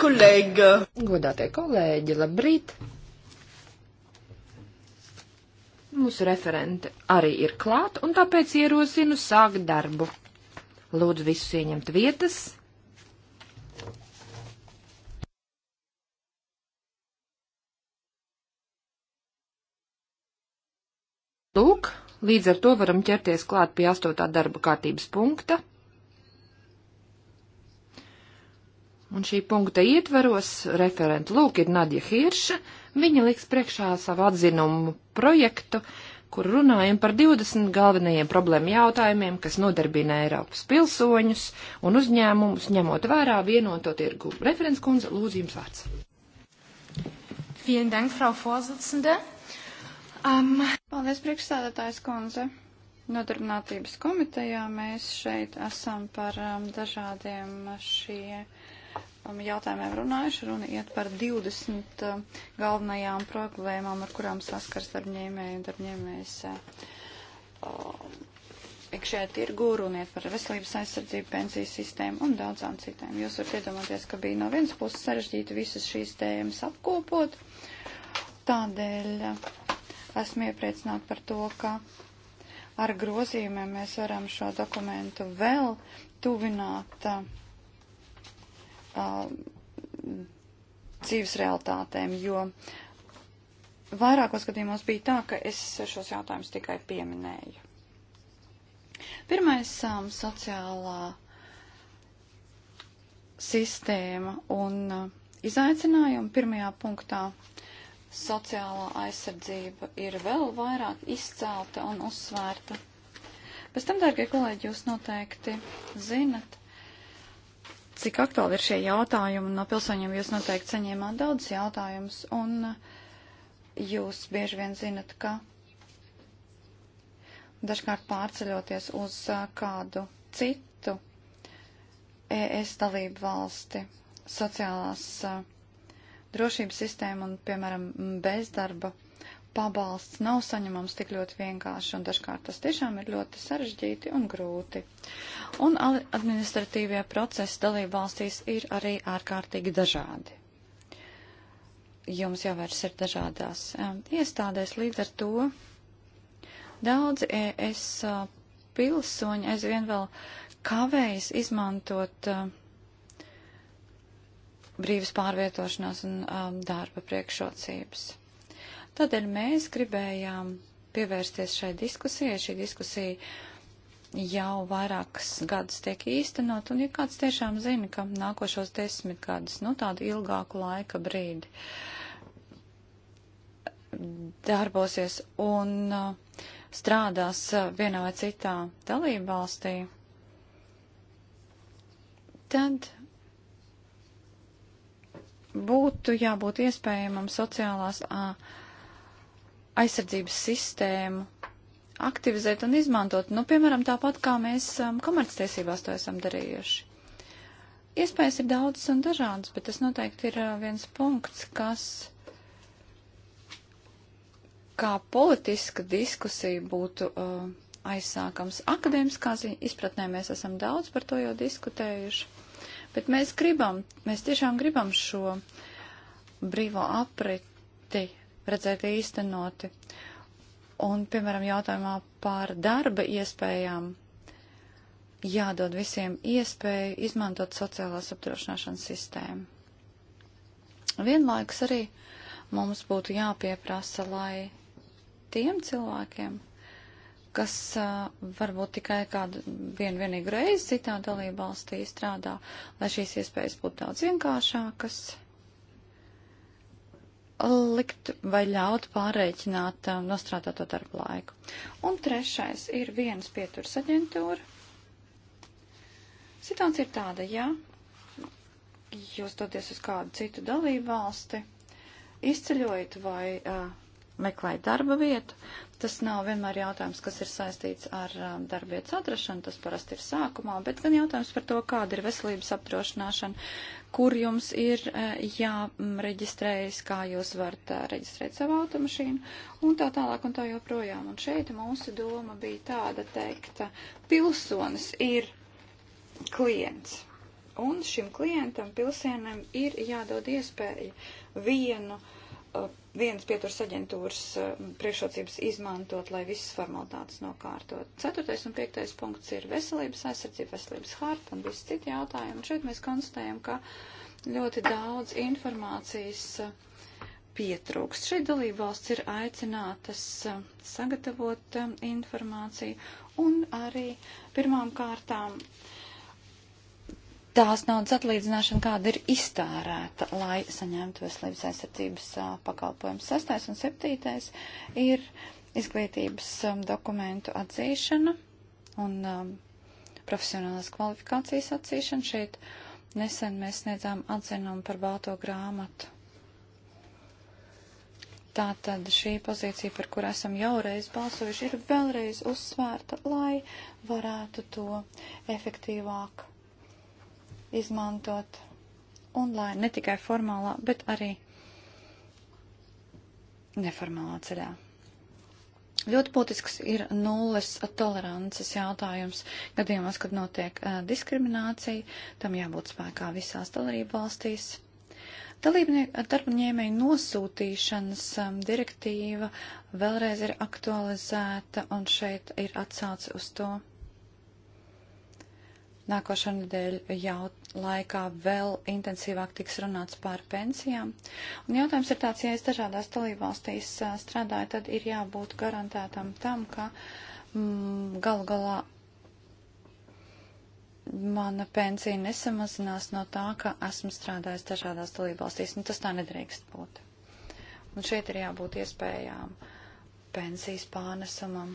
kolēģi! Godātie kolēģi, labrīt! Mūsu referente arī ir klāt, un tāpēc ierosinu sākt darbu. Lūdzu visus ieņemt vietas. Lūk, līdz ar to varam ķerties klāt pie astotā darba kārtības punkta. Un šī punkta ietveros referenta lūk ir Nadja Hirša, viņa liks priekšā savu atzinumu projektu, kur runājam par 20 galvenajiem problēmu jautājumiem, kas nodarbina Eiropas pilsoņus un uzņēmumus, ņemot vērā vienoto tirgu. Referents kundze, lūdzu jums vārds. Vielen Dank, Frau Vorsitzende. Um... Paldies, priekšstādātājs kundze. Nodarbinātības komitejā mēs šeit esam par um, dažādiem šie Um, jautājumiem runājuši. Runa iet par 20 uh, galvenajām problēmām, ar kurām saskars darbņēmēji un darbņēmējs uh, um, iekšējā tirgū, runiet par veselības aizsardzību, pensiju sistēmu un daudzām citām. Jūs varat iedomāties, ka bija no vienas puses sarežģīti visas šīs tēmas apkopot. Tādēļ uh, esmu iepriecināta par to, ka ar grozījumiem mēs varam šo dokumentu vēl tuvināt uh, dzīves realitātēm, jo vairākos gadījumos bija tā, ka es šos jautājumus tikai pieminēju. Pirmais um, - sociālā sistēma un uh, izaicinājumi. Pirmajā punktā sociālā aizsardzība ir vēl vairāk izcelta un uzsvērta. Pēc tam, dārgie kolēģi, jūs noteikti zinat, cik aktuāli ir šie jautājumi. No pilsoņiem jūs noteikti saņēmāt daudz jautājumus, un uh, jūs bieži vien zinat, ka dažkārt pārceļoties uz uh, kādu citu ES dalību valsti, sociālās uh, drošības sistēma un, piemēram, bezdarba pabalsts nav saņemams tik ļoti vienkārši, un dažkārt tas tiešām ir ļoti sarežģīti un grūti. Un administratīvie procesi dalību valstīs ir arī ārkārtīgi dažādi. Jums jau vairs ir dažādās um, iestādēs, līdz ar to daudzi es uh, pilsoņi aizvien vēl kavējas izmantot uh, brīvas pārvietošanās un um, darba priekšrocības. Tādēļ mēs gribējām pievērsties šai diskusijai. Šī diskusija jau vairākas gadus tiek īstenot, un ja kāds tiešām zina, ka nākošos desmit gadus, nu tādu ilgāku laika brīdi, darbosies un uh, strādās uh, vienā vai citā dalību valstī, tad būtu jābūt iespējamam sociālās a, uh, aizsardzības sistēmu aktivizēt un izmantot, nu, piemēram, tāpat kā mēs um, komerctiesībās to esam darījuši. Iespējas ir daudzas un dažādas, bet tas noteikti ir uh, viens punkts, kas kā politiska diskusija būtu uh, aizsākams. Akadēmiskā izpratnē mēs esam daudz par to jau diskutējuši, bet mēs gribam, mēs tiešām gribam šo brīvo apriti redzēt īstenoti. Un, piemēram, jautājumā par darba iespējām jādod visiem iespēju izmantot sociālās apdrošināšanas sistēmu. Vienlaikus arī mums būtu jāpieprasa, lai tiem cilvēkiem, kas uh, varbūt tikai kādu vienu vienīgu reizi citā dalībvalstī strādā, lai šīs iespējas būtu daudz vienkāršākas likt vai ļaut pārreikināt um, nostrādāto darbu laiku. Un trešais ir vienas pieturas aģentūra. Situācija ir tāda, ja jūs doties uz kādu citu dalību valsti, izceļojat vai uh, meklējat darba vietu, Tas nav vienmēr jautājums, kas ir saistīts ar um, darbietas atrašanu, tas parasti ir sākumā, bet gan jautājums par to, kāda ir veselības apdrošināšana, kur jums ir eh, jāreģistrējas, kā jūs varat eh, reģistrēt savu automašīnu un tā tālāk un tā joprojām. Un šeit mūsu doma bija tāda teikt, eh, pilsonis ir klients. Un šim klientam, pilsēnam, ir jādod iespēja vienu uh, vienas pieturas aģentūras eh, priekšrocības izmantot, lai visas formalitātes nokārtot. Ceturtais un piektais punkts ir veselības aizsardzība, veselības harta un visi citi jautājumi. Šeit mēs konstatējam, ka ļoti daudz informācijas eh, pietrūkst. Šeit dalība valsts ir aicinātas eh, sagatavot informāciju un arī pirmām kārtām uh, tās naudas atlīdzināšana, kāda ir iztērēta, lai saņemtu veselības aizsardzības pakalpojumus. Sastais un septītais ir izglītības dokumentu atzīšana un um, profesionālās kvalifikācijas atzīšana. Šeit nesen mēs sniedzām atzinumu par balto grāmatu. Tātad šī pozīcija, par kur esam jau reiz balsojuši, ir vēlreiz uzsvērta, lai varētu to efektīvāk izmantot un lai ne tikai formālā, bet arī neformālā ceļā. Ļoti būtisks ir nulles tolerances jautājums gadījumos, kad notiek uh, diskriminācija. Tam jābūt spēkā visās dalību valstīs. Darbaņēmēju nosūtīšanas um, direktīva vēlreiz ir aktualizēta un šeit ir atsauce uz to. Nākošā nedēļa jautājums laikā vēl intensīvāk tiks runāts par pensijām. Un jautājums ir tāds, ja es dažādās dalībvalstīs strādāju, tad ir jābūt garantētam tam, ka mm, galu galā mana pensija nesamazinās no tā, ka esmu strādājis dažādās dalībvalstīs. Nu, tas tā nedrīkst būt. Un šeit ir jābūt iespējām pensijas pārnesumam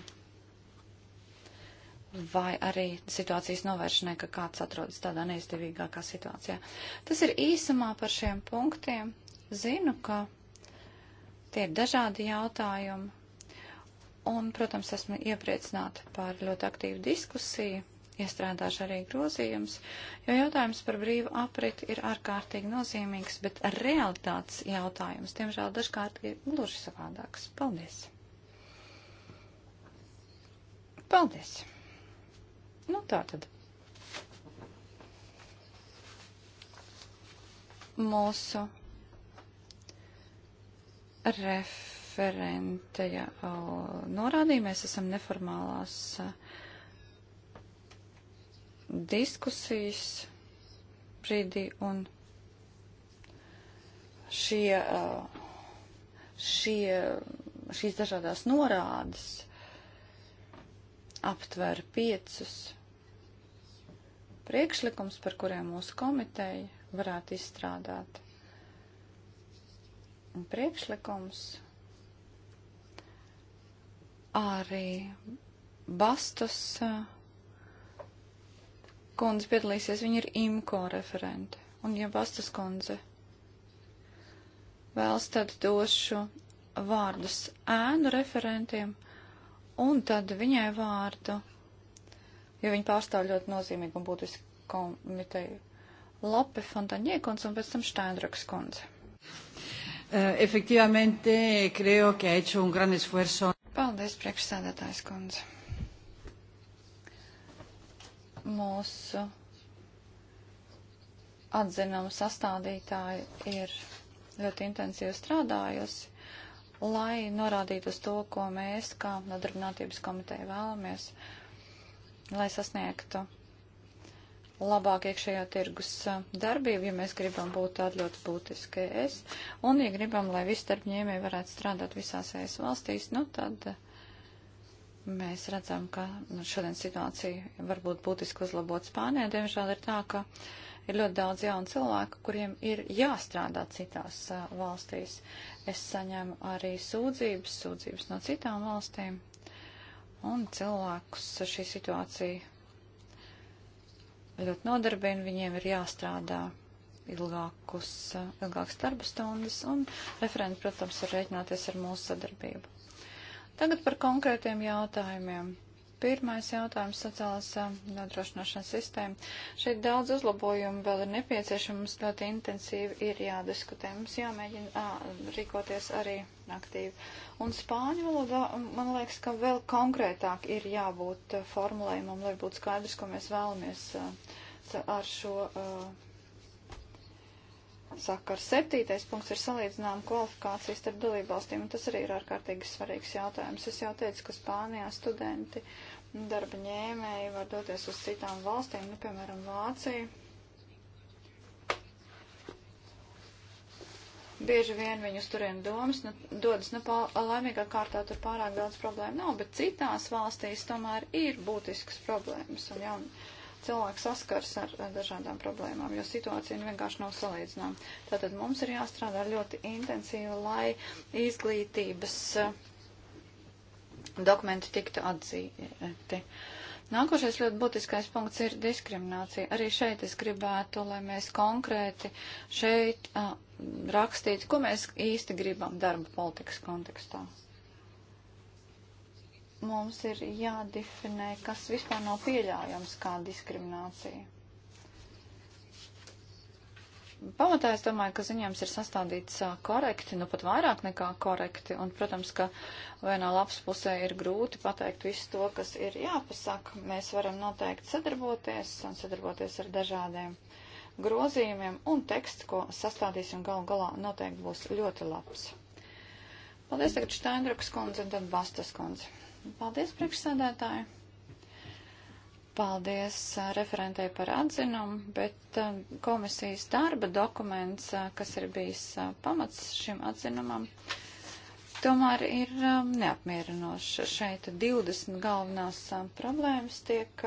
vai arī situācijas novēršanai, ka kāds atrodas tādā neizdevīgākā situācijā. Tas ir īsumā par šiem punktiem. Zinu, ka tie ir dažādi jautājumi. Un, protams, esmu iepriecināta par ļoti aktīvu diskusiju, iestrādāšu arī grozījums, jo jautājums par brīvu apriti ir ārkārtīgi nozīmīgs, bet realitātes jautājums, diemžēl, dažkārt ir gluži savādāks. Paldies! Paldies! Nu, tā tad. Mūsu referente jau norādīja, mēs esam neformālās diskusijas brīdī un šie, šie, šīs dažādās norādes aptver piecus priekšlikums, par kuriem mūsu komiteja varētu izstrādāt. Un priekšlikums arī Bastus kundze piedalīsies, viņa ir IMCO referente. Un ja Bastus kundze vēlas, tad došu vārdus ēnu referentiem Un tad viņai vārdu, jo viņa pārstāv ļoti nozīmīgu un būtisku komiteju, Lape Fontaņiekons un pēc tam Štaindraks kundze. Uh, eh, efektīvamente, creo, ka ha hecho un gran esfuerzo. Paldies, priekšsēdētājs kundze. Mūsu atzinuma sastādītāji ir ļoti intensīvi strādājusi lai norādītu uz to, ko mēs kā nodarbinātības komiteja vēlamies, lai sasniegtu labāk iekšējā tirgus uh, darbību, ja mēs gribam būt tādi ļoti būtiski es, un ja gribam, lai visi darbņēmēji varētu strādāt visās ES valstīs, nu tad uh, mēs redzam, ka nu, šodien situācija varbūt būtiski uzlabot Spānijā. Diemžēl ir tā, ka uh, Ir ļoti daudz jaunu cilvēku, kuriem ir jāstrādā citās uh, valstīs. Es saņemu arī sūdzības, sūdzības no citām valstīm, un cilvēkus šī situācija ļoti nodarbina, viņiem ir jāstrādā ilgākus, ilgākas darba stundas, un referenti, protams, var rēķināties ar mūsu sadarbību. Tagad par konkrētiem jautājumiem. Pirmais jautājums - sociālās nodrošināšanas sistēma. Šeit daudz uzlabojumu vēl ir nepieciešams, mums ļoti intensīvi ir jādiskutē. Mums jāmēģina ā, rīkoties arī aktīvi. Un spāņu valodā, man liekas, ka vēl konkrētāk ir jābūt formulējumam, lai būtu skaidrs, ko mēs vēlamies ar šo. Saka, ar septītais punkts ir salīdzinām kvalifikācijas starp dalībvalstīm, un tas arī ir ārkārtīgi svarīgs jautājums. Es jau teicu, ka Spānijā studenti uh, darba ņēmēji var doties uz citām valstīm, nu, piemēram, Vāciju. Bieži vien viņi uz turien domas, nu, dodas, nu, laimīgā kārtā tur pārāk daudz problēmu nav, bet citās valstīs tomēr ir būtiskas problēmas, un jau cilvēks saskars ar, ar dažādām problēmām, jo situācija nu vienkārši nav salīdzināma. Tātad mums ir jāstrādā ļoti intensīvi, lai izglītības uh, dokumenti tiktu atzīti. Nākošais ļoti būtiskais punkts ir diskriminācija. Arī šeit es gribētu, lai mēs konkrēti šeit uh, rakstītu, ko mēs īsti gribam darba politikas kontekstā. Mums ir jādefinē, kas vispār nav pieļaujams kā diskriminācija. Pamatā es domāju, ka ziņojums ir sastādīts korekti, nu pat vairāk nekā korekti, un, protams, ka vienā labs pusē ir grūti pateikt visu to, kas ir jāpasaka. Mēs varam noteikti sadarboties un sadarboties ar dažādiem grozījumiem, un teksts, ko sastādīsim gal galā, noteikti būs ļoti labs. Paldies tagad Štaindrukas kundze un tad Bastas kundze. Paldies, priekšsēdētāji! Paldies referentei par atzinumu, bet komisijas darba dokuments, kas ir bijis pamats šim atzinumam, tomēr ir neapmierinošs. Šeit 20 galvenās problēmas tiek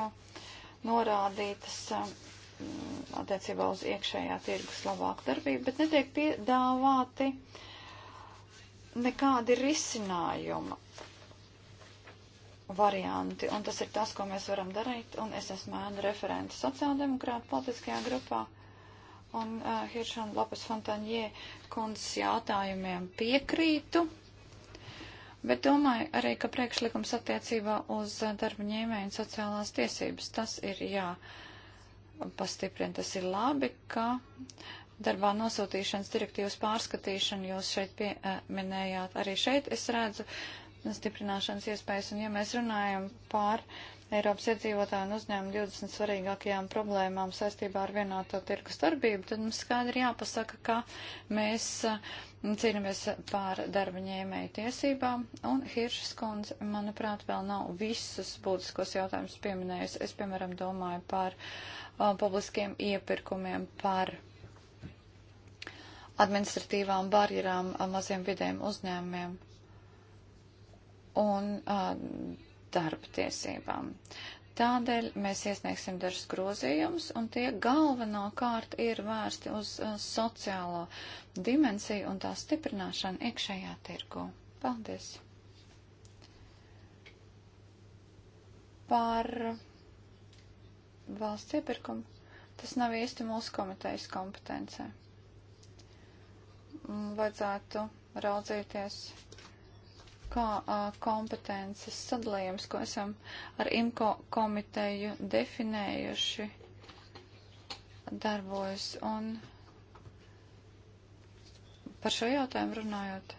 norādītas mm, attiecībā uz iekšējā tirgus labāku darbību, bet netiek piedāvāti nekādi risinājumi varianti. Un tas ir tas, ko mēs varam darīt. Un es esmu ēnu referenta sociāldemokrāta politiskajā grupā. Un uh, Hiršana Lopes Fontaņie kundzes jautājumiem piekrītu. Bet domāju arī, ka priekšlikums attiecībā uz eh, darba ņēmēju un sociālās tiesības, tas ir jā, pastiprina, tas ir labi, ka darbā nosūtīšanas direktīvas pārskatīšana jūs šeit pieminējāt. Eh, arī šeit es redzu uh, stiprināšanas iespējas. Un ja mēs runājam pār Eiropas iedzīvotāju un uzņēmumu 20 svarīgākajām problēmām saistībā ar vienoto tirgus darbību, tad mums skaidri jāpasaka, ka mēs cīnāmies pār darba ņēmēju tiesībām. Un Hiršas kundze, manuprāt, vēl nav visus būtiskos jautājumus pieminējusi. Es, piemēram, domāju par uh, publiskiem iepirkumiem, par administratīvām barjerām maziem vidējiem uzņēmumiem un uh, darba tiesībām. Tādēļ mēs iesniegsim dažus grozījumus, un tie galvenokārt ir vērsti uz uh, sociālo dimensiju un tā stiprināšanu iekšējā tirgu. Paldies! Par valsts iepirkumu. Tas nav īsti mūsu komitejas kompetencē. Mm, vajadzētu raudzīties kā uh, kompetences sadalījums, ko esam ar IMCO komiteju definējuši, darbojas. Un par šo jautājumu runājot,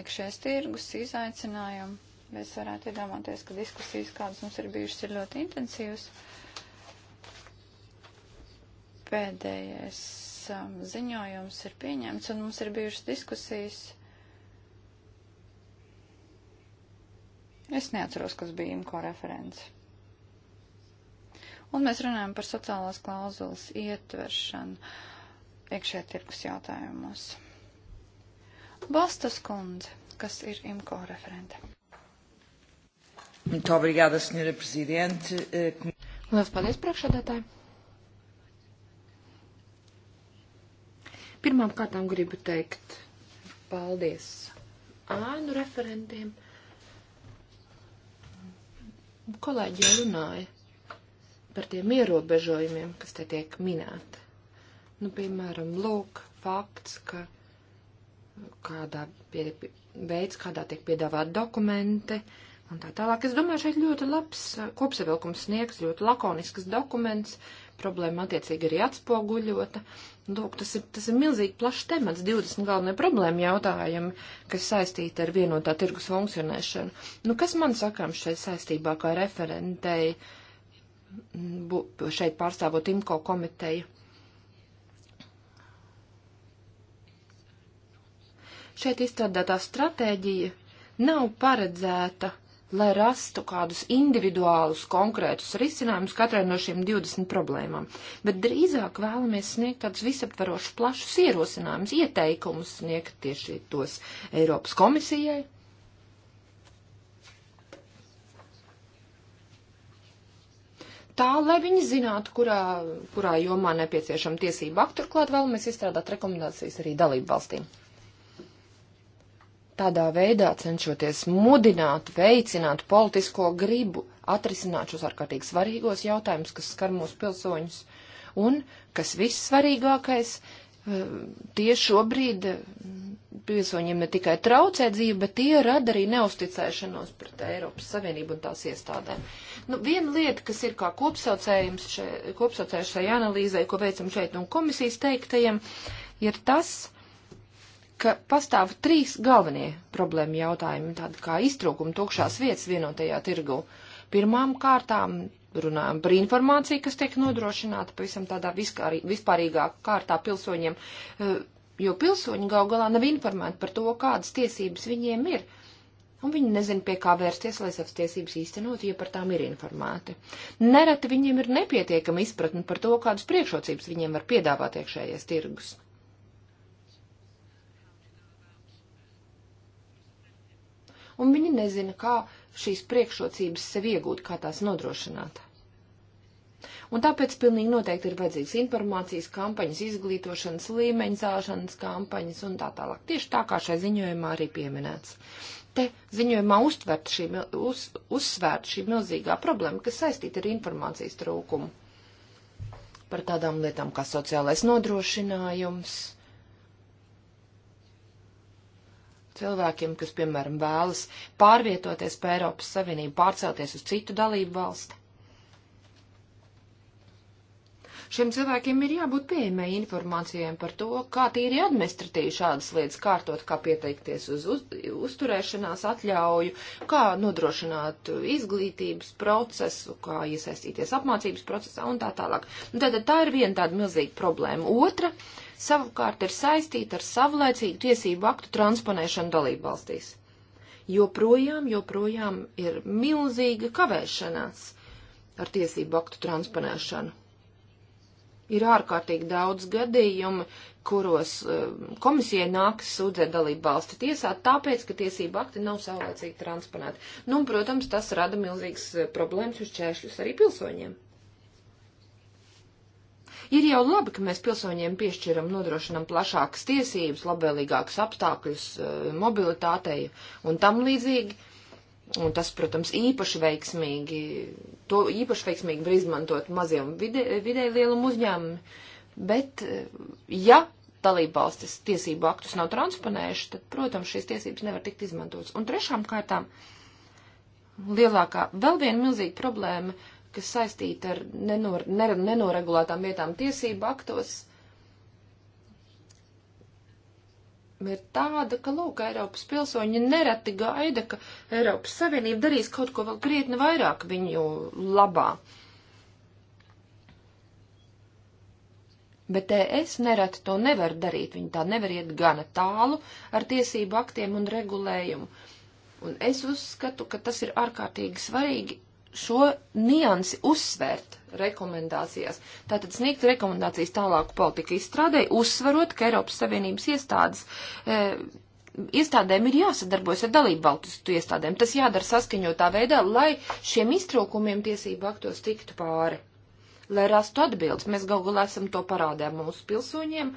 iekšējais tirgus izaicinājumi. Mēs varētu iedomāties, ka diskusijas, kādas mums ir bijušas, ir ļoti intensīvas. Pēdējais um, ziņojums ir pieņemts, un mums ir bijušas diskusijas Es neatceros, kas bija IMCO referents. Un mēs runājam par sociālās klauzulas ietveršanu iekšē tirkus jautājumos. Bastas kundze, kas ir IMCO referente. Muito obrigada, senhora presidente. Lielas paldies, priekšsēdētāji. Pirmām kārtām gribu teikt paldies ānu referentiem kolēģi jau runāja par tiem ierobežojumiem, kas te tiek minēti. Nu, piemēram, lūk, fakts, ka kādā pie, veids, kādā tiek piedāvāt dokumenti, uh, un tā tālāk. Es domāju, šeit ļoti labs uh, kopsavilkums sniegs, ļoti lakonisks dokuments, problēma attiecīgi arī atspoguļota. Lūk, tas ir, tas ir milzīgi plašs temats, 20 galvenie problēma jautājumi, kas saistīti ar vienotā tirgus funkcionēšanu. Nu, kas man sakām šeit saistībā kā referentei, bu, šeit pārstāvot IMKO komiteju? Šeit izstrādātā stratēģija nav paredzēta lai rastu kādus individuālus konkrētus risinājumus katrai no šīm 20 problēmām, bet drīzāk vēlamies sniegt tādus visaptverošus plašus ierosinājumus, ieteikumus sniegt tieši tos Eiropas komisijai. Tā, lai viņi zinātu, kurā, kurā jomā nepieciešama tiesība aktu, turklāt vēlamies izstrādāt rekomendācijas arī dalību valstīm tādā veidā cenšoties mudināt, veicināt politisko gribu, atrisināt šos ārkārtīgi svarīgos jautājumus, kas skar mūsu pilsoņus, un, kas vissvarīgākais, eh, tie šobrīd mm, pilsoņiem ne tikai traucē dzīvi, bet tie rada arī neusticēšanos pret Eiropas Savienību un tās iestādēm. Nu, viena lieta, kas ir kā kopsaucējums, kopsaucējums šai analīzai, ko veicam šeit un komisijas teiktajiem, ir tas, ka pastāv trīs galvenie problēma jautājumi, tādi kā iztrūkumi tukšās vietas vienotajā tirgu. Pirmām kārtām runājam par informāciju, kas tiek nodrošināta pavisam tādā viskārī, vispārīgā kārtā pilsoņiem, eh, jo pilsoņi gal galā nav informēti par to, kādas tiesības viņiem ir. Un viņi nezina, pie kā vērsties, lai savas tiesības īstenot, ja par tām ir informēti. Nereti viņiem ir nepietiekama izpratne par to, kādas priekšrocības viņiem var piedāvāt iekšējais tirgus. un viņi nezina, kā šīs priekšrocības sev iegūt, kā tās nodrošināt. Un tāpēc pilnīgi noteikti ir vajadzīgs informācijas kampaņas, izglītošanas līmeņa zāšanas kampaņas un tā tālāk. Tieši tā kā šai ziņojumā arī pieminēts. Te ziņojumā uztvērt šī, uz, uzsvērt šī milzīgā problēma, kas saistīta ar informācijas trūkumu. Par tādām lietām kā sociālais nodrošinājums cilvēkiem, kas, piemēram, vēlas pārvietoties pa Eiropas Savienību, pārcelties uz citu dalību valsti. Šiem cilvēkiem ir jābūt pieejamai informācijai par to, kā tīri administratīvi šādas lietas kārtot, kā pieteikties uz, uz uzturēšanās atļauju, kā nodrošināt izglītības procesu, kā iesaistīties apmācības procesā un tā tālāk. Tātad tā ir viena tāda milzīga problēma. Otra. Uh, savukārt ir saistīta ar savlaicīgu tiesību aktu transponēšanu dalību valstīs. Joprojām, joprojām ir milzīga kavēšanās ar tiesību aktu transponēšanu. Ir ārkārtīgi daudz gadījumu, kuros eh, komisijai nākas sūdzēt dalību valsti tiesā, tāpēc, ka tiesība akti nav saulēcīgi transponēti. Nu, un, protams, tas rada milzīgas eh, problēmas uz čēršļus arī pilsoņiem. Ir jau labi, ka mēs pilsoņiem piešķiram, nodrošinam plašākas tiesības, labvēlīgākus apstākļus eh, mobilitātei un tam līdzīgi. Un tas, protams, īpaši veiksmīgi, to īpaši veiksmīgi var izmantot mazie un vide, vidēji lielumu uzņēmumi. Bet, eh, ja dalībvalstis tiesību aktus nav transponējuši, tad, protams, šīs tiesības nevar tikt izmantotas. Un trešām kārtām lielākā, vēl viena milzīga problēma kas saistīti ar nenor, ner, nenoregulētām vietām tiesību aktos, ir tāda, ka, lūk, Eiropas pilsoņi nereti gaida, ka Eiropas Savienība darīs kaut ko vēl krietni vairāk viņu labā. Bet es nereti to nevaru darīt, viņi tā nevar iet gana tālu ar tiesību aktiem un regulējumu. Un es uzskatu, ka tas ir ārkārtīgi svarīgi šo niansi uzsvērt rekomendācijās. Tātad sniegt rekomendācijas tālāku politiku izstrādē, uzsvarot, ka Eiropas Savienības iestādes. E, Iestādēm ir jāsadarbojas ar dalību valstu iestādēm. Tas jādara saskaņotā veidā, lai šiem iztraukumiem tiesību aktos tiktu pāri. Lai rastu atbildes, mēs galu galā esam to parādē mūsu pilsoņiem,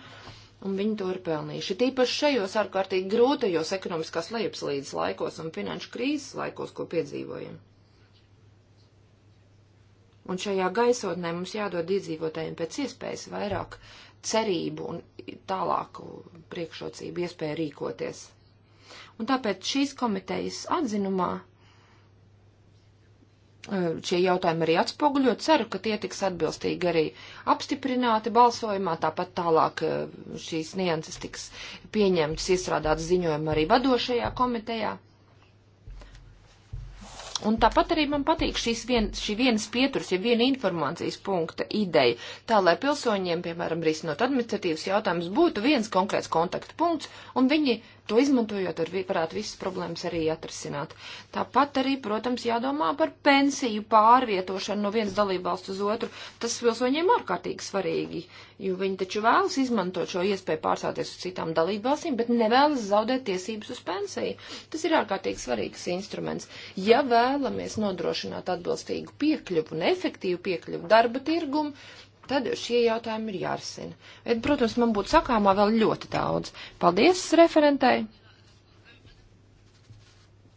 un viņi to ir pelnījuši. Tīpaši šajos ārkārtīgi grūtajos ekonomiskās lejupslīdes laikos un finanšu krīzes laikos, ko piedzīvojam. Un šajā gaisotnē mums jādod iedzīvotājiem pēc iespējas vairāk cerību un tālāku priekšrocību iespēju rīkoties. Un tāpēc šīs komitejas atzinumā e, šie jautājumi arī atspoguļo. Ceru, ka tie tiks atbilstīgi arī apstiprināti balsojumā. Tāpat tālāk e, šīs nianses tiks pieņemts, iestrādāts ziņojumā arī vadošajā komitejā. Un tāpat arī man patīk šīs vien, šī vienas pieturas, ja viena informācijas punkta ideja, tā lai pilsoņiem, piemēram, risinot administratīvas jautājumus, būtu viens konkrēts kontaktpunkts, un viņi To izmantojot, varētu visas problēmas arī atrisināt. Tāpat arī, protams, jādomā par pensiju pārvietošanu no vienas dalībvalsts uz otru. Tas pilsoņiem ārkārtīgi svarīgi, jo viņi taču vēlas izmantot šo iespēju pārsāties uz citām dalībvalstīm, bet nevēlas zaudēt tiesības uz pensiju. Tas ir ārkārtīgi svarīgs instruments. Ja vēlamies nodrošināt atbilstīgu piekļuvu un efektīvu piekļuvu darba tirgumu, tad šie jautājumi ir jārisina. Bet, protams, man būtu sakāmā vēl ļoti daudz. Paldies referentei.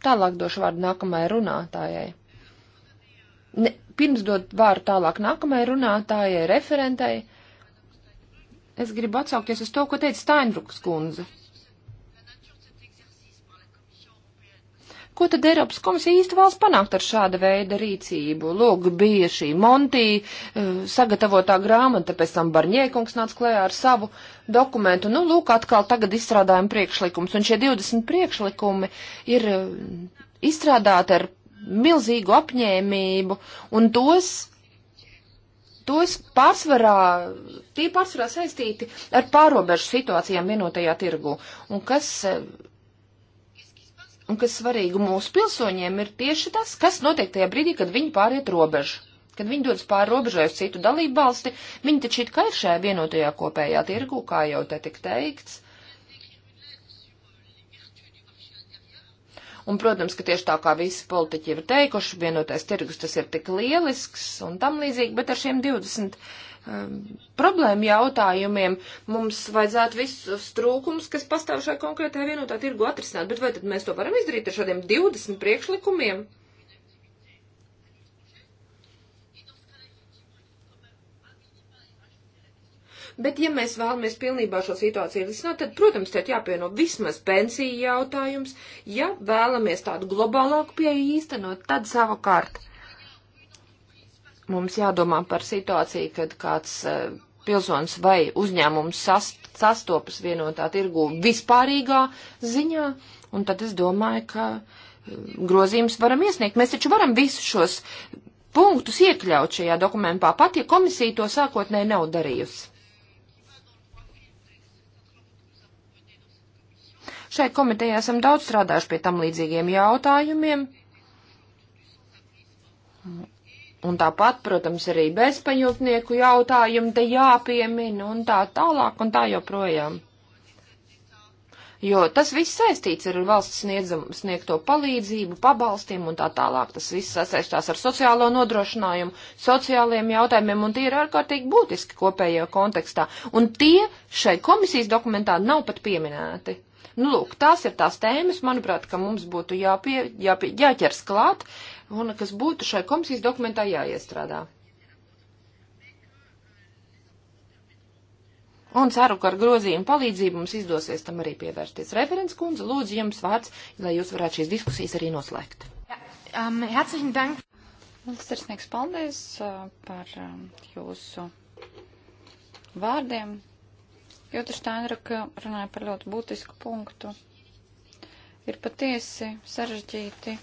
Tālāk došu vārdu nākamajai runātājai. Ne, pirms dot vārdu tālāk nākamajai runātājai, referentei, es gribu atsaukties uz to, ko teica Steinbruks kundze. Ko tad Eiropas komisija īsti vēlas panākt ar šāda veida rīcību? Lūk, bija šī Monti eh, sagatavotā grāmata, pēc tam Barņēkungs nāca klējā ar savu dokumentu. Nu, lūk, atkal tagad izstrādājam priekšlikums, un šie 20 priekšlikumi ir eh, izstrādāti ar milzīgu apņēmību, un tos tos pārsvarā, tie pārsvarā saistīti ar pārobežu situācijām vienotajā tirgu, un kas eh, un kas svarīgi mūsu pilsoņiem, ir tieši tas, kas notiek tajā brīdī, kad viņi pāriet robežu. Kad viņi dodas pāri robežai uz citu dalību valsti, viņi taču it kā ir šajā vienotajā kopējā tirgu, kā jau te tik teikts. Un, protams, ka tieši tā kā visi politiķi ir teikuši, vienotais tirgus tas ir tik lielisks un tam līdzīgi, bet ar šiem 20 um, problēmu jautājumiem. Mums vajadzētu visus trūkumus, kas pastāv šajā konkrētajā vienotā tirgu atrisināt, bet vai tad mēs to varam izdarīt ar šādiem 20 priekšlikumiem? Bet, ja mēs vēlamies pilnībā šo situāciju risināt, tad, protams, te jāpieno vismaz pensiju jautājums. Ja vēlamies tādu globālāku pieeju īstenot, tad savukārt. Uh, mums jādomā par situāciju, kad kāds eh, pilsonis vai uzņēmums sast, sastopas vienotā tirgu vispārīgā ziņā, un tad es domāju, ka eh, grozījums varam iesniegt. Mēs taču varam visus šos punktus iekļaut šajā dokumentā, pat ja komisija to sākotnēji nav darījusi. Šai komitejā esam daudz strādājuši pie tam līdzīgiem jautājumiem. Un tāpat, protams, arī bezpajumtnieku jautājumi te jāpiemina un tā tālāk un tā joprojām. Jo tas viss saistīts ar valsts sniedzam, sniegto palīdzību, pabalstiem un tā tālāk. Tas viss sasaistās ar sociālo nodrošinājumu, sociālajiem jautājumiem un tie ir ārkārtīgi būtiski kopējo kontekstā. Un tie šai komisijas dokumentā nav pat pieminēti. Nu, lūk, tās ir tās tēmas, manuprāt, ka mums būtu jāpie, jāpie, jāķers klāt, uh, un kas būtu šai komisijas dokumentā jāiestrādā. Un ceru, ka ar grozījumu palīdzību mums izdosies tam arī pievērsties. Referents kundze, lūdzu jums vārds, lai jūs varētu šīs diskusijas arī noslēgt. Ja, um, herzlichen Dank. Sirsnieks paldies uh, par um, jūsu vārdiem. Jūta Štainraka runāja par ļoti būtisku punktu. Ir patiesi sarežģīti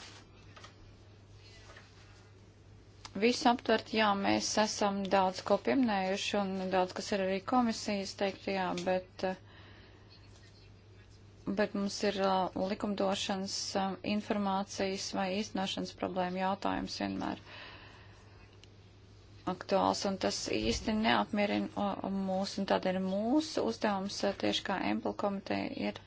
visu aptvert, jā, mēs esam daudz ko pieminējuši un daudz, kas ir arī komisijas teiktajā, bet, eh, bet mums ir eh, likumdošanas eh, informācijas vai īstenošanas problēma jautājums vienmēr aktuāls, un tas īsti neapmierina mūs, un tādēļ mūsu uzdevums tieši kā Empel komiteja ir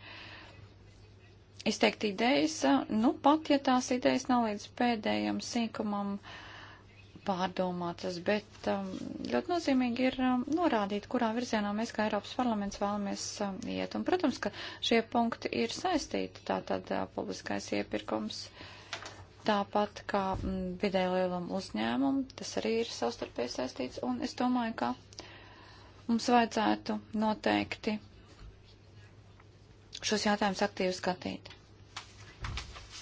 izteikt idejas, nu pat ja tās idejas nav līdz pēdējam sīkumam, uh, pārdomātas, bet um, ļoti nozīmīgi ir um, norādīt, kurā virzienā mēs kā Eiropas parlaments vēlamies um, iet. Un, protams, ka šie punkti ir saistīti, tātad uh, publiskais iepirkums, tāpat kā mm, vidēji lielam uzņēmumam, tas arī ir savstarpēji saistīts, un es domāju, ka mums vajadzētu noteikti šos jautājumus aktīvi skatīt.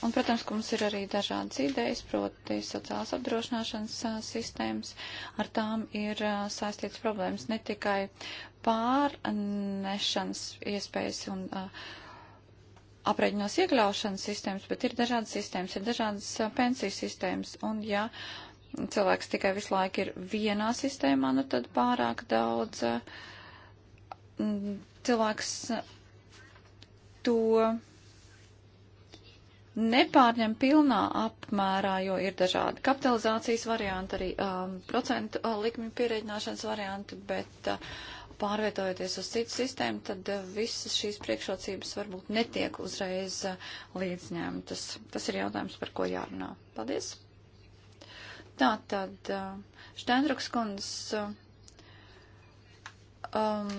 Un, protams, ka mums ir arī dažādas idejas, proti sociālās apdrošināšanas a, sistēmas, ar tām ir a, saistīts problēmas ne tikai pārnešanas iespējas un aprēķinos iekļaušanas sistēmas, bet ir dažādas sistēmas, ir dažādas a, pensiju sistēmas. Un, ja cilvēks tikai visu laiku ir vienā sistēmā, nu tad pārāk daudz cilvēks to nepārņem pilnā apmērā, jo ir dažādi kapitalizācijas varianti, arī um, procentu uh, likmi pierēģināšanas varianti, bet uh, pārvietojoties uz citu sistēmu, tad uh, visas šīs priekšrocības varbūt netiek uzreiz uh, līdzņemtas. Tas ir jautājums, par ko jārunā. Paldies! Tā tad uh, Štendruks kundze. Uh, um,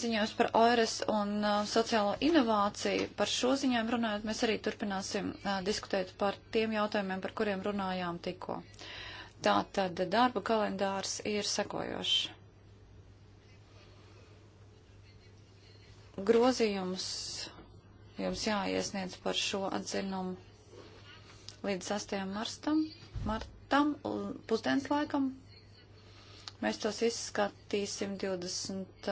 ziņojums par ORS un uh, sociālo inovāciju. Par šo ziņojumu runājot, mēs arī turpināsim uh, diskutēt par tiem jautājumiem, par kuriem runājām tikko. Tātad darba kalendārs ir sekojošs. Grozījums jums jāiesniedz par šo atzinumu līdz 6. Marstam, martam, pusdienas laikam, Mēs tos izskatīsim 25.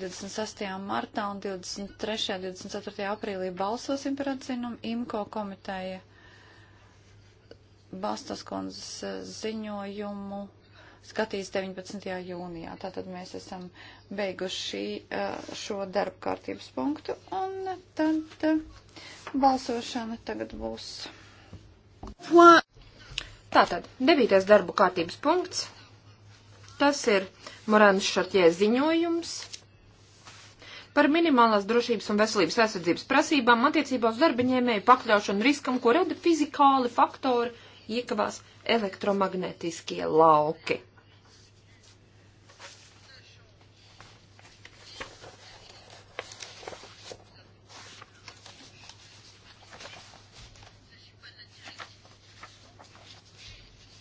26. martā un 23. 24. aprīlī balsosim par atzinumu. IMKO komiteja Bastos kundzes eh, ziņojumu skatīs 19. jūnijā. Tātad mēs esam beiguši eh, šo darba kārtības punktu, un tad eh, balsošana tagad būs. Tātad, devītais darbu kārtības punkts Tas ir Morāns Šarķē ziņojums par minimālās drošības un veselības aizsardzības prasībām attiecībā uz darbiņēmēju pakļaušanu riskam, ko rada fizikāli faktori, iekavās elektromagnetiskie lauki.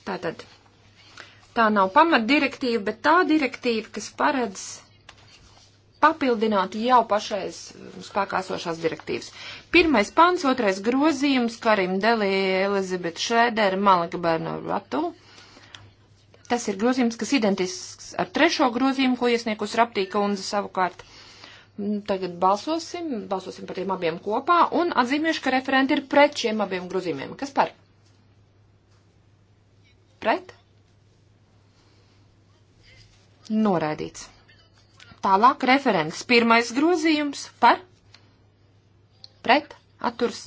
Tātad Tā nav pamatdirektīva, bet tā direktīva, kas paredz papildināt jau pašreiz spēkā esošās direktīvas. Pirmais pants, otrais grozījums, Karim Delī, Elizabete Šrēdera, Malika Bernardu Ratu. Tas ir grozījums, kas identisks ar trešo grozījumu, ko iesniegus Raptīka un savukārt. Mm, Tagad balsosim, balsosim par tiem abiem kopā un atzīmēšu, ka referenti ir pret šiem abiem grozījumiem. Kas par? Pret? Noraidīts. Tālāk referents. Pirmais grozījums par pret atturs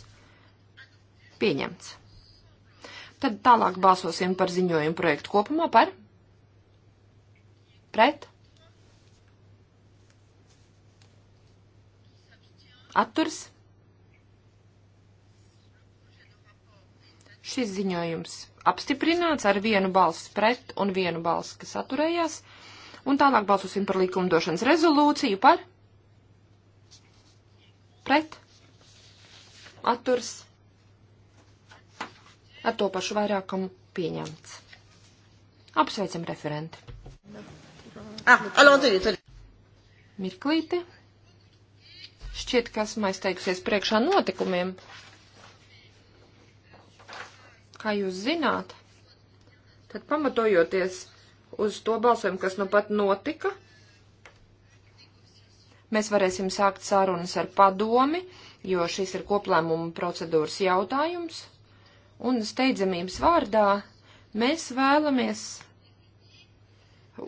pieņemts. Tad tālāk balsosim par ziņojumu projektu kopumā par pret atturs. Šis ziņojums apstiprināts ar vienu balsu pret un vienu balsu, kas atturējās. Un tālāk balsosim par likumdošanas rezolūciju par pret atturs ar to pašu vairākumu pieņemts. Apsveicam referenti. Ah, alo, tad, tad. Mirklīti. Šķiet, ka esmu aizteikusies priekšā notikumiem. Kā jūs zināt, tad pamatojoties uz to balsojumu, kas nu pat notika. Mēs varēsim sākt sarunas ar padomi, jo šis ir koplēmuma procedūras jautājums. Un steidzamības vārdā mēs vēlamies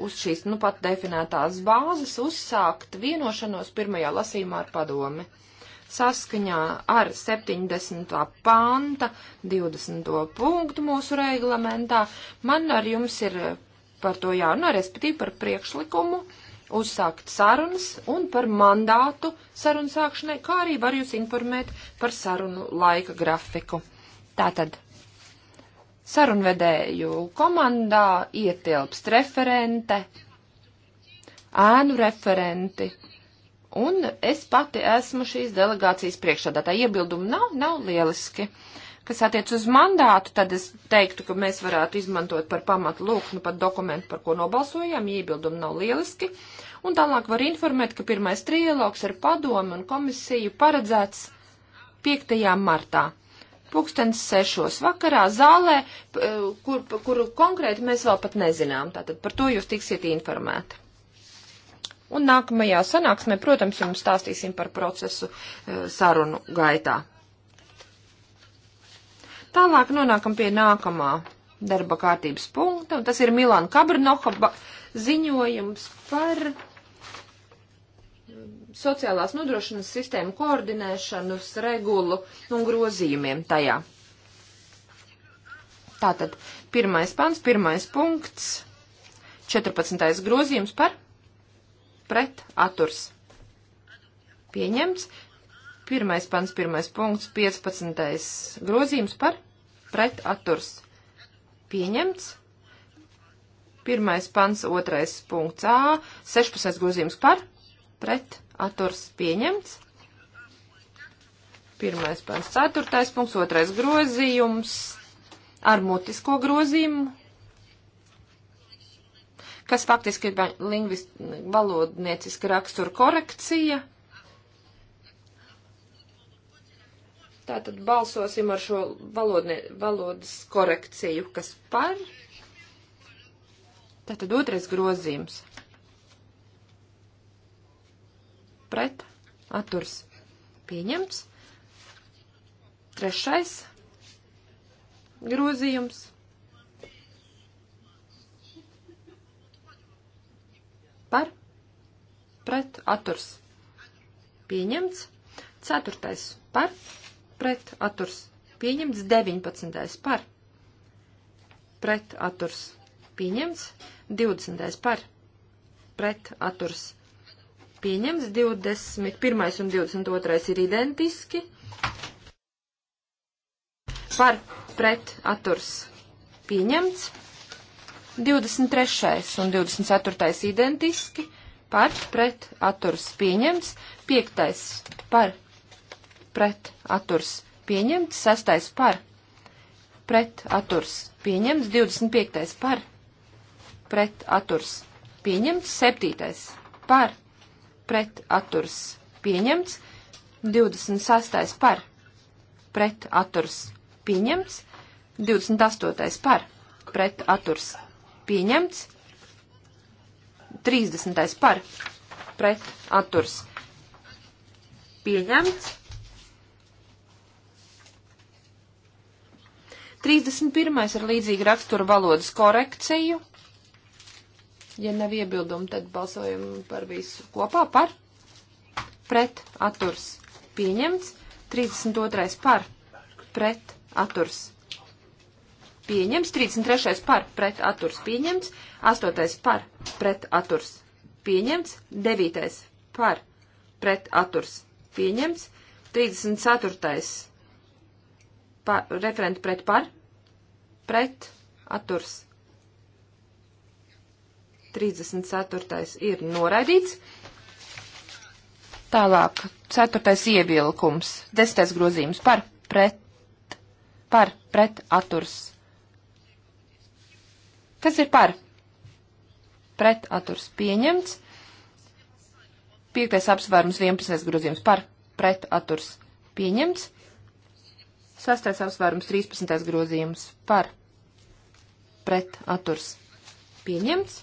uz šīs nu pat definētās bāzes uzsākt vienošanos pirmajā lasīmā ar padomi. Saskaņā ar 70. panta 20. punktu mūsu reglamentā man ar jums ir par to jārunā, respektīvi par priekšlikumu uzsākt sarunas un par mandātu sarunu sākšanai, kā arī var jūs informēt par sarunu laika grafiku. Tātad sarunvedēju komandā ietilpst referente, ēnu referenti, un es pati esmu šīs delegācijas priekšādātā. Iebildumu nav, nav lieliski. Uh, Kas attiec uz mandātu, tad es teiktu, ka mēs varētu izmantot par pamatu lūk, nu pat dokumentu, par ko nobalsojām, iebildumi nav lieliski. Un tālāk var informēt, ka pirmais trialogs ar padomu un komisiju paredzēts 5. martā pūkstens sešos vakarā zālē, eh, kur, kuru konkrēti mēs vēl pat nezinām. Tātad par to jūs tiksiet informēti. Un nākamajā sanāksmē, protams, jums stāstīsim par procesu eh, sarunu gaitā. Tālāk nonākam pie nākamā darba kārtības punkta, un tas ir Milāna Kabrnoha ziņojums par mm, sociālās nodrošinas sistēmu koordinēšanas regulu un grozījumiem tajā. Tātad pirmais pants, pirmais punkts, 14. grozījums par pret aturs. Pieņemts. Pirmais pants, pirmais punkts, 15. grozījums par pret atturs pieņemts. Pirmais pants, otrais punkts A, 16 grozījums par pret atturs pieņemts. Pirmais pants, ceturtais punkts, otrais grozījums ar mutisko grozījumu, kas faktiski ir lingvist, valodnieciska rakstura korekcija. Tātad balsosim ar šo valodne, valodas korekciju, kas par. Tātad otrais grozījums. Pret. Atturs. Pieņemts. Trešais grozījums. Par. Pret. Atturs. Pieņemts. Ceturtais. Par pret aturs pieņemts, 19. par pret aturs pieņemts, 20. par pret aturs pieņemts, 21. un 22. ir identiski, par pret aturs pieņemts, 23. un 24. identiski, par pret aturs pieņemts, 5. par pret atturs pieņemts, 6. par pret atturs pieņemts, 25. par pret atturs pieņemts, 7. par pret atturs pieņemts, 26. par pret atturs pieņemts, 28. par pret atturs pieņemts, 30. par pret atturs pieņemts, 31. ar līdzīgu raksturu valodas korekciju. Ja nav iebildumu, tad balsojam par visu kopā par. Pret aturs pieņemts. 32. par. Pret aturs pieņemts. 33. par. Pret aturs pieņemts. 8. par. Pret aturs pieņemts. 9. par. Pret aturs pieņemts. 34. Par, referenti pret par pret atturs. 34. ir noraidīts. Tālāk, 4. ievilkums, 10. grozījums par pret, par pret atturs. Kas ir par? Pret atturs pieņemts. 5. apsvērums, 11. grozījums par pret atturs pieņemts. Sastais apsvērums 13. grozījums par pret aturs pieņemts.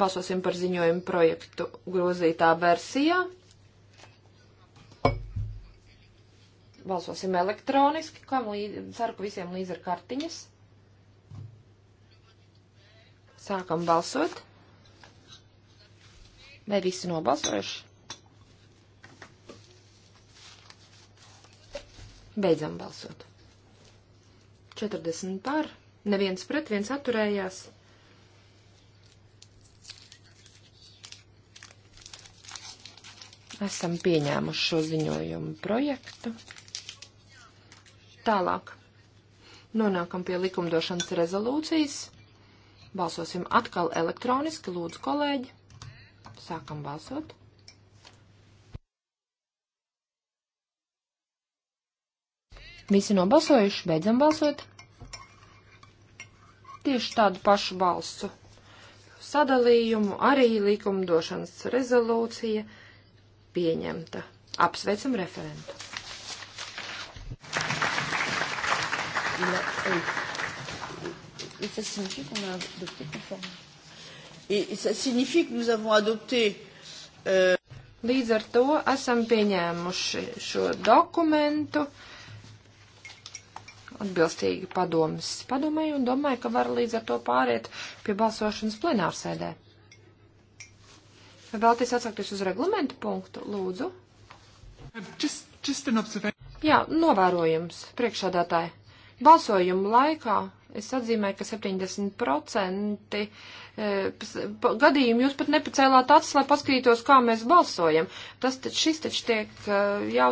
Balsosim par ziņojumu projektu grozītā versijā. Balsosim elektroniski, kam līdz, ceru, ka visiem līdz ir kartiņas. Sākam balsot. Vai visi nobalsojuši? Beidzam balsot. 40 par, neviens pret, viens atturējās. Esam pieņēmuši šo ziņojumu projektu. Tālāk. Nonākam pie likumdošanas rezolūcijas. Balsosim atkal elektroniski, lūdzu, kolēģi. Sākam balsot. Visi nobalsojuši, beidzam balsot tieši tādu pašu balsu sadalījumu, arī likumdošanas rezolūcija pieņemta. Apsveicam referentu. Et ça signifie qu'on a adopté conforme. Et ça signifie que nous avons adopté. Euh... Līdz ar to esam pieņēmuši šo dokumentu. Uh, atbilstīgi padomas padomēju un domāju, ka var līdz ar to pāriet pie balsošanas plenārsēdē. Vai vēlties atsakties uz reglamentu punktu, lūdzu? Uh, just, just Jā, novērojums, priekšādātāji. Balsojumu laikā Es atzīmēju, ka 70% e, gadījumu jūs pat nepacēlāt acis, lai paskatītos, kā mēs balsojam. Tas taču, šis taču tiek e, jau,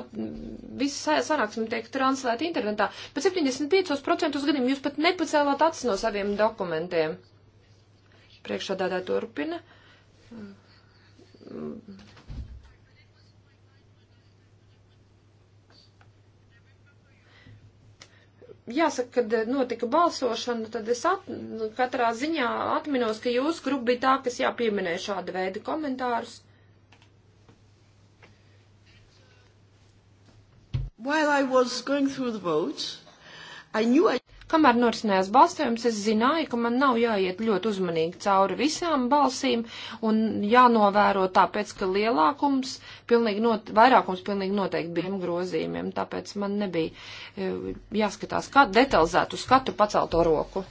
viss sanāksme tiek translēta internetā. Pat 75% gadījumu jūs pat nepacēlāt acis no saviem dokumentiem. Priekšādādā turpina jāsaka, kad eh, notika balsošana, tad es at, nu, katrā ziņā atminos, ka jūsu grupa bija tā, kas jāpieminē šāda veida komentārus. While I was going through the votes, I knew I Kamēr norisinājās balsojums, es zināju, ka man nav jāiet ļoti uzmanīgi cauri visām balsīm un jānovēro tāpēc, ka lielākums, pilnīgi not, vairākums pilnīgi noteikti bija grozījumiem, tāpēc man nebija e, jāskatās kā detalizēt uz katru pacelto roku.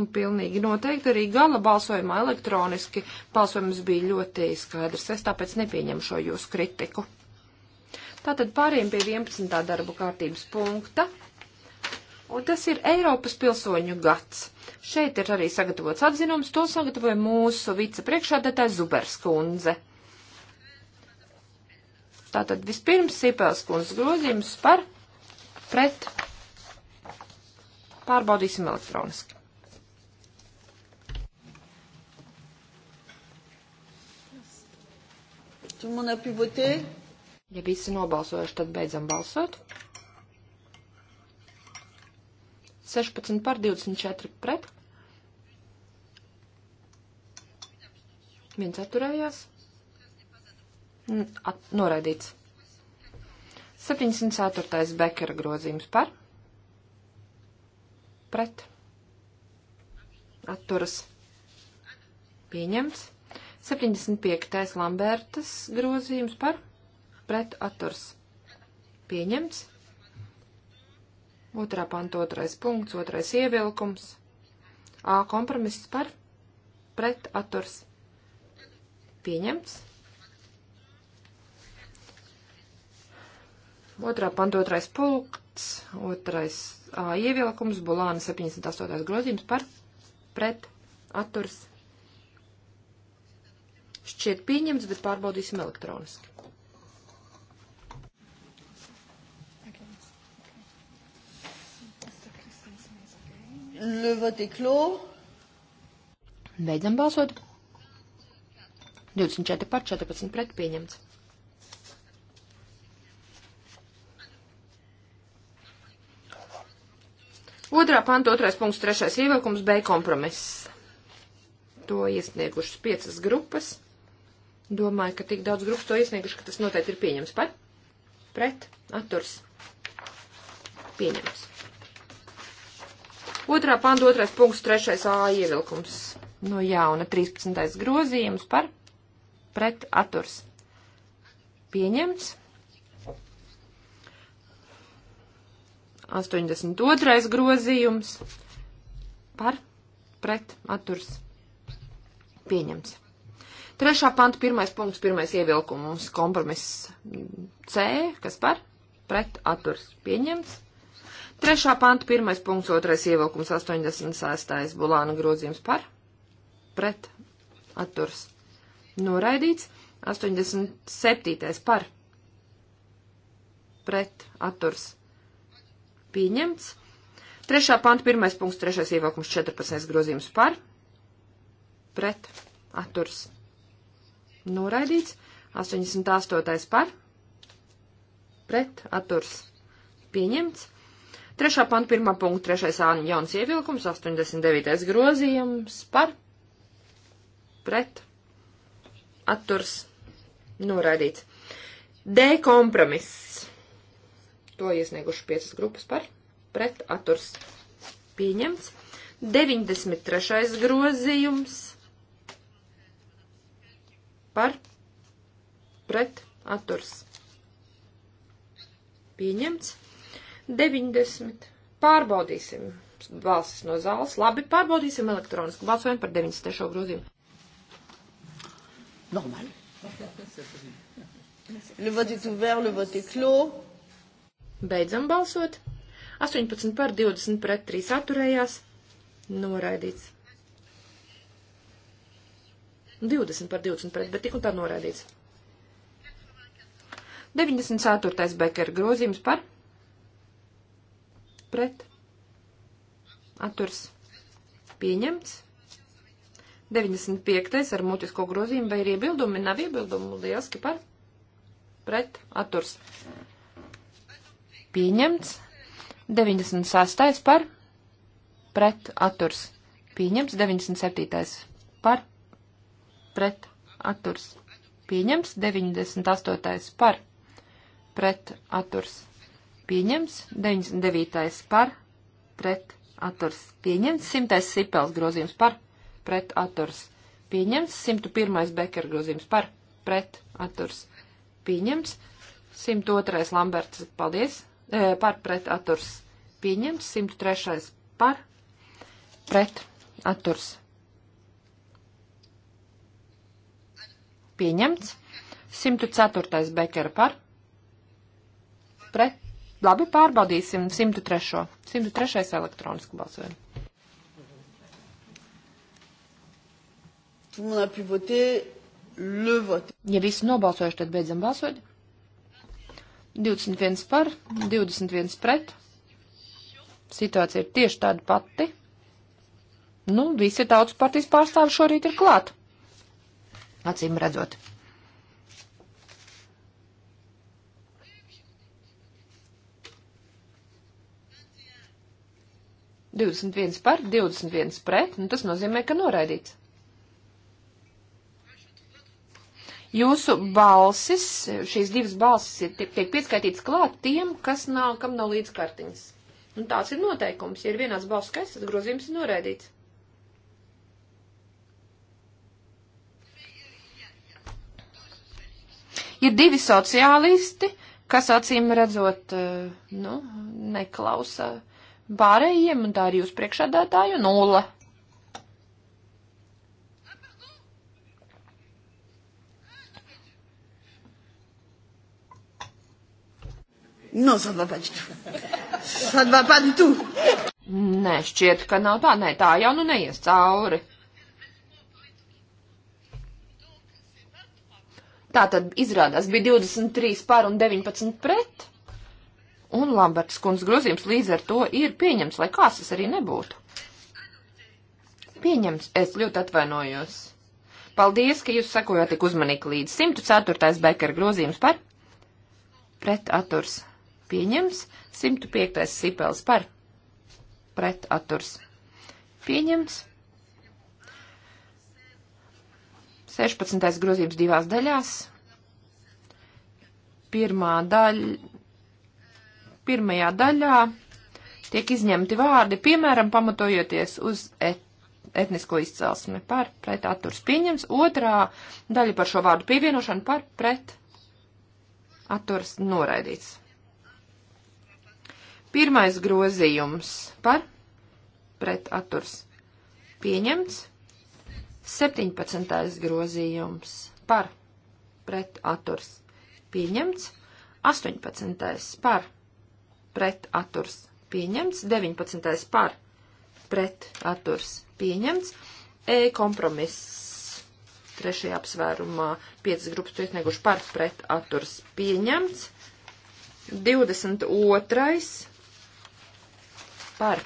Un pilnīgi noteikti arī gala balsojumā elektroniski balsojums bija ļoti skaidrs. Es tāpēc nepieņemu šo jūsu kritiku. Tātad pāriem pie 11. darbu kārtības punkta. Un tas ir Eiropas pilsoņu gads. Šeit ir arī sagatavots atzinums, to sagatavoja mūsu vicepriekšādātājs Zuberskundze. Tātad vispirms Sīpelskundzes grozījums par pret. Pārbaudīsim elektroniski. Ja visi nobalsojuši, tad beidzam balsot. 16 par 24 pret. Viens atturējās. At, noraidīts. 74. Bekera grozījums par. Pret. Atturas. Pieņemts. 75. Lambertas grozījums par. Pret. Atturas. Pieņemts. Otrā panta otrais punkts, otrais ievilkums. A kompromiss par pret atturs pieņemts. Otrā panta otrais punkts, otrais A ievilkums, Bulāna 78. grozījums par pret atturs šķiet pieņemts, bet pārbaudīsim elektroniski. Le vote est clos. Beidzam balsot. 24 par 14 pret pieņemts. Otrā panta, otrais punkts, trešais ievilkums, B kompromiss. To iesniegušas piecas grupas. Domāju, ka tik daudz grupas to iesnieguši, ka tas noteikti ir pieņems par. Pret, atturs, pieņems. Otrā panda, otrais punkts, trešais A ievilkums. No jauna 13. grozījums par pret aturs. Pieņemts. 82. grozījums par pret aturs. Pieņemts. Trešā panta pirmais punkts, pirmais ievilkums, kompromiss C, kas par pret aturs pieņemts. Trešā panta pirmais punkts, otrais ievilkums 86. bulāna grozījums par, pret, atturs, noraidīts, 87. par, pret, atturs, pieņemts, Trešā panta, pirmais punkts, trešais ievilkums, 14. grozījums par, pret, atturs, noraidīts, 88. par, pret, atturs, pieņemts, Trešā panta pirmā punkta, trešais āņu jauns ievilkums, 89. grozījums par pret atturs noraidīts. D kompromiss. To iesnieguši piecas grupas par pret atturs pieņemts. 93. grozījums par pret atturs pieņemts. 90. Pārbaudīsim balsis no zāles. Labi, pārbaudīsim elektroniski. Balsojam par 93. grozījumu. Normāli. Le vote est ouvert, le vote est clos. Beidzam balsot. 18 par 20 pret 3 atturējās. Noraidīts. 20 par 20 pret, bet tik un tā noraidīts. 94. Bekera grozījums par pret atturs pieņemts. 95. ar mutisko grozījumu vai ir iebildumi? Nav iebildumu. Lieliski par pret atturs pieņemts. 96. par pret atturs pieņemts. 97. par pret atturs pieņemts. 98. par pret atturs pieņemts pieņems, 99. par, pret, atturs, pieņems, 100. sipels grozījums par, pret, atturs, pieņems, 101. bekera grozījums par, pret, atturs, pieņems, 102. Lamberts, paldies, e, par, pret, atturs, pieņems, 103. par, pret, atturs, pieņemts, 104. bekera par, pret, Labi, pārbaudīsim 103. 103. elektroniski balsojumu. Ja visi nobalsojuši, tad beidzam balsot. 21 par, 21 pret. Situācija ir tieši tāda pati. Nu, visi tautas partijas pārstāvi šorīt ir klāt. Acīm redzot. 21 par, 21 pret, nu tas nozīmē, ka noraidīts. Jūsu balsis, šīs divas balsis ir, tiek, tiek pieskaitītas klāt tiem, kas nav, kam nav līdz kartiņas. Un tāds ir noteikums. Ja ir vienāds balss skaits, tad grozījums ir noraidīts. Ir divi sociālisti, kas acīm redzot, eh, nu, neklausa Pārējiem, un tā arī uz priekšādātāju, nulle. Non, ça ne va pas du tout. Ça ne va pas du tout. Nē, šķiet, ka nav tā. Nē, tā jau nu neies cauri. Tā tad izrādās bija 23 pār un 19 pret. Un Lamberts kundz grozījums līdz ar to ir pieņemts, lai kāds tas arī nebūtu. Pieņemts, es ļoti atvainojos. Paldies, ka jūs sakojāt tik uzmanīgi līdz 104. Bekara grozījums par pret aturs pieņems, 105. sipels par pret aturs pieņems, 16. grozījums divās daļās, pirmā daļa, pirmajā daļā tiek izņemti vārdi, piemēram, pamatojoties uz et, etnisko izcelsmi par pret atturs pieņems, otrā daļa par šo vārdu pievienošanu par pret atturs noraidīts. Pirmais grozījums par pret atturs pieņemts, 17. grozījums par pret atturs pieņemts, 18. par pret atturs pieņemts pret atturs pieņemts, 19. par pret atturs pieņemts, E kompromiss trešajā apsvērumā 5 grupas to iesnieguši par pret atturs pieņemts, 22. par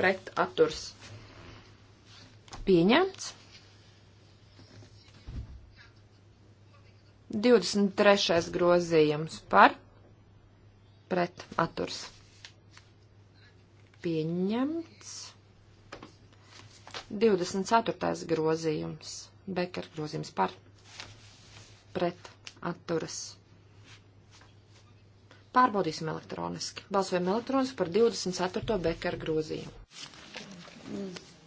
pret atturs pieņemts. 23. grozījums par pret atturs pieņemts. 24. grozījums, Bekara grozījums par pret atturas. Pārbaudīsim elektroniski. Balsojam elektroniski par 24. Bekara grozījumu.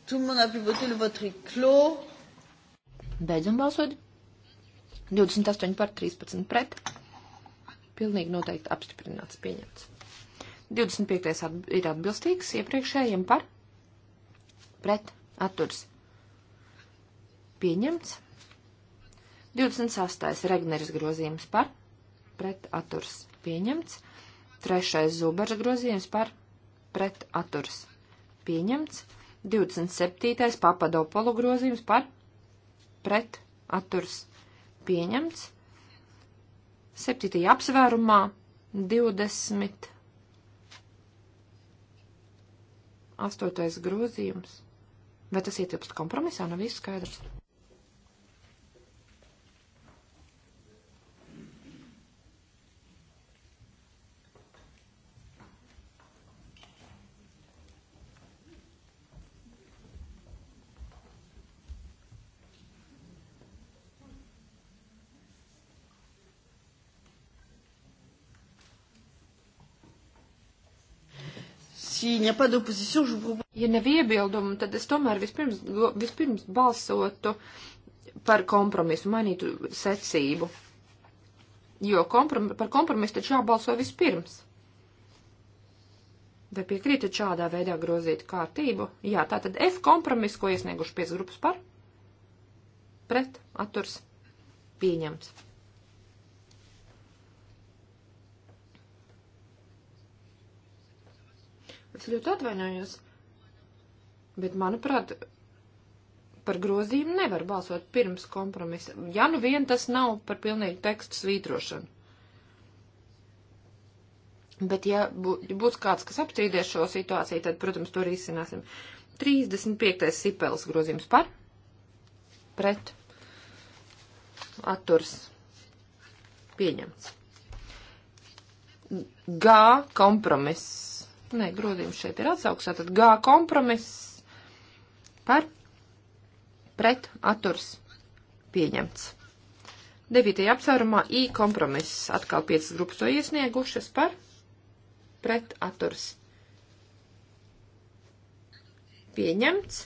Tu man apjūti ļoti klo. Beidzam balsot. 28 par 13 pret pilnīgi noteikti apstiprināts, pieņemts. 25. At, ir atbilstīgs iepriekšējiem par pret atturs. Pieņemts. 26. Regneris grozījums par pret atturs. Pieņemts. 3. Zubers grozījums par pret atturs. Pieņemts. 27. Papadopolu grozījums par pret atturs. Pieņemts. 7. apsvērumā 20. 8. grozījums. Vai tas ietilpst kompromisā? Nav viss skaidrs. Ja nav iebildumu, tad es tomēr vispirms, vispirms balsotu par kompromisu, mainītu secību. Jo komprom par kompromisu taču jābalso vispirms. Vai piekrītat šādā veidā grozīt kārtību? Jā, tā tad F kompromis, ko iesnieguši piec grupas par, pret, atturs, pieņemts. Es ļoti atvainojos. Bet, manuprāt, par grozījumu nevar balsot pirms kompromisa. Ja nu vien tas nav par pilnīgu tekstu svītrošanu. Bet, ja būs kāds, kas apstrīdēs šo situāciju, tad, protams, to arī izcināsim. 35. sipels grozījums par, pret, atturs, pieņemts. G kompromiss Nē, grozījums šeit ir atsauks. Tātad G kompromiss par pret atturs pieņemts. 9. apsvērumā I kompromiss atkal 5 grupas to iesniegušas par pret atturs pieņemts.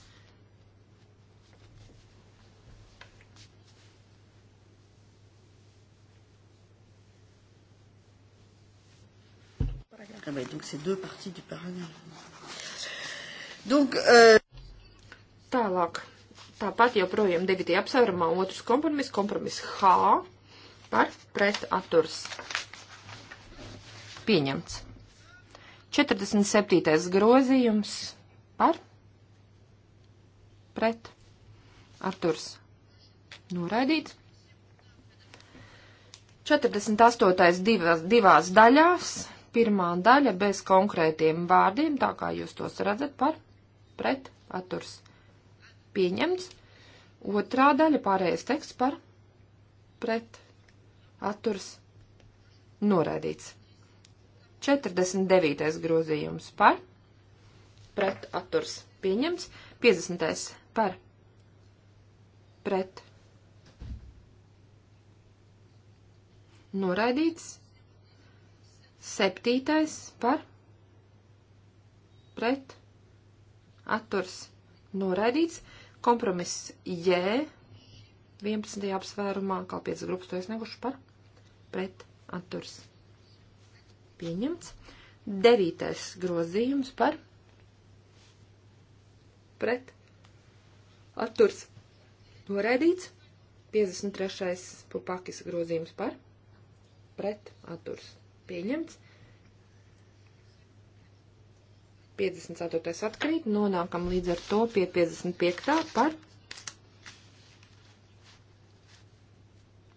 Ah ben, donc c'est deux parties du paragraphe. Donc, euh... Tālāk. Tāpat joprojām degatīja apsvērumā otrs kompromis, kompromis H par pret atturs. Pieņemts. 47. grozījums par pret atturs. Noraidīts. 48. Divas, divās daļās. Pirmā daļa bez konkrētiem vārdiem, tā kā jūs tos redzat par pret atturs pieņemts. Otrā daļa pārējais teksts par pret atturs noraidīts. 49. grozījums par pret atturs pieņemts. 50. par pret noraidīts. Septītais par pret atturs noraidīts. Kompromiss J 11. apsvērumā, kā 5 grupas to iesnieguši par pret atturs. Pieņemts. Devītais grozījums par pret atturs noraidīts. 53. pupakis grozījums par pret atturs pieņemts. 54. atkrīt, nonākam līdz ar to pie 55. par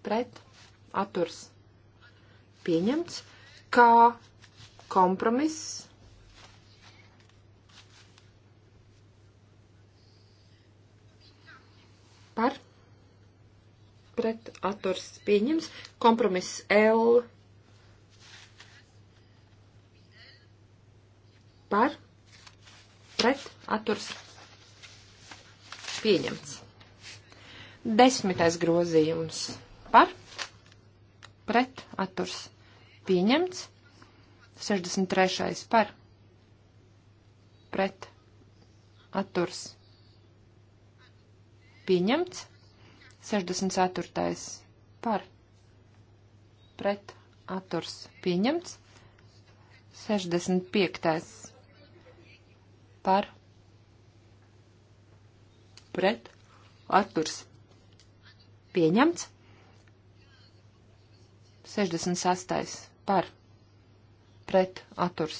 pret aturs pieņemts, kā kompromiss. Par pret aturs pieņems kompromiss L par pret atturs pieņemts. Desmitais grozījums par pret atturs pieņemts. 63. par pret atturs pieņemts. 64. par pret atturs pieņemts. 65 par pret atturs pieņemts. 68. par pret atturs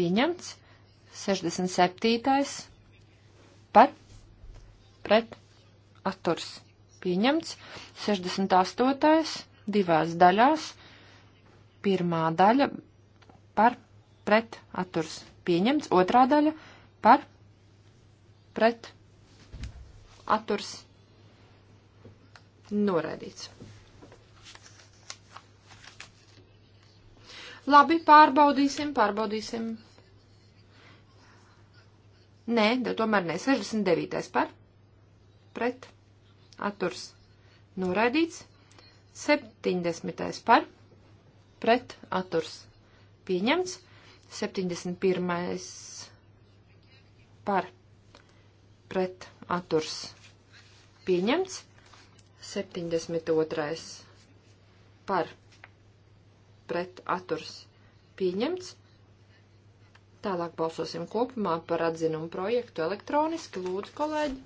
pieņemts. 67. par pret atturs pieņemts. 68. divās daļās. Pirmā daļa par pret atturs pieņemts. Otrā daļa par par, pret, atturs, noraidīts. Labi, pārbaudīsim, pārbaudīsim. Nē, da tomēr ne 69. par, pret, atturs, noraidīts, 70. par, pret, atturs, pieņemts, 71 par pret atturs pieņemts. 72. par pret atturs pieņemts. Tālāk balsosim kopumā par atzinumu projektu elektroniski. Lūdzu, kolēģi!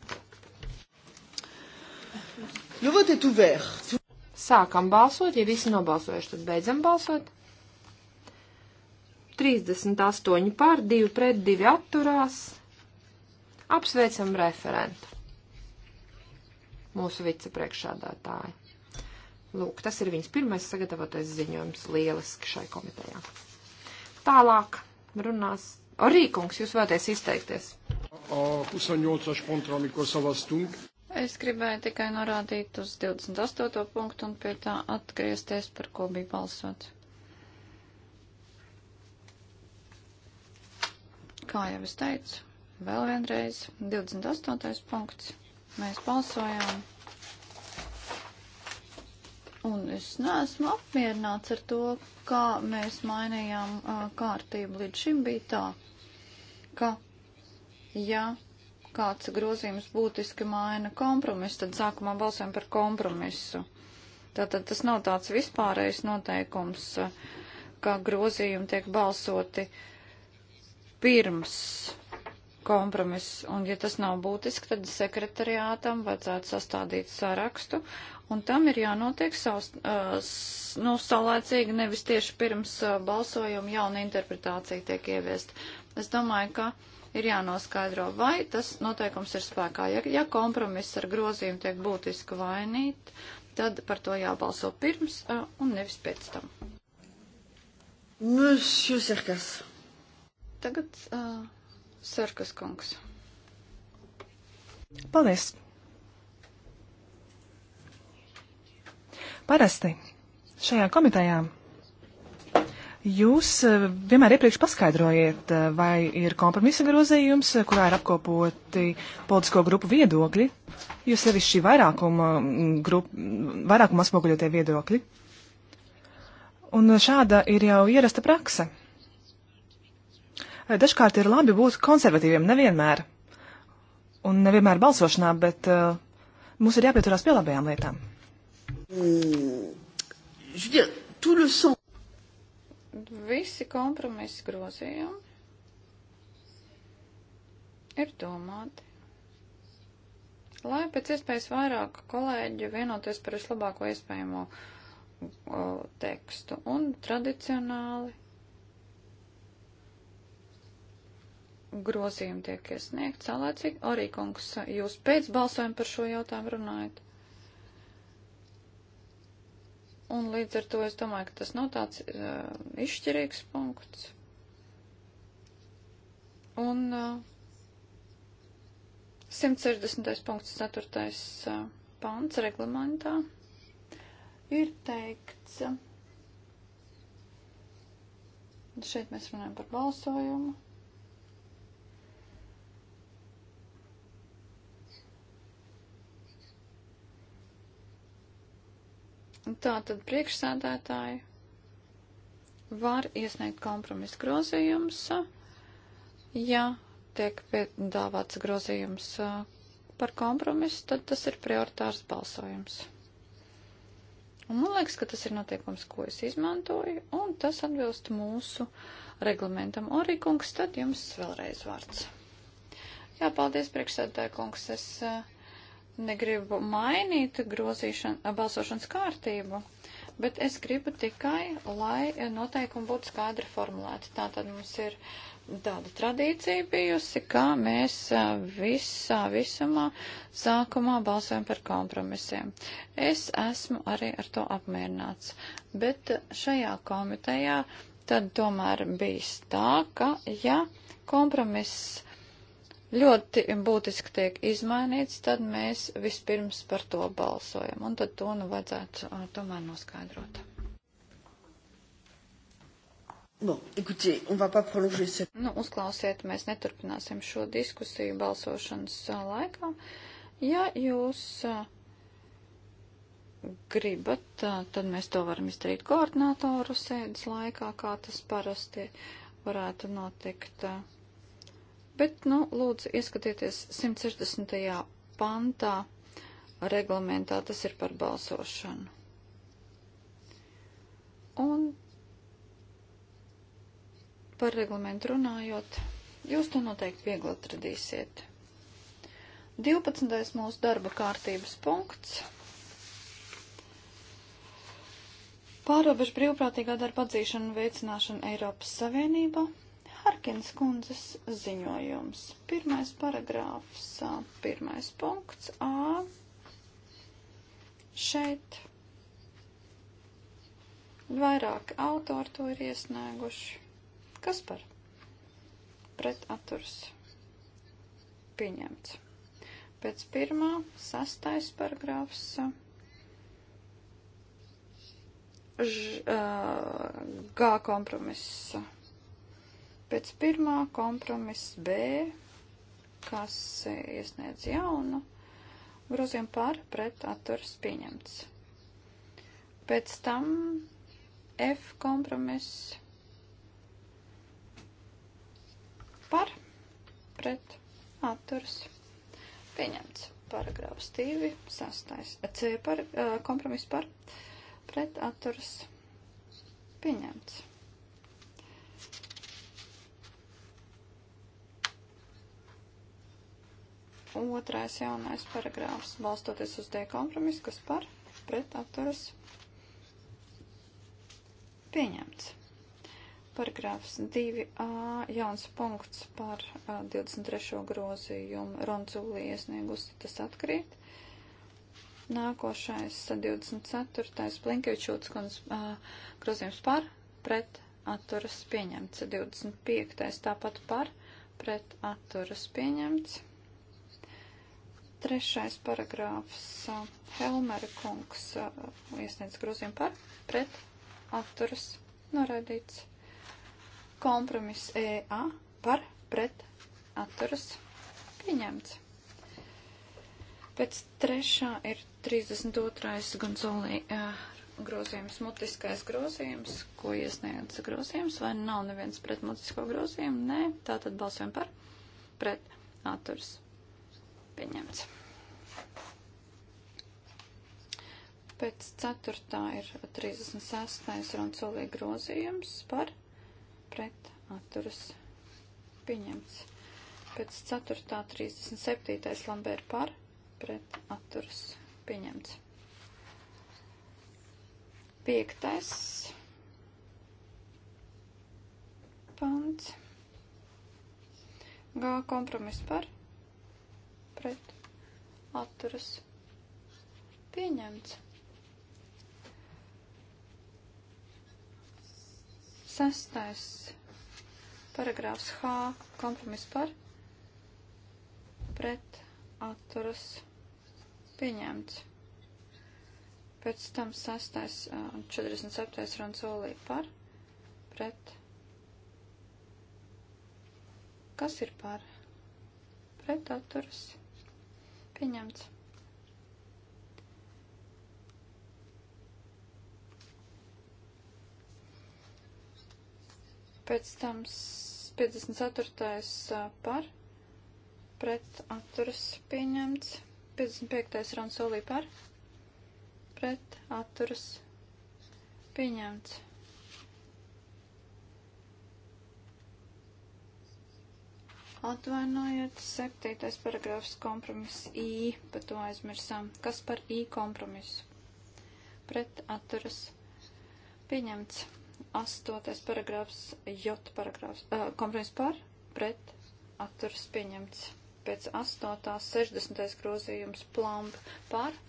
Sākam balsot, ja visi nobalsojuši, tad beidzam balsot. 38 pār, 2 pret, 2 atturās. Apsveicam referentu. Mūsu vicepriekšādātāji. Lūk, tas ir viņas pirmais sagatavotais ziņojums lieliski šai komitejā. Tālāk runās Orīkungs, jūs vēlaties izteikties. Es gribēju tikai norādīt uz 28. punktu un pie tā atgriezties, par ko bija balsots. Kā jau es teicu, Vēl vienreiz 28. punkts. Mēs balsojām. Un es neesmu apmierināts ar to, kā mēs mainījām uh, kārtību. Līdz šim bija tā, ka, ja kāds grozījums būtiski maina kompromisu, tad sākumā balsojam par kompromisu. Tātad tas nav tāds vispārējs noteikums, ka grozījumi tiek balsoti pirms kompromiss. Un, ja tas nav būtiski, tad sekretariātam vajadzētu sastādīt sarakstu, un tam ir jānotiek savs, uh, nu, saulēcīgi, nevis tieši pirms uh, balsojuma jauna interpretācija tiek ieviest. Es domāju, ka ir jānoskaidro, vai tas noteikums ir spēkā. Ja, ja kompromiss ar grozījumu tiek būtiski vainīt, tad par to jābalso pirms uh, un nevis pēc tam. Monsieur Serkas. Tagad uh, Sarkas kungs. Paldies! Parasti šajā komitejā Jūs eh, vienmēr iepriekš paskaidrojiet, eh, vai ir kompromisa grozījums, kurā ir apkopoti politisko grupu viedokļi, jo sevišķi vairākuma, mm, grup, vairākuma atspoguļotie viedokļi. Un šāda ir jau ierasta praksa. Dažkārt ir labi būt konservatīviem, nevienmēr. Un nevienmēr balsošanā, bet uh, mums ir jāpieturās pie labajām lietām. Mm. Visi kompromisi grozījumi ir domāti. Lai pēc iespējas vairāk kolēģi vienoties par vislabāko iespējamo o, uh, tekstu un tradicionāli grozījumi tiek iesniegt. Saulēcīgi, arī kungs, jūs pēc balsojuma par šo jautājumu runājat. Un līdz ar to es domāju, ka tas nav tāds uh, izšķirīgs punkts. Un uh, eh, 160. punkts 4. Uh, eh, pants reglamentā ir teikts. Uh, šeit mēs runājam par balsojumu. Tā tad priekšsēdētāji var iesniegt kompromisu grozījumus, ja tiek piedāvāts grozījums uh, par kompromisu, tad tas ir prioritārs balsojums. Un man liekas, ka tas ir noteikums, ko es izmantoju, un tas atbilst mūsu reglamentam. Arī kungs, tad jums vēlreiz vārds. Jā, paldies, priekšsēdētāji kungs. Es uh, negribu mainīt balsošanas kārtību, bet es gribu tikai, lai noteikumi būtu skaidri formulēti. Tātad mums ir tāda tradīcija bijusi, kā mēs visā visumā sākumā balsojam par kompromisiem. Es esmu arī ar to apmierināts, bet šajā komitejā tad tomēr bijis tā, ka ja kompromiss ļoti būtiski tiek izmainīts, tad mēs vispirms par to balsojam. Un tad to nu vajadzētu uh, tomēr noskaidrot. Bon, écoutez, on va pas prolonger cette... Nu, uzklausiet, mēs neturpināsim šo diskusiju balsošanas uh, laikā. Ja jūs uh, gribat, uh, tad mēs to varam izdarīt koordinātoru sēdes laikā, kā tas parasti varētu notikt. Uh, Bet, nu, lūdzu, ieskatieties 160. pantā reglamentā, tas ir par balsošanu. Un par reglamentu runājot, jūs to noteikti viegli atradīsiet. 12. mūsu darba kārtības punkts. Pārobežu brīvprātīgā darba atzīšana un veicināšana Eiropas Savienībā. Harkins kundzes ziņojums. Pirmais paragrāfs, pirmais punkts A. Šeit vairāk autori to ir iesnieguši. Kas par? Pret atturs. Pieņemts. Pēc pirmā, sastais paragrāfs. Ž, uh, G kompromiss Pēc pirmā kompromiss B, kas iesniedz jaunu grozījumu par pret atturas pieņemts. Pēc tam F kompromiss par pret atturas pieņemts. Paragrāfs 2, 6, eh, C par, eh, kompromiss par pret atturas pieņemts. Otrais jaunais paragrāfs balstoties uz D kompromisu, kas par pret atturas pieņemts. Paragrāfs 2a jauns punkts par a, 23. grozījumu Ronzulī iesniegusi, tas atkrīt. Nākošais 24. Blinkevičūtas kundz grozījums par pret atturas pieņemts. 25. tāpat par pret atturas pieņemts. Trešais paragrāfs. Helmera kungs uh, iesniedz grozījumu par, pret, atturas, noraidīts. Kompromiss EA par, pret, atturas, pieņemts. Pēc trešā ir 32. Gonzolī uh, grozījums, mutiskais grozījums, ko iesniedz grozījums, vai nav neviens pret mutisko grozījumu? Nē, tātad balsojam par, pret, atturas, Pieņemts. Pēc ceturtā ir 36. rancolī grozījums par pret atturas pieņemts. Pēc ceturtā 37. lambēra par pret atturas pieņemts. Piektais pants. G kompromiss par pret atturas pieņemts. Sestais paragrāfs H kompromis par pret atturas pieņemts. Pēc tam sestais un 47. rancolī par pret. Kas ir par? Pret atturas pieņemts Pieņemts. Pēc tam 54. par, pret atturas pieņemts. 55. ransolī par, pret atturas pieņemts. Atvainojiet, septītais paragrāfs kompromiss I, par to aizmirsām. Kas par I kompromisu? Pret atturas pieņemts. Astotais paragrāfs J paragrāfs. Äh, kompromiss par, pret atturas pieņemts. Pēc astotās 60. grozījums plomb par,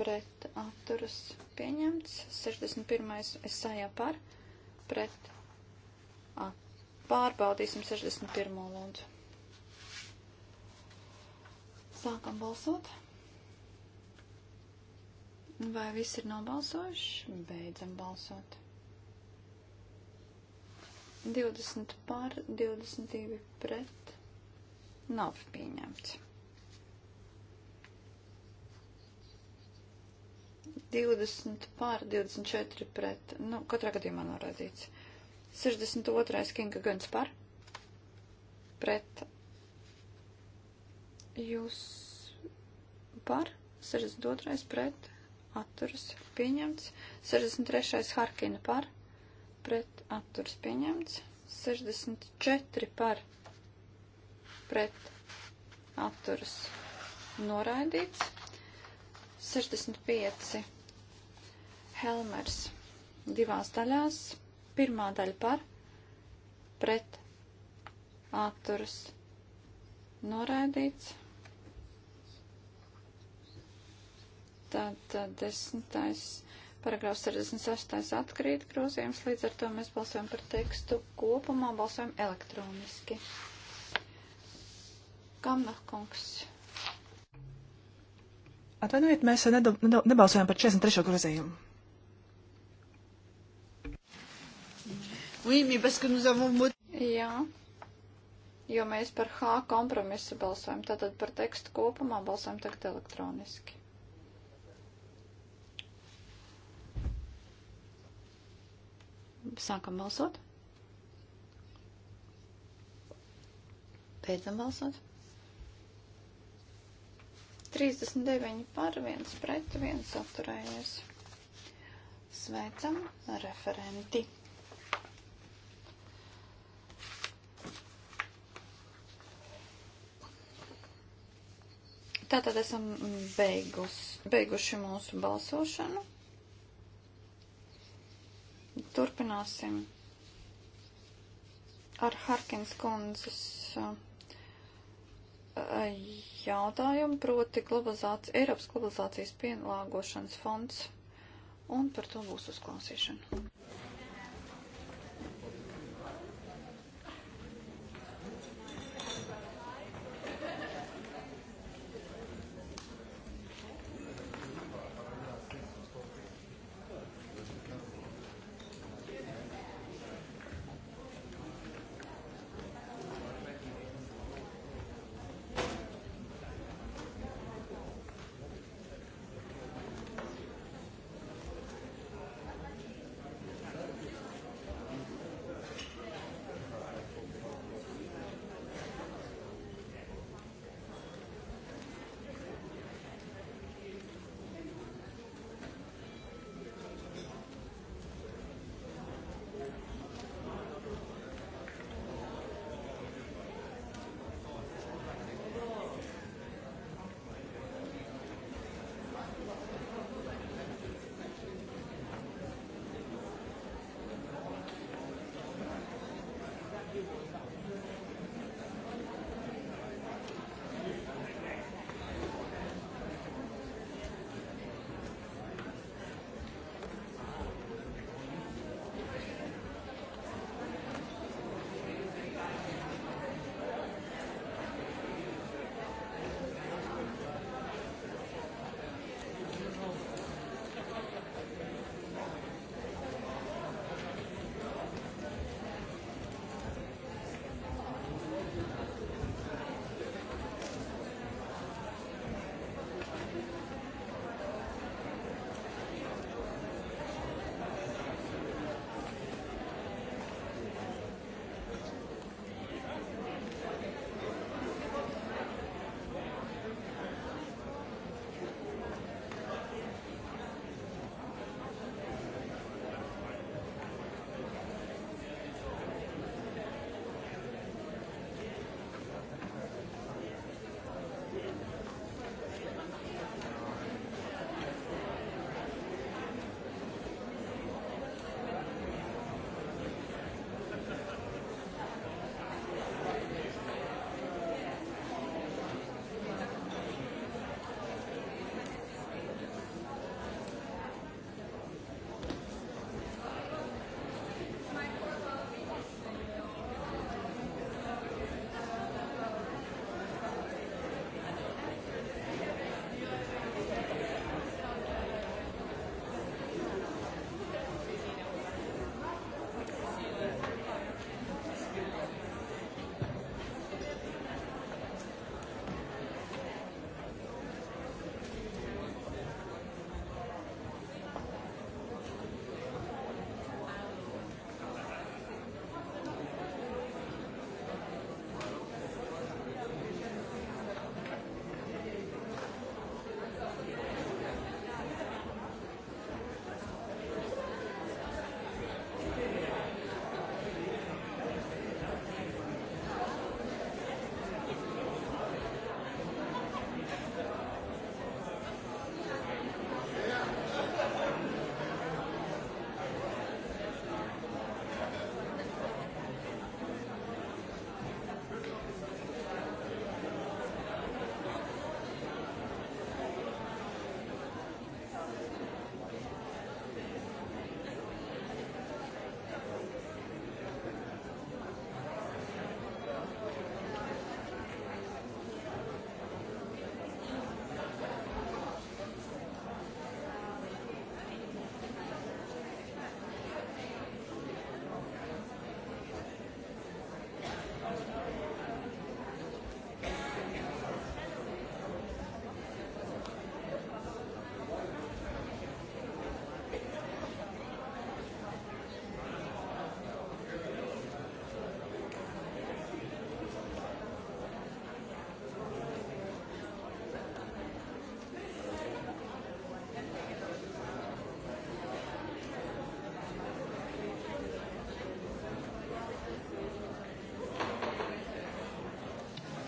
pret atturas pieņemts. 61. esājā par, pret atturas Pārbaudīsim 61. lūdzu. Sākam balsot. Vai viss ir nobalsojuši? Beidzam balsot. 20 pār, 22 pret. Nav pieņemts. 20 pār 24 pret, nu, katrā gadījumā norādīts. 62. Kinga Guns par. Pret. Jūs par. 62. pret. Atturas pieņemts. 63. Harkina par. Pret. Atturas pieņemts. 64 par. Pret. Atturas noraidīts. 65. Helmers divās daļās Pirmā daļa par pret atturas noraidīts. Tad desmitais paragrāfs 68. atkrīt grozījums, līdz ar to mēs balsojam par tekstu kopumā, balsojam elektroniski. Kamnah kungs. Atvainojiet, mēs nedal, nedal, nebalsojam par 43. grozījumu. Oui, mais parce que nous avons mot... Jā, jo mēs par H kompromisu balsojam, tātad par tekstu kopumā balsojam tagad elektroniski. Sākam balsot. Beidzam balsot. 39 par 1 pret 1 atturējies. Sveicam referenti. Tātad esam beigus, beiguši mūsu balsošanu. Turpināsim ar Harkins kundzes eh, jautājumu, proti globalizācija, Eiropas globalizācijas pielāgošanas fonds, un par to būs uzklausīšana.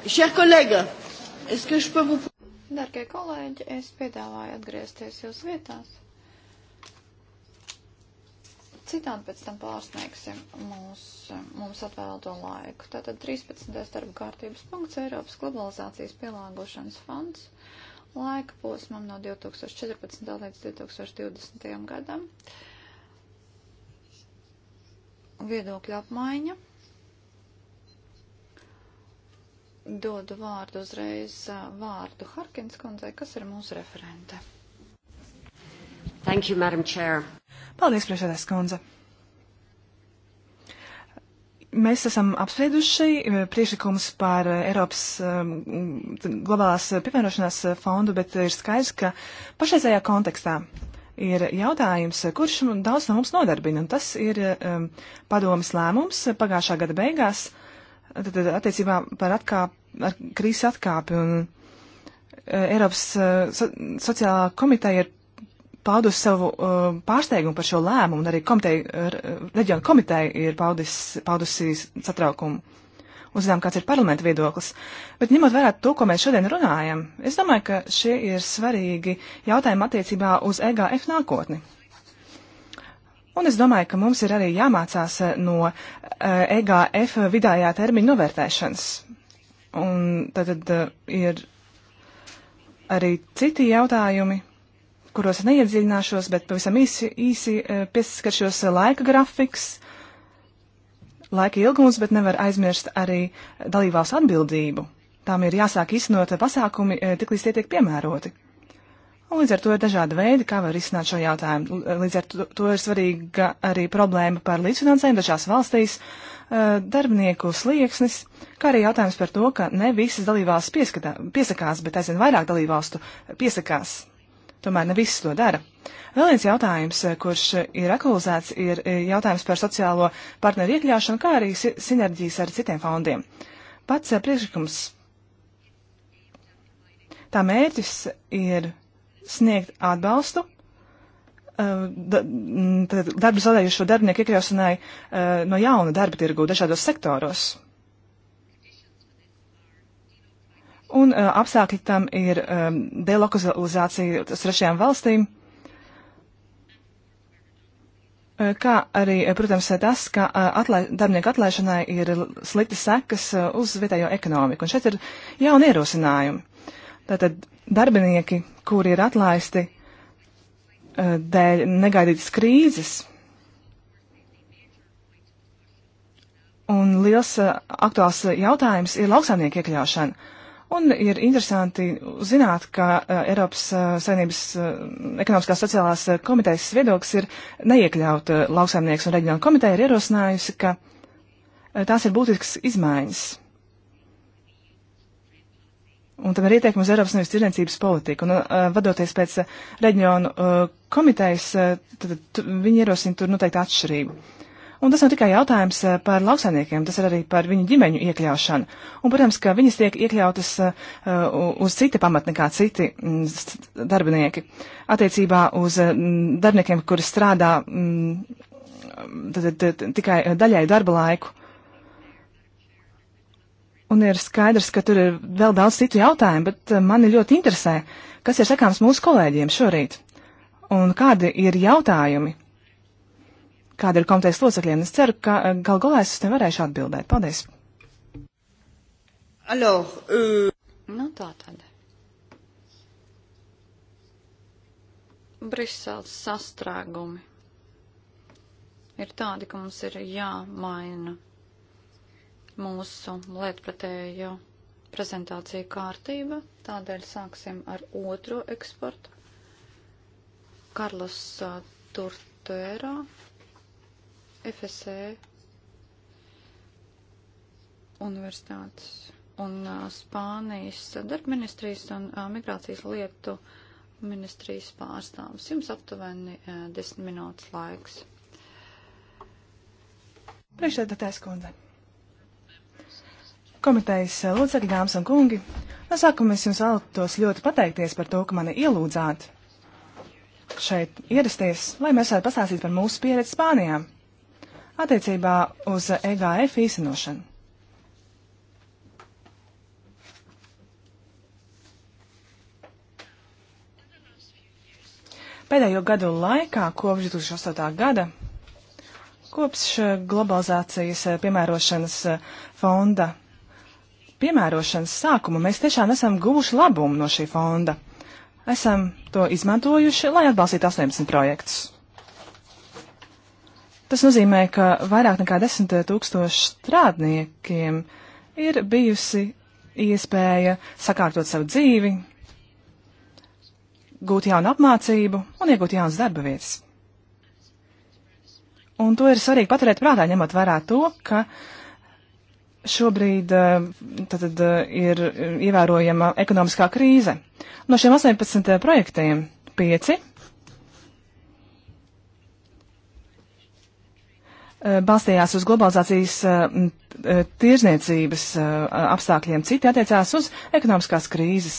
Chers collègues, est-ce que je peux vous... Dargie kolēģi, es piedāvāju atgriezties jūs vietās. Citādi pēc tam pārsniegsim mūs, mums atvēlto laiku. Tātad 13. darba kārtības punkts Eiropas globalizācijas pielāgošanas fonds laika posmam no 2014. līdz 2020. gadam. Viedokļu apmaiņa. dodu vārdu uzreiz vārdu Harkins kundzei, kas ir mūsu referente. Thank you, Madam Chair. Paldies, priekšsēdētājs kundze. Mēs esam apsprieduši priekšlikumus par Eiropas globālās pievienošanās fondu, bet ir skaidrs, ka pašreizējā kontekstā ir jautājums, kurš daudz no mums nodarbina. Un tas ir um, padomas lēmums pagājušā gada beigās uh, tad, attiecībā par atkāp, ar krīzes atkāpi. Un, e, Eiropas e, so, sociālā komiteja ir paudusi savu uh, pārsteigumu par šo lēmumu, un arī komiteja, reģiona komiteja ir paudis, paudusi satraukumu. Uzzinām, kāds ir parlamenta viedoklis. Bet ņemot vērā to, ko mēs šodien runājam, es domāju, ka šie ir svarīgi jautājumi attiecībā uz EGF nākotni. Un es domāju, ka mums ir arī jāmācās eh, no EGF eh, e vidējā termiņa novērtēšanas. Un tad, tad eh, ir arī citi jautājumi, kuros neiedziļināšos, bet pavisam īsi, īsi pieskaršos laika grafiks, laika ilgums, bet nevar aizmirst arī dalībvalsts atbildību. Tām ir jāsāk iznot pasākumi, tiklīdz tie tiek piemēroti. Un līdz ar to ir dažādi veidi, kā var izsnākt šo jautājumu. Līdz ar to, to ir svarīga arī problēma par līdzfinansējumu dažās valstīs, darbinieku slieksnis, kā arī jautājums par to, ka ne visas dalībās pieskatā, piesakās, bet aizvien vairāk dalībvalstu piesakās. Tomēr ne visas to dara. Vēl viens jautājums, kurš ir aktualizēts, ir jautājums par sociālo partneru iekļaušanu, kā arī si sinerģijas ar citiem fondiem. Pats priekšlikums. Tā mērķis ir sniegt atbalstu uh, da, darba zaudējušo darbinieku iekļaušanai uh, no jauna darba tirgu dažādos sektoros. Un uh, apstākļi tam ir um, delokalizācija trešajām valstīm, kā arī, protams, tas, ka atlai, darbinieku atlaišanai ir slikti sekas uz vietējo ekonomiku. Un šeit ir jauni ierosinājumi. Tātad darbinieki, kuri ir atlaisti eh, dēļ negaidītas krīzes. Un liels eh, aktuāls jautājums ir lauksaimnieku iekļaušana. Un ir interesanti zināt, ka eh, Eiropas Savienības ekonomiskās sociālās komitejas viedoklis ir neiekļaut lauksaimnieks un reģionu komiteja ir ierosinājusi, ka tās ir būtiskas izmaiņas un tam ir ieteikumi uz Eiropas Savienības tirdzniecības politiku. Un, uh, vadoties pēc uh, reģionu uh, komitejas, uh, tad tu, viņi ierosina tur noteikti atšķirību. Un tas nav tikai jautājums uh, par lauksaimniekiem, tas ir arī par viņu ģimeņu iekļaušanu. Un, protams, ka viņas tiek iekļautas uh, uz cita pamata nekā citi mm, darbinieki. Attiecībā uz mm, darbiniekiem, kuri strādā mm, tad, tad, tad, tikai daļai darba laiku. Un ir skaidrs, ka tur ir vēl daudz citu jautājumu, bet eh, mani ļoti interesē, kas ir sakāms mūsu kolēģiem šorīt. Un kādi ir jautājumi? Kāda ir komitejas locekļiem? Es ceru, ka eh, gal galā es uz tiem varēšu atbildēt. Paldies! Alors, euh... Nu, tā tad. Brisels sastrēgumi ir tādi, ka mums ir jāmaina mūsu lietpratējo prezentāciju kārtība, tādēļ sāksim ar otro eksportu. Karlos Turtērā, FSE universitātes un Spānijas darbministrijas un migrācijas lietu ministrijas pārstāvs. Jums aptuveni desmit minūtes laiks. Priekšsēdētājs kundze komitejas locekļi, dāmas un kungi. No sākuma es jums vēlētos ļoti pateikties par to, ka mani ielūdzāt šeit ierasties, lai mēs varētu pastāstīt par mūsu pieredzi Spānijā attiecībā uz EGF īstenošanu. Pēdējo gadu laikā, kopš 2008. gada, kopš globalizācijas piemērošanas fonda piemērošanas sākumu mēs tiešām esam guvuši labumu no šī fonda. Esam to izmantojuši, lai atbalstītu 18 projektus. Tas nozīmē, ka vairāk nekā 10 tūkstoši strādniekiem ir bijusi iespēja sakārtot savu dzīvi, gūt jaunu apmācību un iegūt jaunas darba vietas. Un to ir svarīgi paturēt prātā, ņemot vērā to, ka uh, šobrīd eh, tātad, eh, ir ievērojama ekonomiskā krīze. No šiem 18 eh, projektiem 5 balstījās uz globalizācijas tirzniecības apstākļiem, citi attiecās uz ekonomiskās krīzes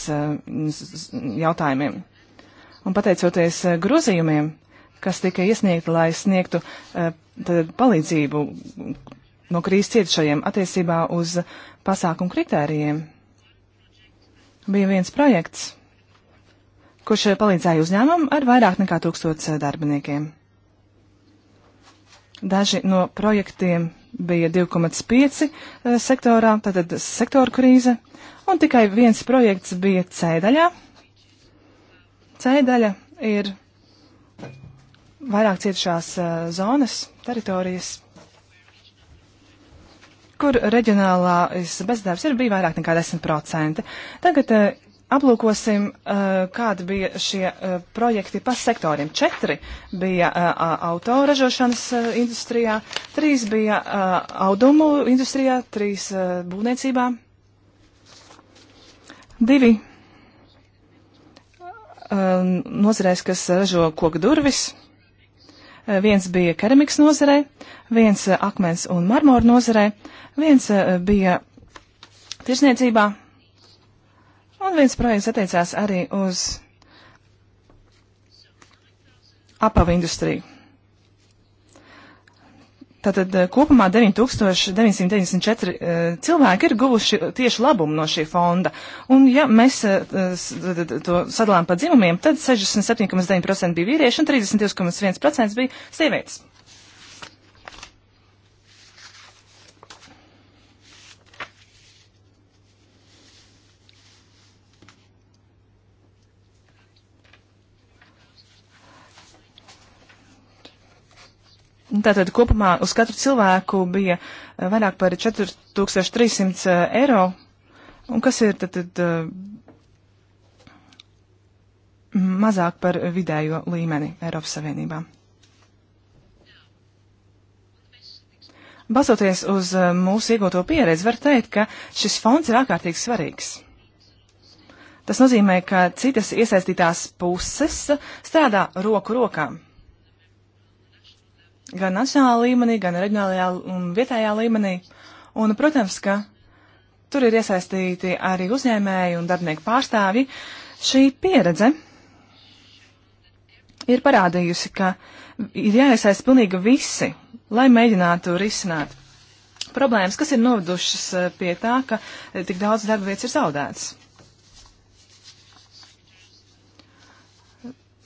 jautājumiem. Un pateicoties grozījumiem, kas tika iesniegti, lai sniegtu palīdzību no krīzes cietušajiem attiecībā uz pasākumu kritērijiem. Bija viens projekts, kurš palīdzēja uzņēmumam ar vairāk nekā tūkstots darbiniekiem. Daži no projektiem bija 2,5 eh, sektorā, tātad sektora krīze, un tikai viens projekts bija C daļā. C daļa ir vairāk cietušās eh, zonas, teritorijas kur reģionālās bezdarbs ir bija vairāk nekā 10%. Tagad uh, aplūkosim, uh, kādi bija šie uh, projekti pa sektoriem. Četri bija autoražošanas industrijā, trīs bija audumu industrijā, trīs būvniecībā, divi nozarēs, kas ražo koku durvis viens bija keramikas nozarē, viens eh, akmens un marmora nozarē, viens eh, bija tirsniecībā, un viens projekts attiecās arī uz apavu industriju. Tātad eh, kopumā 9994 uh, eh, cilvēki ir guvuši tieši labumu no šī fonda. Un ja mēs uh, to sadalām pa dzimumiem, tad 67,9% bija vīrieši un 32,1% bija sievietes. Tātad kopumā uz katru cilvēku bija eh, vairāk par 4300 eh, eiro. Un kas ir tad, tad eh, mazāk par vidējo līmeni Eiropas Savienībā? Balsoties uz mūsu iegūto pieredzi, var teikt, ka šis fonds ir ārkārtīgi svarīgs. Tas nozīmē, ka citas iesaistītās puses strādā roku rokām gan nacionālā līmenī, gan reģionālajā un vietējā līmenī. Un, protams, ka tur ir iesaistīti arī uzņēmēji un darbinieku pārstāvji. Šī pieredze ir parādījusi, ka ir jāiesaist pilnīgi visi, lai mēģinātu risināt problēmas, kas ir novedušas eh, pie tā, ka eh, tik daudz darba vietas ir zaudētas.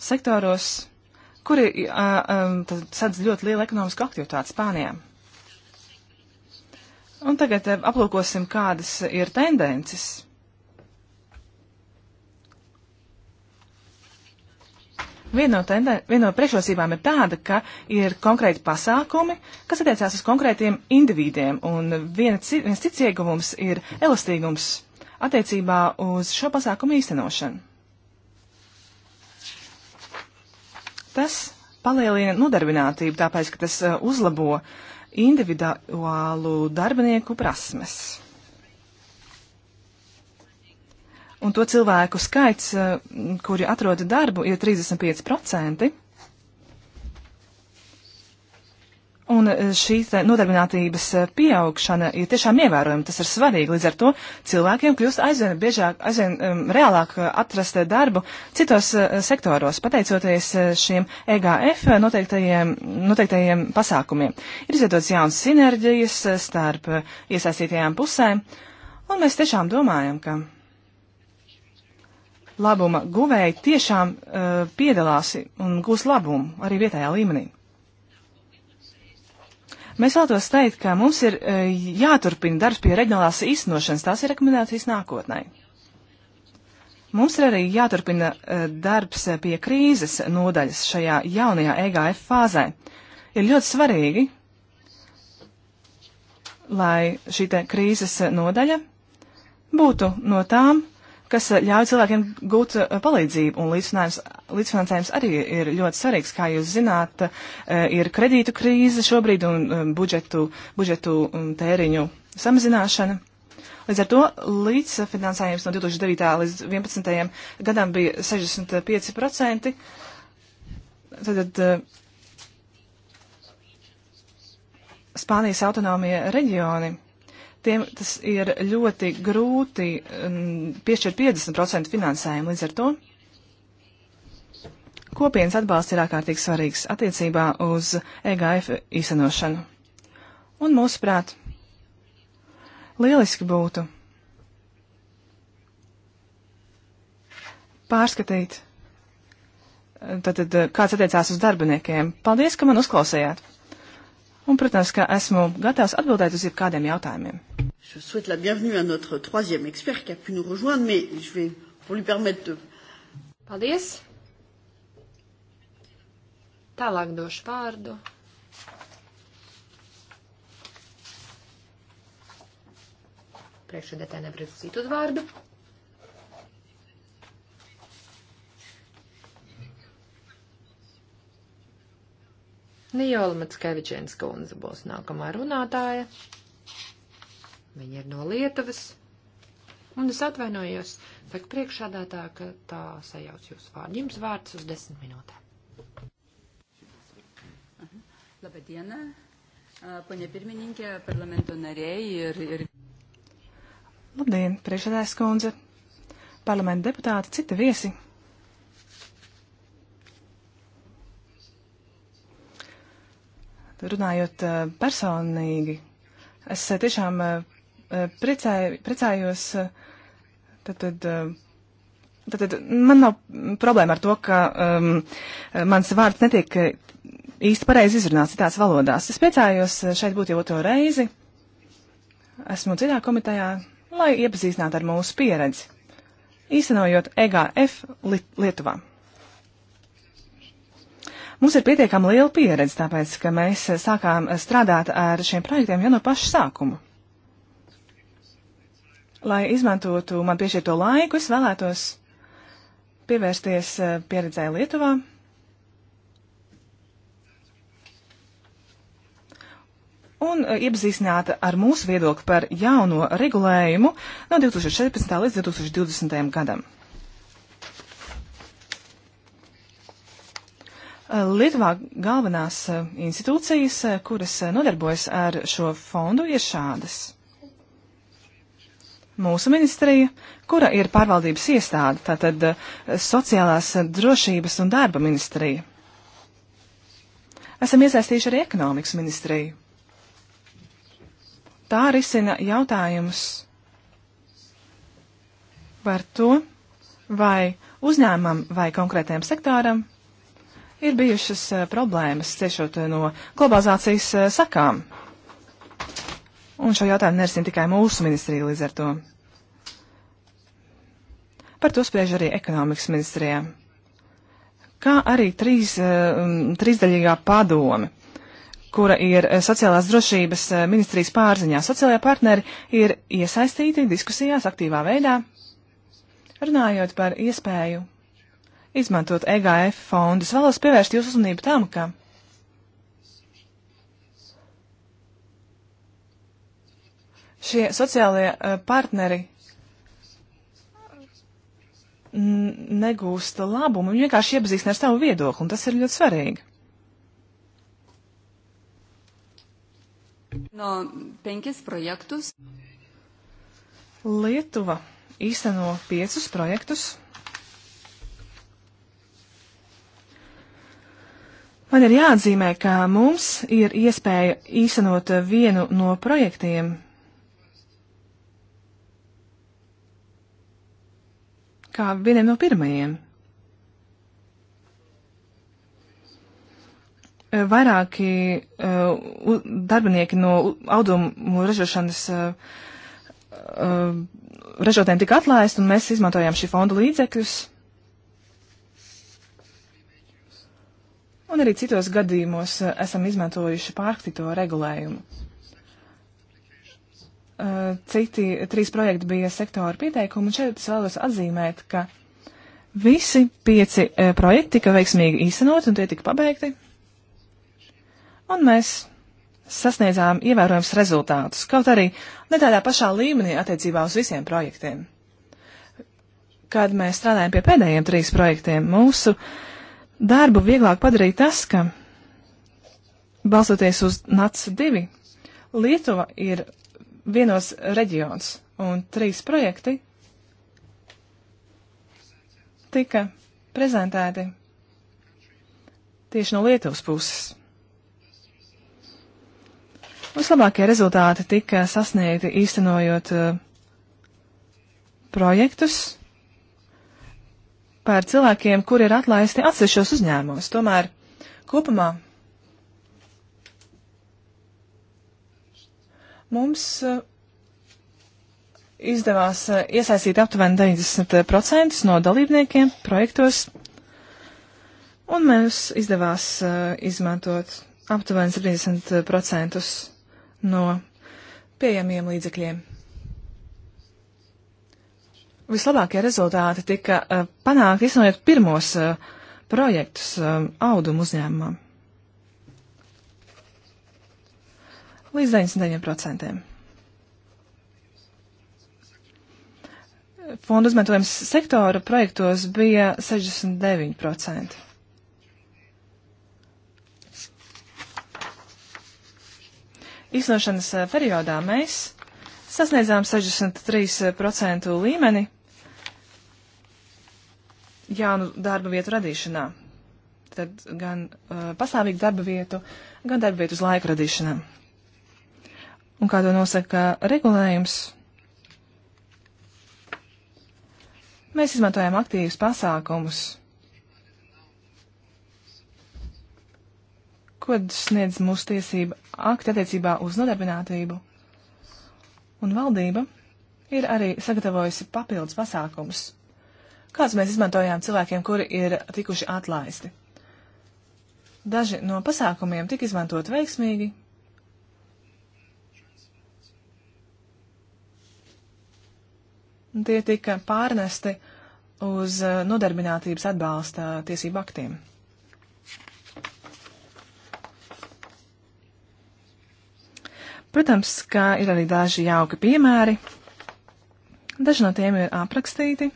Sektoros, kuri uh, um, sadz ļoti lielu ekonomisku aktivitāti Spānijā. Un tagad uh, aplūkosim, kādas ir tendences. Viena no, tende, vien no priekšrocībām ir tāda, ka ir konkrēti pasākumi, kas attiecās uz konkrētiem individiem, un viena, viens cits ieguvums ir elastīgums attiecībā uz šo pasākumu īstenošanu. Tas palielina nodarbinātību, tāpēc, ka tas eh, uzlabo individuālu darbinieku prasmes. Un to cilvēku skaits, eh, kuri atrod darbu, ir 35%. Un e, šī e, nodarbinātības e, pieaugšana ir tiešām ievērojama. Tas ir svarīgi. Līdz ar to cilvēkiem kļūst aizvien biežāk, aizvien um, reālāk atrast darbu citos uh, sektoros, pateicoties uh, šiem EGF noteiktajiem, noteiktajiem pasākumiem. Ir izveidots jauns sinerģijas starp uh, iesaistītajām pusēm, un mēs tiešām domājam, ka labuma guvēji tiešām uh, piedalās un gūs labumu arī vietējā līmenī. Mēs vēlētos teikt, ka mums ir e, jāturpina darbs pie reģionālās īstenošanas, tās ir rekomendācijas nākotnē. Mums ir arī jāturpina e, darbs pie krīzes nodaļas šajā jaunajā EGF fāzē. Ir ļoti svarīgi, lai šī krīzes nodaļa būtu no tām, kas eh, ļauj cilvēkiem gūt eh, palīdzību, un līdzfinansējums arī ir ļoti svarīgs. Kā jūs zināt, eh, ir kredītu krīze šobrīd un budžetu, budžetu un mm, tēriņu samazināšana. Līdz ar to līdzfinansējums no 2009. līdz 2011. gadam bija 65%. Tad Spānijas autonomija reģioni tiem tas ir ļoti grūti um, piešķirt 50% finansējumu līdz ar to. Kopienas atbalsts ir ārkārtīgi svarīgs attiecībā uz EGF īstenošanu. Un mūsuprāt, lieliski būtu pārskatīt, um, tad, kāds attiecās uz darbiniekiem. Paldies, ka man uzklausījāt! Un, protams, ka esmu gatavs atbildēt uz jebkādiem jautājumiem. Je souhaite la bienvenue à notre troisième expert qui a pu nous rejoindre, mais je vais, pour lui permettre de... Paldies! Tālāk došu vārdu. Priekšredētāji nevar uzsīt uz vārdu. Niola Matskevičēns kundze būs nākamā runātāja. Viņa ir no Lietuvas. Un es atvainojos, saka priekšādātā, ka tā sajauc jūsu vārdu. Jums vārds uz desmit minūtēm. Labadiena, poņa pirmininkė, parlamento nariai ir. ir... Labdien, priekšādājas kundze, parlamenta deputāti, citi viesi. Runājot eh, personīgi, es eh, tiešām eh, priecāju, priecājos, tad, tad, tad, tad man nav problēma ar to, ka um, mans vārds netiek īsti pareizi izrunāts citās valodās. Es priecājos šeit būt jau to reizi. Esmu dziļā komitejā, lai iepazīstinātu ar mūsu pieredzi, īstenojot EGF Lietuvā. Mums ir pietiekami liela pieredze, tāpēc, ka mēs sākām strādāt ar šiem projektiem jau no paša sākuma. Lai izmantotu man piešķirto laiku, es vēlētos pievērsties eh, pieredzē Lietuvā. Un eh, iepazīstināt ar mūsu viedokli par jauno regulējumu no 2014. līdz 2020. gadam. Lietuvā galvenās e, institūcijas, e, kuras e, nodarbojas ar šo fondu, ir šādas. Mūsu ministrija, kura ir pārvaldības iestāde, tātad sociālās drošības un darba ministrija. Esam iesaistījuši arī ekonomikas ministriju. Tā risina jautājumus par to, vai uzņēmumam vai konkrētajam sektoram ir bijušas eh, problēmas ciešot eh, no globalizācijas eh, sakām. Un šo jautājumu nerisina tikai mūsu ministrija līdz ar to. Par to spriež arī ekonomikas ministrijā. Kā arī trīs, trīsdaļīgā padome, kura ir sociālās drošības ministrijas pārziņā. Sociālajā partneri ir iesaistīti diskusijās aktīvā veidā, runājot par iespēju izmantot EGF fondus. Vēlos pievērst jūsu uzmanību tam, ka šie sociālie eh, partneri negūst labumu, viņi vienkārši iepazīstina ar savu viedokli, un tas ir ļoti svarīgi. No penkis projektus. Lietuva īsteno piecus projektus. Man ir jāatzīmē, ka mums ir iespēja īstenot vienu no projektiem, kā vieniem no pirmajiem. Vairāki uh, darbinieki no audumu ražošanas uh, uh, ražotēm tika atlaisti, un mēs izmantojām šī fonda līdzekļus. un arī citos gadījumos eh, esam izmantojuši pārskatīto regulējumu. Eh, citi trīs projekti bija sektora pieteikumi, un šeit es vēlos atzīmēt, ka visi pieci eh, projekti tika veiksmīgi īstenot, un tie tika pabeigti. Un mēs sasniedzām ievērojams rezultātus, kaut arī ne tādā pašā līmenī attiecībā uz visiem projektiem. Kad mēs strādājam pie pēdējiem trīs projektiem, mūsu uh, darbu vieglāk padarīt tas, ka, balstoties uz NAC 2, Lietuva ir vienos reģions un trīs projekti tika prezentēti tieši no Lietuvas puses. Vislabākie rezultāti tika sasniegti īstenojot uh, projektus, par cilvēkiem, kuri ir atlaisti atsevišķos uzņēmumos. Tomēr kopumā mums eh, izdevās eh, iesaistīt aptuveni 90% no dalībniekiem projektos, un mums izdevās eh, izmantot aptuveni 70% no pieejamiem līdzekļiem vislabākie rezultāti tika eh, panākti izmantojot pirmos eh, projektus eh, audumu uzņēmumam. Līdz 99%. Fondu izmantojums sektora projektos bija 69%. Izlošanas periodā mēs sasniedzām 63% līmeni jaunu darba vietu radīšanā. Tad gan uh, pastāvīgu darba vietu, gan darba vietu uz laiku radīšanā. Un kā to nosaka regulējums, mēs izmantojam aktīvus pasākumus, ko sniedz mūsu tiesība akti attiecībā uz nodarbinātību. Un valdība ir arī sagatavojusi papildus pasākumus kāds mēs izmantojām cilvēkiem, kuri ir tikuši atlaisti. Daži no pasākumiem tika izmantot veiksmīgi. Tie tika pārnesti uz eh, nodarbinātības atbalsta tiesību aktiem. Protams, ka ir arī daži jauki piemēri. Daži no tiem ir aprakstīti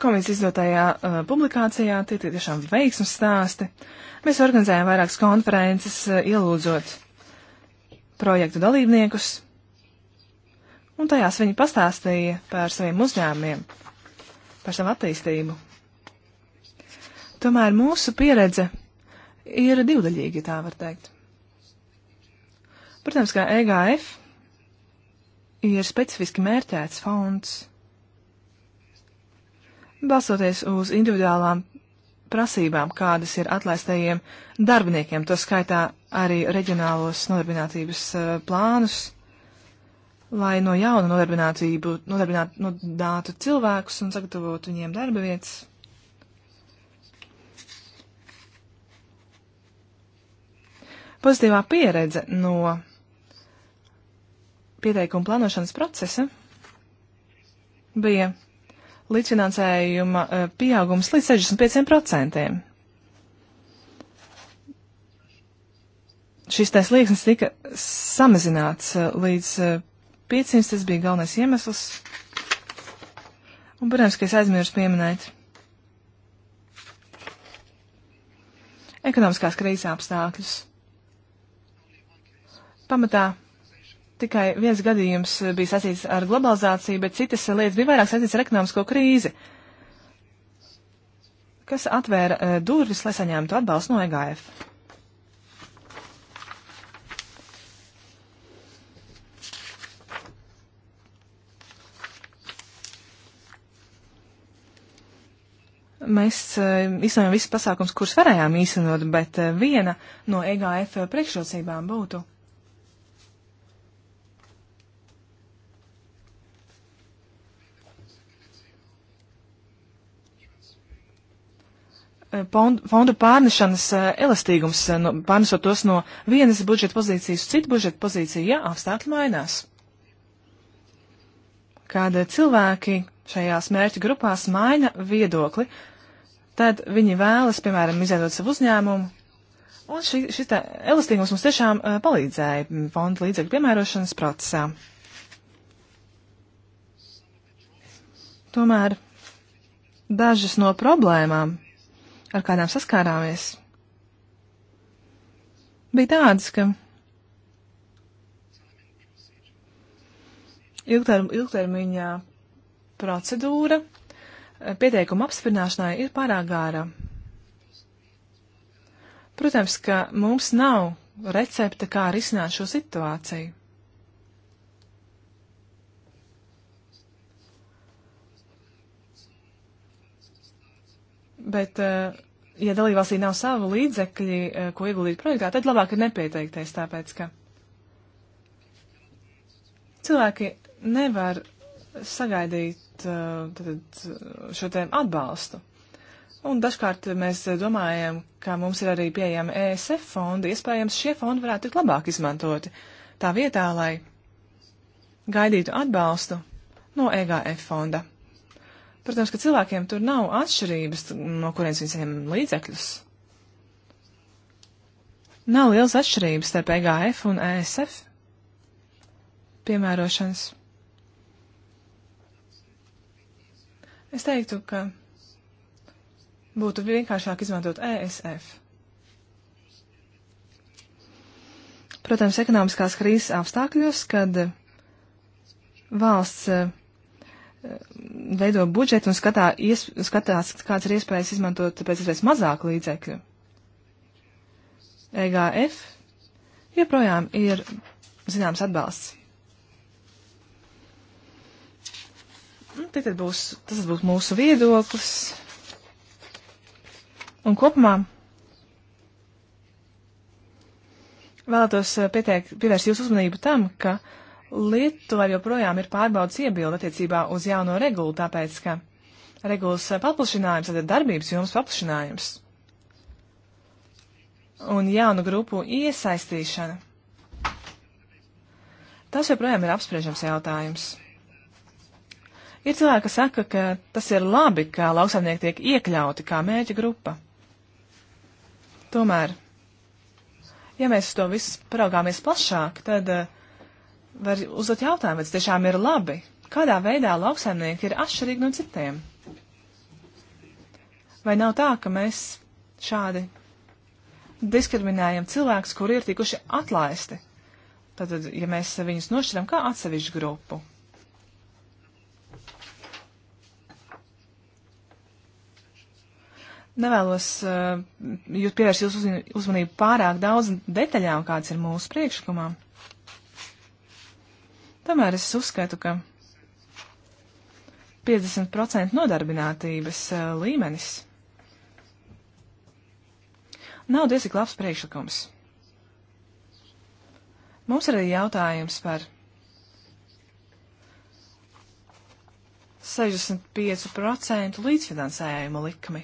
komisijas izdotajā uh, publikācijā, tie ir tiešām veiksmes stāsti. Mēs organizējām vairākas konferences, uh, ielūdzot projektu dalībniekus, un tajās viņi pastāstīja par saviem uzņēmumiem, par savu attīstību. Tomēr mūsu pieredze ir divdaļīga, tā var teikt. Protams, kā EGF ir specifiski mērķēts fonds balsoties uz individuālām prasībām, kādas ir atlaistajiem darbiniekiem, to skaitā arī reģionālos nodarbinātības uh, plānus, lai no jauna nodarbinātību nodarbinātu cilvēkus un sagatavotu viņiem darba vietas. Pozitīvā pieredze no pieteikuma plānošanas procesa bija līdzfinansējuma eh, pieaugums līdz 65%. Šis tais liekas tika samazināts eh, līdz 500, eh, tas bija galvenais iemesls. Un, protams, ka es aizmirsu pieminēt. Ekonomiskās krīzes apstākļus. Pamatā tikai viens gadījums eh, bija saistīts ar globalizāciju, bet citas eh, lietas bija vairāk saistīts ar ekonomisko krīzi, kas atvēra eh, durvis, lai saņemtu atbalstu no EGF. Mēs īstenojam visus pasākums, kurus varējām īstenot, bet viena no EGF priekšrocībām būtu fondu pārnešanas eh, elastīgums, eh, no, pārnesot tos no vienas budžeta pozīcijas uz citu budžeta pozīciju, ja apstākļi mainās. Kāda eh, cilvēki šajās mērķu grupās maina viedokli, tad viņi vēlas, piemēram, izveidot savu uzņēmumu. Un šī, šis elastīgums mums tiešām uh, palīdzēja fondu līdzekļu piemērošanas procesā. Tomēr dažas no problēmām ar kādām saskārāmies, bija tādas, ka ilgterm, ilgtermiņā procedūra eh, pieteikuma apspirināšanai ir pārāk gāra. Protams, ka mums nav recepte, kā risināt šo situāciju. Bet, eh, ja dalībvalstī nav savu līdzekļi, eh, ko ieguldīt projektā, tad labāk ir nepieteikties, tāpēc ka cilvēki nevar sagaidīt eh, tad, šo tēmu atbalstu. Un dažkārt mēs domājam, ka mums ir arī pieejami ESF fondi, iespējams šie fondi varētu tikt labāk izmantoti tā vietā, lai gaidītu atbalstu no EGF fonda. Protams, ka cilvēkiem tur nav atšķirības, no kurienes viņi saņem līdzekļus. Nav liels atšķirības starp EGF un ESF piemērošanas. Es teiktu, ka būtu vienkāršāk izmantot ESF. Protams, ekonomiskās krīzes apstākļos, kad valsts eh, Eh, veido budžetu un skatā, ies, skatās, kāds ir iespējas izmantot pēc iespējas mazāk līdzekļu. EGF joprojām ir zināms atbalsts. Tad, tad būs, tas būs mūsu viedoklis. Un kopumā vēlētos eh, pieteikt, pievērst jūsu uzmanību tam, ka uh, Lietuva joprojām ir pārbaudas iebilda attiecībā uz jauno regulu, tāpēc, ka regulas paplašinājums, tad darbības jomas paplašinājums un jaunu grupu iesaistīšana. Tas joprojām ir apspriežams jautājums. Ir cilvēki, kas saka, ka tas ir labi, ka lauksaimnieki tiek iekļauti kā mēģa grupa. Tomēr, ja mēs uz to visu paraugāmies plašāk, tad uh, var uzdot jautājumu, vai tas tiešām ir labi. Kādā veidā lauksaimnieki ir atšķirīgi no citiem? Vai nav tā, ka mēs šādi diskriminējam cilvēkus, kuri ir tikuši atlaisti? Tātad, ja mēs viņus nošķiram kā atsevišķu grupu. Nevēlos uh, jūs pievērst jūsu uzmanību pārāk daudz detaļām, kāds ir mūsu priekšlikumā. Tomēr es uzskatu, ka 50% nodarbinātības eh, līmenis nav diezgan labs priekšlikums. Mums ir arī jautājums par 65% līdzfinansējumu likmi.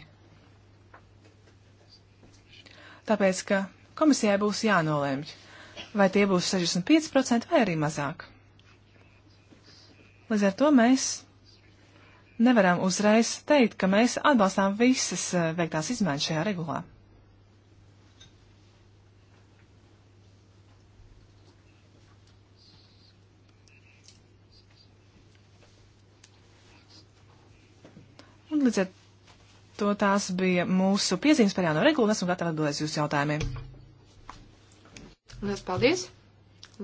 Tāpēc, ka komisijai būs jānolēmj, vai tie būs 65% vai arī mazāk. Līdz ar to mēs nevaram uzreiz teikt, ka mēs atbalstām visas eh, veiktās izmaiņas šajā regulā. Un līdz ar to tās bija mūsu piezīmes par jauno regulu, un esmu gatava atbildēt jūsu jautājumiem. Lielas paldies!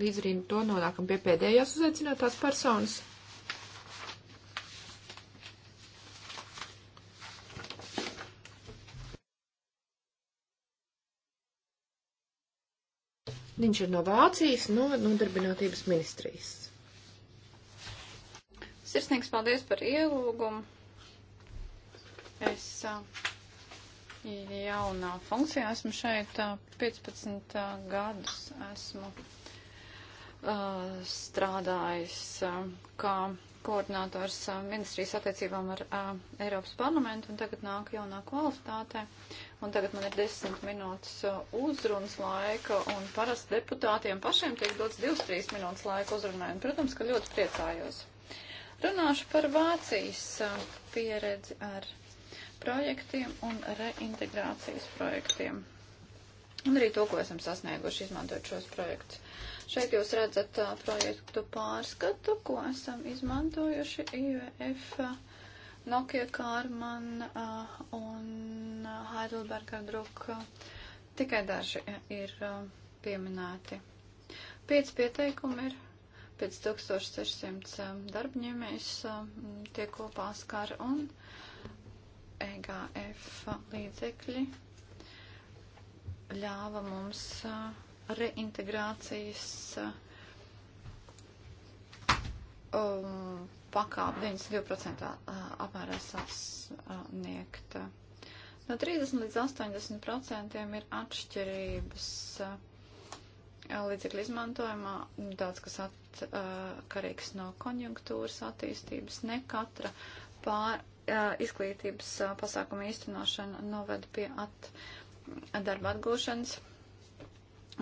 Līdz arī to nonākam pie pēdējās uzaicinātās personas. Viņš ir no Vācijas, no nodarbinātības ministrijas. Sirsnīgs paldies par ielūgumu. Es jaunā funkcijā esmu šeit 15 gadus. Esmu strādājis kā koordinators ministrijas attiecībām ar a, Eiropas parlamentu, un tagad nāk jaunā kvalitātē. Un tagad man ir desmit minūtes uzrunas laika, un parasti deputātiem pašiem tiek dots divas, trīs minūtes laika uzrunai. Un, protams, ka ļoti priecājos. Runāšu par Vācijas pieredzi ar projektiem un reintegrācijas projektiem. Un arī to, ko esam sasnieguši, izmantojot šos projektus. Šeit jūs redzat uh, projektu pārskatu, ko esam izmantojuši IVF, Nokia Kārman uh, un Heidelberger Druk. Tikai daži ir uh, pieminēti. Pieci pieteikumi ir 5600 darbņēmējs tie kopā skar un EGF līdzekļi ļāva mums reintegrācijas um, pakāp 92% apmērā sasniegt. No 30 līdz 80% ir atšķirības līdzekļu izmantojumā, daudz kas atkarīgs no konjunktūras attīstības, ne katra pār, izglītības pasākuma īstenošana noved pie atšķirības darba atgūšanas.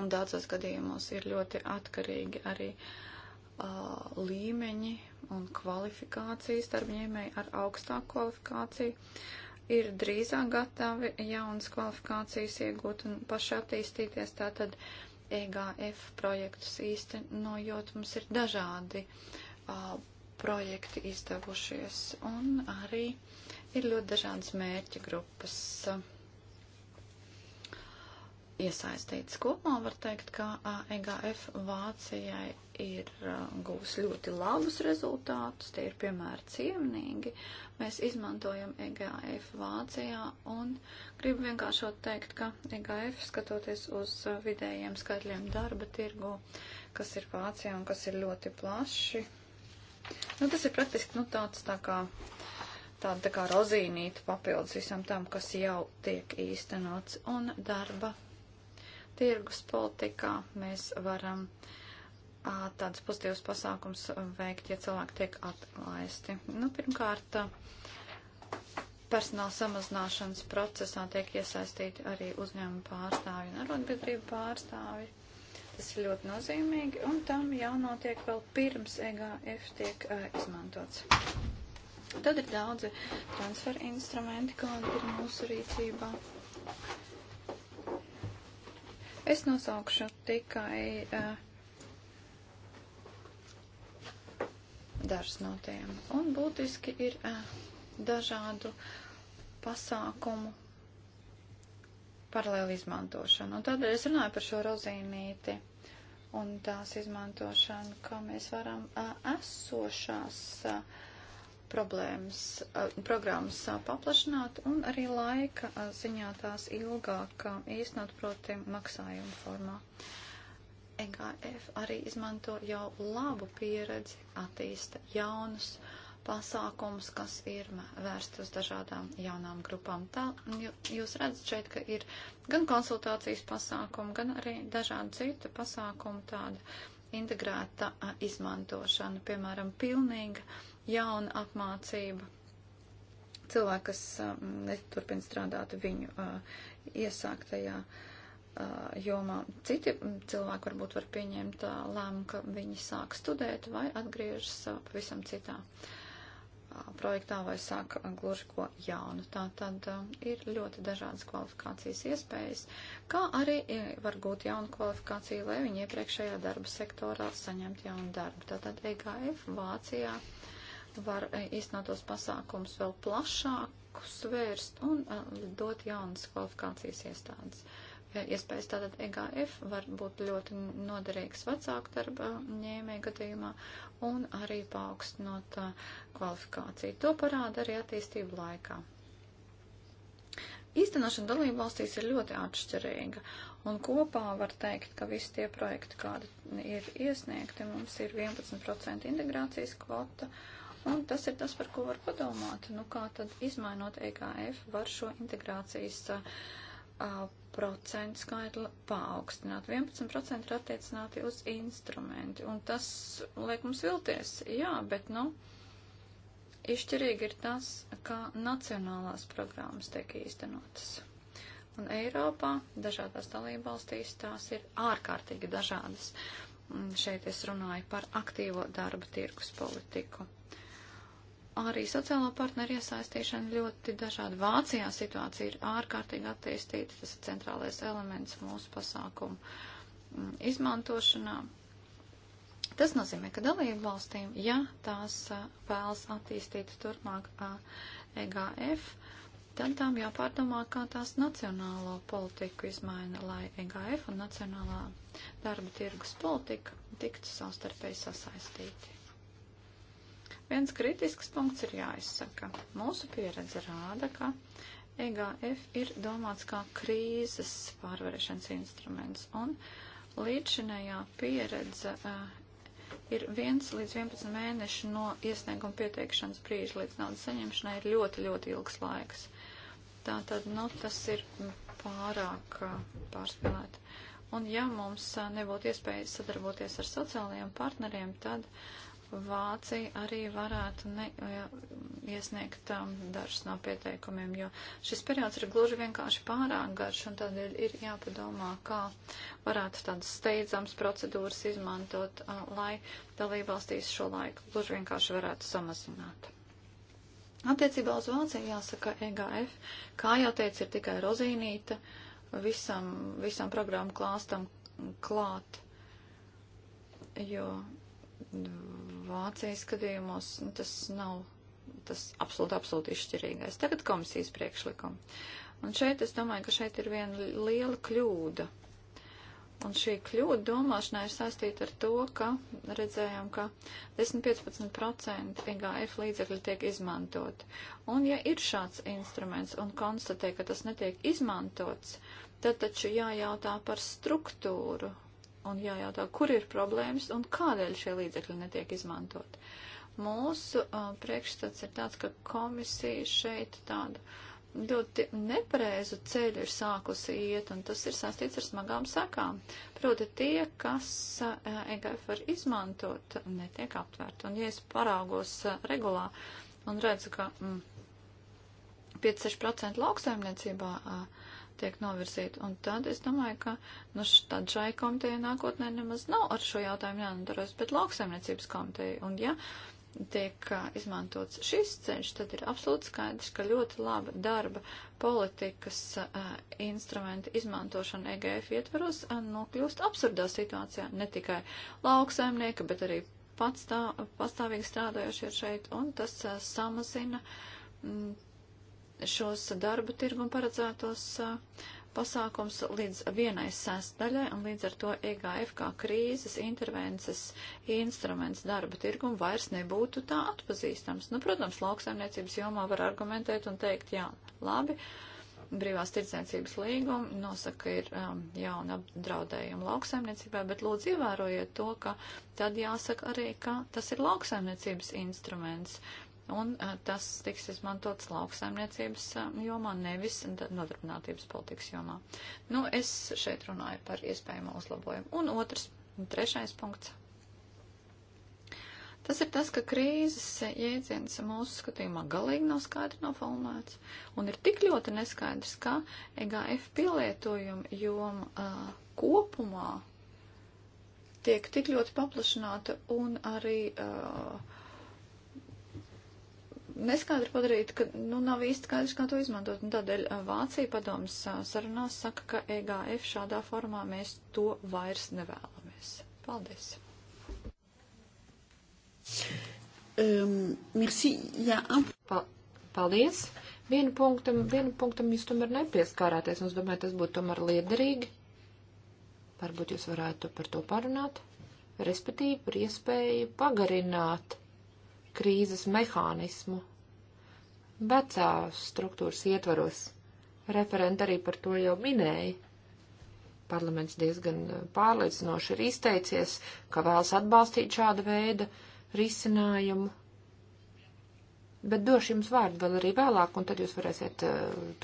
Un daudzos gadījumos ir ļoti atkarīgi arī uh, līmeņi un kvalifikācijas darbņēmēji ar augstāku kvalifikāciju. Ir drīzāk gatavi jaunas kvalifikācijas iegūt un paši attīstīties. Tātad EGF projektus īstenojot mums ir dažādi uh, projekti izdevušies un arī ir ļoti dažādas mērķa grupas. Uh, iesaistīts. Kopumā var teikt, ka EGF Vācijai ir gūs ļoti labus rezultātus, tie ir piemēra ciemnīgi. Mēs izmantojam EGF Vācijā un gribu vienkāršot teikt, ka EGF skatoties uz vidējiem skaitļiem darba tirgu, kas ir Vācijā un kas ir ļoti plaši. Nu, tas ir praktiski nu, tāds tā kā tāda tā kā rozīnīta papildus visam tam, kas jau tiek īstenots, un darba tirgus politikā mēs varam tādus pozitīvus pasākums veikt, ja cilvēki tiek atlaisti. Nu, pirmkārt, personāla samazināšanas procesā tiek iesaistīti arī uzņēmuma pārstāvi un arotbiedrību pārstāvi. Tas ir ļoti nozīmīgi, un tam jau notiek vēl pirms EGF tiek uh, izmantots. Tad ir daudzi transfera instrumenti, kādi ir mūsu rīcībā. Uh, Es nosaukšu tikai uh, dažas no tiem. Un būtiski ir uh, dažādu pasākumu paralēli izmantošana. Un tādēļ es runāju par šo rozīnīti un tās izmantošanu, kā mēs varam uh, esošās. Uh, problēmas, eh, programmas eh, paplašināt un arī laika eh, ziņā tās ilgāk īstenot, proti, maksājumu formā. EGF arī izmanto jau labu pieredzi, attīsta jaunus pasākumus, kas ir vērsti uz dažādām jaunām grupām. Tā jūs redzat šeit, ka ir gan konsultācijas pasākumi, gan arī dažādi citu pasākumu tāda integrēta izmantošana, piemēram, pilnīga jauna apmācība. Cilvēki, kas uh, neturpina strādāt viņu uh, iesāktajā uh, jomā. Citi cilvēki varbūt var pieņemt lēmumu, ka viņi sāk studēt vai atgriežas pavisam citā projektā vai sāk gluži ko jaunu. Tā tad ir ļoti dažādas kvalifikācijas iespējas, kā arī var gūt jaunu kvalifikāciju, lai viņi iepriekšējā darba sektorā saņemtu jaunu darbu. Tātad EGF Vācijā. Uh, var eh, īstenotos pasākums vēl plašāk svērst un eh, dot jaunas kvalifikācijas iestādes. Eh, iespējas tātad EGF var būt ļoti noderīgs vecāku darba ņēmēju gadījumā un arī paaugstinot kvalifikāciju. To parāda arī attīstību laikā. Īstenošana dalību valstīs ir ļoti atšķirīga, un kopā var teikt, ka visi tie projekti, kādi ir iesniegti, mums ir 11% integrācijas kvota. Uh, Un tas ir tas, par ko var padomāt. Nu, kā tad izmainot EKF var šo integrācijas uh, procentu skaitli paaugstināt. 11% ir attiecināti uz instrumenti. Un tas liek mums vilties. Jā, bet, nu, izšķirīgi ir tas, kā nacionālās programmas tiek īstenotas. Un Eiropā dažādās dalībvalstīs tās ir ārkārtīgi dažādas. Un šeit es runāju par aktīvo darba tirkus politiku arī sociālā partneru iesaistīšana ļoti dažāda. Vācijā situācija ir ārkārtīgi attīstīta, tas ir centrālais elements mūsu pasākumu mm, izmantošanā. Tas nozīmē, ka dalību valstīm, ja tās vēlas attīstīt turpmāk EGF, tad tām jāpārdomā, kā tās nacionālo politiku izmaina, lai EGF un nacionālā darba tirgus politika tiktu savstarpēji sasaistīti. Viens kritisks punkts ir jāizsaka. Mūsu pieredze rāda, ka EGF ir domāts kā krīzes pārvarēšanas instruments, un līdzinējā pieredze uh, ir 1 līdz 11 mēneši no iesnieguma pieteikšanas brīža līdz naudas saņemšanai ir ļoti, ļoti ilgs laiks. Tā tad, nu, tas ir pārāk eh, pārspēlēt. Un ja mums eh, nebūtu iespēja sadarboties ar sociālajiem partneriem, tad Vācija arī varētu ne, ja, iesniegt um, dažus no pieteikumiem, jo šis periods ir gluži vienkārši pārāk garš, un tādēļ ir jāpadomā, kā varētu tādas steidzams procedūras izmantot, uh, lai dalībvalstīs šo laiku gluži vienkārši varētu samazināt. Attiecībā uz Vāciju jāsaka EGF, kā jau teica, ir tikai rozīnīta visam, visam programmu klāstam klāt, jo Vācijas gadījumos nu, tas nav tas absolūti, absolūti izšķirīgais. Tagad komisijas priekšlikumi. Un šeit es domāju, ka šeit ir viena liela kļūda. Un šī kļūda domāšanā ir saistīta ar to, ka redzējām, ka 10-15% IGF līdzekļi tiek izmantot. Un ja ir šāds instruments un konstatē, ka tas netiek izmantots, tad taču jājautā par struktūru un jājautā, kur ir problēmas un kādēļ šie līdzekļi netiek izmantot. Mūsu uh, priekšstats ir tāds, ka komisija šeit tādu ļoti nepareizu ceļu ir sākusi iet, un tas ir sastīts ar smagām sakām. Proti tie, kas uh, EGF var izmantot, netiek aptvērt. Un ja es paraugos uh, regulā un redzu, ka mm, 5-6% lauksaimniecībā uh, tiek novirzīti. Un tad es domāju, ka nu, tad šai komitejai nākotnē nemaz nav ar šo jautājumu jānodaros, bet lauksaimniecības komiteja. Un ja tiek izmantots šis ceļš, tad ir absolūti skaidrs, ka ļoti laba darba politikas uh, instrumenta izmantošana EGF ietveros uh, nokļūst absurdā situācijā. Ne tikai lauksaimnieka, bet arī pastāv, pastāvīgi strādājošie šeit, un tas uh, samazina. Mm, šos darba tirgum paredzētos pasākums līdz vienai sestdaļai, un līdz ar to EGF kā krīzes intervences instruments darba tirgum vairs nebūtu tā atpazīstams. Nu, protams, lauksaimniecības jomā var argumentēt un teikt, jā, labi, brīvās tirdzniecības līguma nosaka ir um, jauna apdraudējuma lauksaimniecībai, bet lūdzu ievērojiet to, ka tad jāsaka arī, ka tas ir lauksaimniecības instruments un tas tiks izmantots lauksaimniecības jomā, nevis nodarbinātības politikas jomā. Nu, es šeit runāju par iespējamo uzlabojumu. Un otrs, un trešais punkts. Tas ir tas, ka krīzes jēdziens mūsu skatījumā galīgi nav skaidri noformulēts un ir tik ļoti neskaidrs, ka EGF pielietojuma joma uh, kopumā tiek tik ļoti paplašināta un arī uh, neskaidri padarīta, ka nu, nav īsti skaidrs, kā to izmantot. Un tādēļ Vācija padomas sarunās saka, ka EGF šādā formā mēs to vairs nevēlamies. Paldies! Um, merci, jā. Pa paldies! Vienu punktam, vienu punktam jūs tomēr nepieskārāties, un es domāju, tas būtu tomēr liederīgi. Varbūt jūs varētu par to parunāt, respektīvi par iespēju pagarināt krīzes mehānismu vecās struktūras ietvaros. Referenta arī par to jau minēja. Parlaments diezgan e, pārliecinoši ir izteicies, ka vēlas atbalstīt šādu veidu risinājumu. Bet došu jums vārdu vēl arī vēlāk, un tad jūs varēsiet e,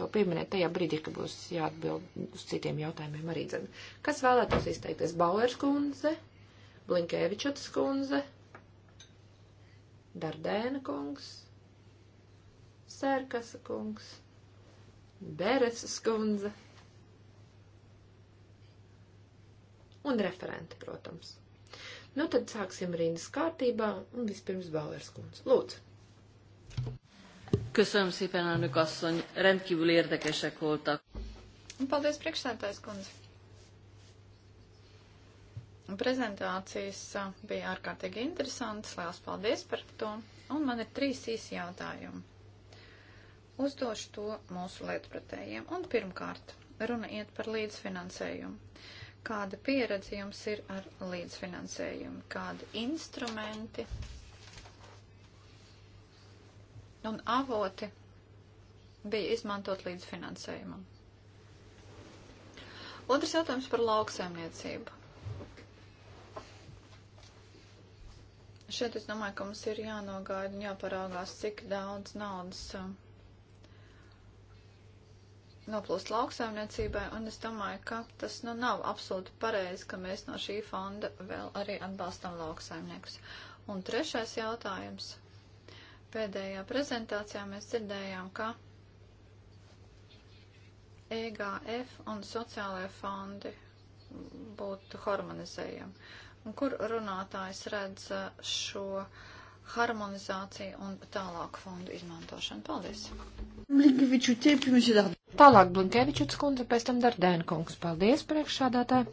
to pieminēt tajā brīdī, ka būs jāatbild uz citiem jautājumiem arī dzen. Kas vēlētos izteikties? Bauers kundze, Blinkēvičots kundze, Dardēna kungs. Sērkasa kungs, Bereses kundze un referenti, protams. Nu tad sāksim rindas kārtībā un vispirms Bauers kundze. Lūdzu! Köszönöm szépen, elnök asszony, rendkívül érdekesek voltak. Paldies, priekšsētājs kundze. Prezentācijas bija ārkārtīgi interesantas. Lielas paldies par to. Un man ir trīs īsi jautājumi. Uzdošu to mūsu lietpratējiem. Un pirmkārt, runa iet par līdzfinansējumu. Kāda pieredze jums ir ar līdzfinansējumu? Kādi instrumenti un avoti bija izmantot līdzfinansējumam? Otrs jautājums par lauksaimniecību. Šeit es domāju, ka mums ir jānogaida un jāparāgās, cik daudz naudas noplūst lauksaimniecībai, un es domāju, ka tas nu nav absolūti pareizi, ka mēs no šī fonda vēl arī atbalstam lauksaimniekus. Un trešais jautājums. Pēdējā prezentācijā mēs dzirdējām, ka EGF un sociālajie fondi būtu harmonizējami. Un kur runātājs redz uh, šo uh, harmonizāciju un tālāku fondu izmantošanu. Paldies! Tālāk Blinkevičuts kundze, pēc tam Dardēna kungs. Paldies, priekšsādātāji!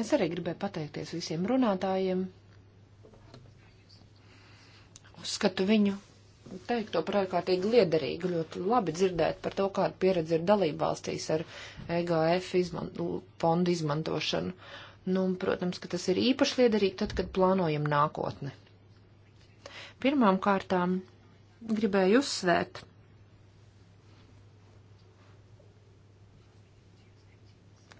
Es arī gribēju pateikties visiem runātājiem. Uzskatu viņu teikto par ārkārtīgi liederīgu, ļoti labi dzirdēt par to, kāda pieredze ir dalībvalstīs ar EGF izman fondu izmantošanu. Uh, Nu, protams, ka tas ir īpaši liederīgi tad, kad plānojam nākotni. Pirmām kārtām gribēju uzsvērt,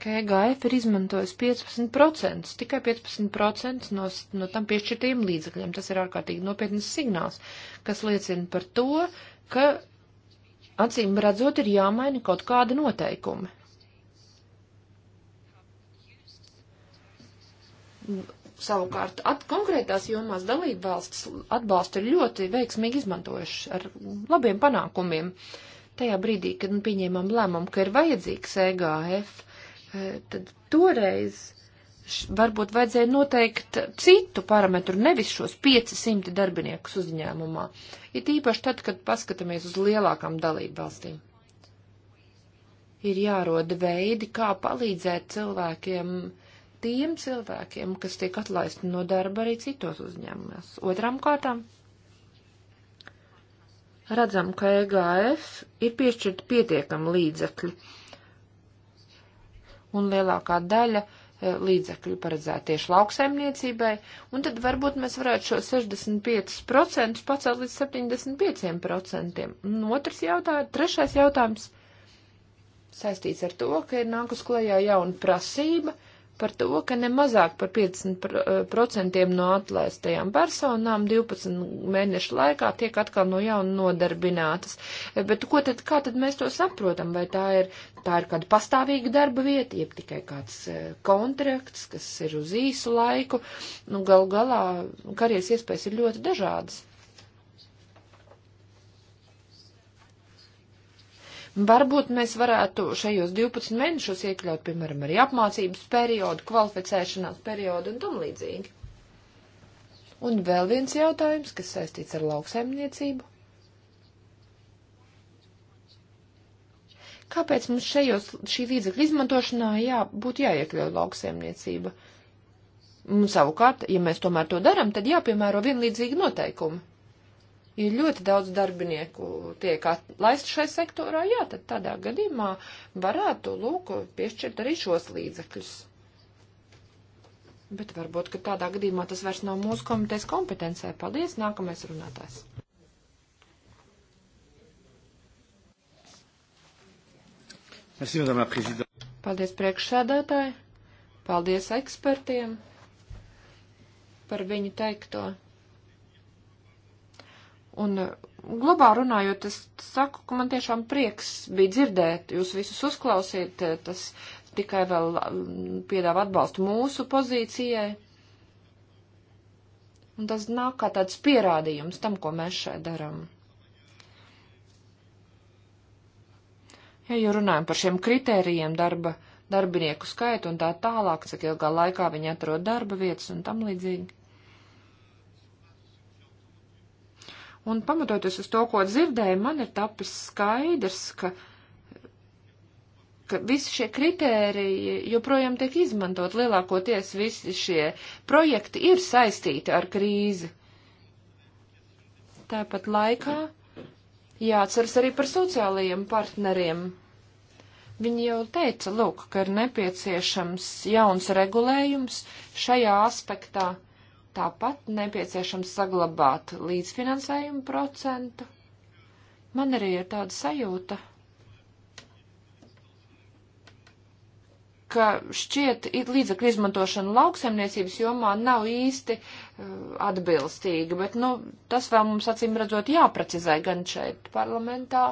ka EGF ir izmantojis 15%, tikai 15% no, no tam piešķirtajiem līdzekļiem. Tas ir ārkārtīgi nopietnas signāls, kas liecina par to, ka acīm redzot ir jāmaina kaut kāda noteikuma. savukārt at, konkrētās jomās dalība valsts atbalstu ir ļoti veiksmīgi izmantojuši ar labiem panākumiem. Tajā brīdī, kad nu, pieņēmām lēmumu, ka ir vajadzīgs EGF, e, tad toreiz varbūt vajadzēja noteikt citu parametru, nevis šos 500 darbiniekus uzņēmumā. Ir īpaši tad, kad paskatāmies uz lielākām dalību valstīm. Ir jāroda veidi, kā palīdzēt cilvēkiem uh, tiem cilvēkiem, kas tiek atlaisti no darba arī citos uzņēmumos. Otram kārtām redzam, ka EGF ir piešķirt pietiekami līdzekļi, un lielākā daļa e, līdzekļu paredzēt tieši lauksaimniecībai, un tad varbūt mēs varētu šo 65% pacelt līdz 75%. Un otrs jautājums, trešais jautājums saistīts ar to, ka ir nākus klajā jauna prasība – par to, ka ne mazāk par 50% no atlaistajām personām 12 mēnešu laikā tiek atkal no jauna nodarbinātas. Bet ko tad, kā tad mēs to saprotam? Vai tā ir, tā ir kāda pastāvīga darba vieta, jeb tikai kāds e, kontrakts, kas ir uz īsu laiku? Nu, gal galā karjeras iespējas ir ļoti dažādas. Varbūt mēs varētu šajos 12 mēnešos iekļaut, piemēram, arī apmācības periodu, kvalificēšanās periodu un tam līdzīgi. Un vēl viens jautājums, kas saistīts ar lauksaimniecību. Kāpēc mums šajos, šī līdzekļa izmantošanā jā, būtu jāiekļauj lauksaimniecība? Un savukārt, ja mēs tomēr to daram, tad jāpiemēro vienlīdzīgi noteikumi ir ļoti daudz darbinieku tiek atlaist šai sektorā, jā, tad tādā gadījumā varētu, lūk, piešķirt arī šos līdzekļus. Bet varbūt, ka tādā gadījumā tas vairs nav mūsu komitejas kompetencē. Paldies, nākamais runātājs. Paldies priekšsēdētāji, paldies ekspertiem par viņu teikto. Un uh, globāli runājot, es saku, ka man tiešām prieks bija dzirdēt, jūs visus uzklausīt, uh, tas tikai vēl um, piedāvā atbalstu mūsu pozīcijai. Un tas nāk kā tāds pierādījums tam, ko mēs šeit darām. Ja jau runājam par šiem kritērijiem darba, darbinieku skaitu un tā tālāk, cik ilgā laikā viņi atrod darba vietas un tam līdzīgi. Un pamatoties uz to, ko dzirdēju, man ir tapis skaidrs, ka, ka visi šie kritēriji joprojām tiek izmantot. Lielākoties visi šie projekti ir saistīti ar krīzi. Tāpat laikā jāatceras arī par sociālajiem partneriem. Viņi jau teica, lūk, ka ir nepieciešams jauns regulējums šajā aspektā Tāpat nepieciešams saglabāt līdzfinansējumu procentu. Man arī ir tāda sajūta, ka šķiet līdzekļu izmantošana lauksaimniecības jomā nav īsti uh, atbilstīga, bet, nu, tas vēl mums acīm redzot jāprecizē gan šeit parlamentā,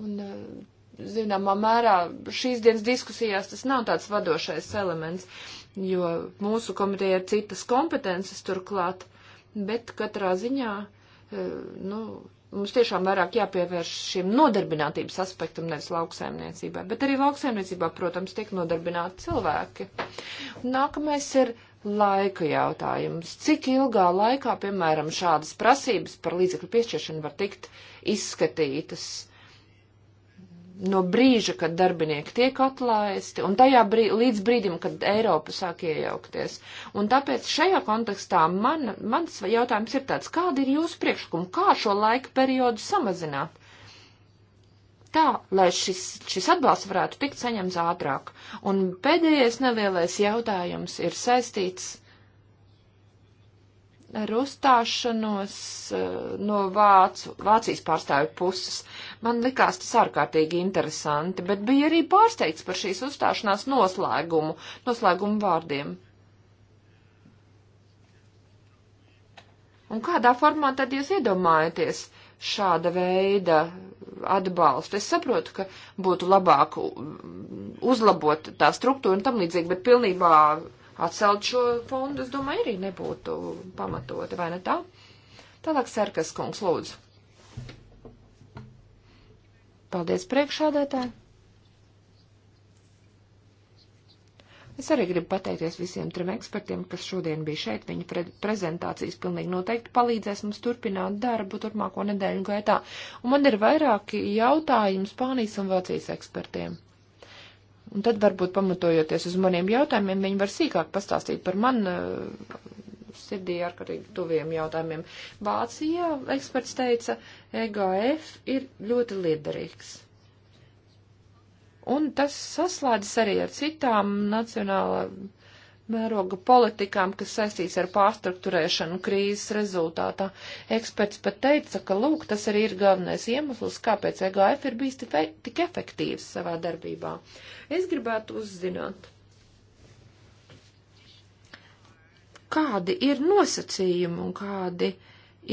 un, uh, zināmā mērā, šīs dienas diskusijās tas nav tāds vadošais elements jo mūsu komiteja ir citas kompetences turklāt, bet katrā ziņā, e, nu, mums tiešām vairāk jāpievērš šiem nodarbinātības aspektam, nevis lauksaimniecībai. Bet arī lauksaimniecībā, protams, tiek nodarbināti cilvēki. Nākamais ir laika jautājums. Cik ilgā laikā, piemēram, šādas prasības par līdzekļu piešķiršanu var tikt izskatītas? no brīža, kad darbinieki tiek atlaisti, un tajā brī, līdz brīdim, kad Eiropa sāk iejaukties. Un tāpēc šajā kontekstā man, mans jautājums ir tāds, kāda ir jūsu priekšlikuma, kā šo laika periodu samazināt? Tā, lai šis, šis atbalsts varētu tikt saņemts ātrāk. Un pēdējais nelielais jautājums ir saistīts ar uzstāšanos eh, no Vācu, Vācijas pārstāvju puses. Man likās tas ārkārtīgi interesanti, bet bija arī pārsteigts par šīs uzstāšanās noslēgumu, noslēgumu vārdiem. Un kādā formā tad jūs iedomājaties šāda veida atbalstu? Es saprotu, ka būtu labāk uzlabot tā struktūru un tam līdzīgi, bet pilnībā atcelt šo fondu, es domāju, arī nebūtu pamatoti, vai ne tā? Tālāk Serkas kungs lūdzu. Paldies priekšādētāji. Es arī gribu pateikties visiem trim ekspertiem, kas šodien bija šeit. Viņa pre prezentācijas pilnīgi noteikti palīdzēs mums turpināt darbu turpmāko nedēļu gaitā. Un man ir vairāki jautājumi Spānijas un Vācijas ekspertiem. Un tad varbūt pamatojoties uz maniem jautājumiem, viņi var sīkāk pastāstīt par man eh, sirdī ārkārtīgi tuviem jautājumiem. Vācijā eksperts teica, EGF ir ļoti liederīgs. Un tas saslēdzas arī ar citām nacionālām mēroga politikām, kas saistīs ar pārstruktūrēšanu krīzes rezultātā. Eksperts pat teica, ka lūk, tas arī ir galvenais iemesls, kāpēc EGF ir bijis tik efektīvs savā darbībā. Es gribētu uzzināt, kādi ir nosacījumi un kādi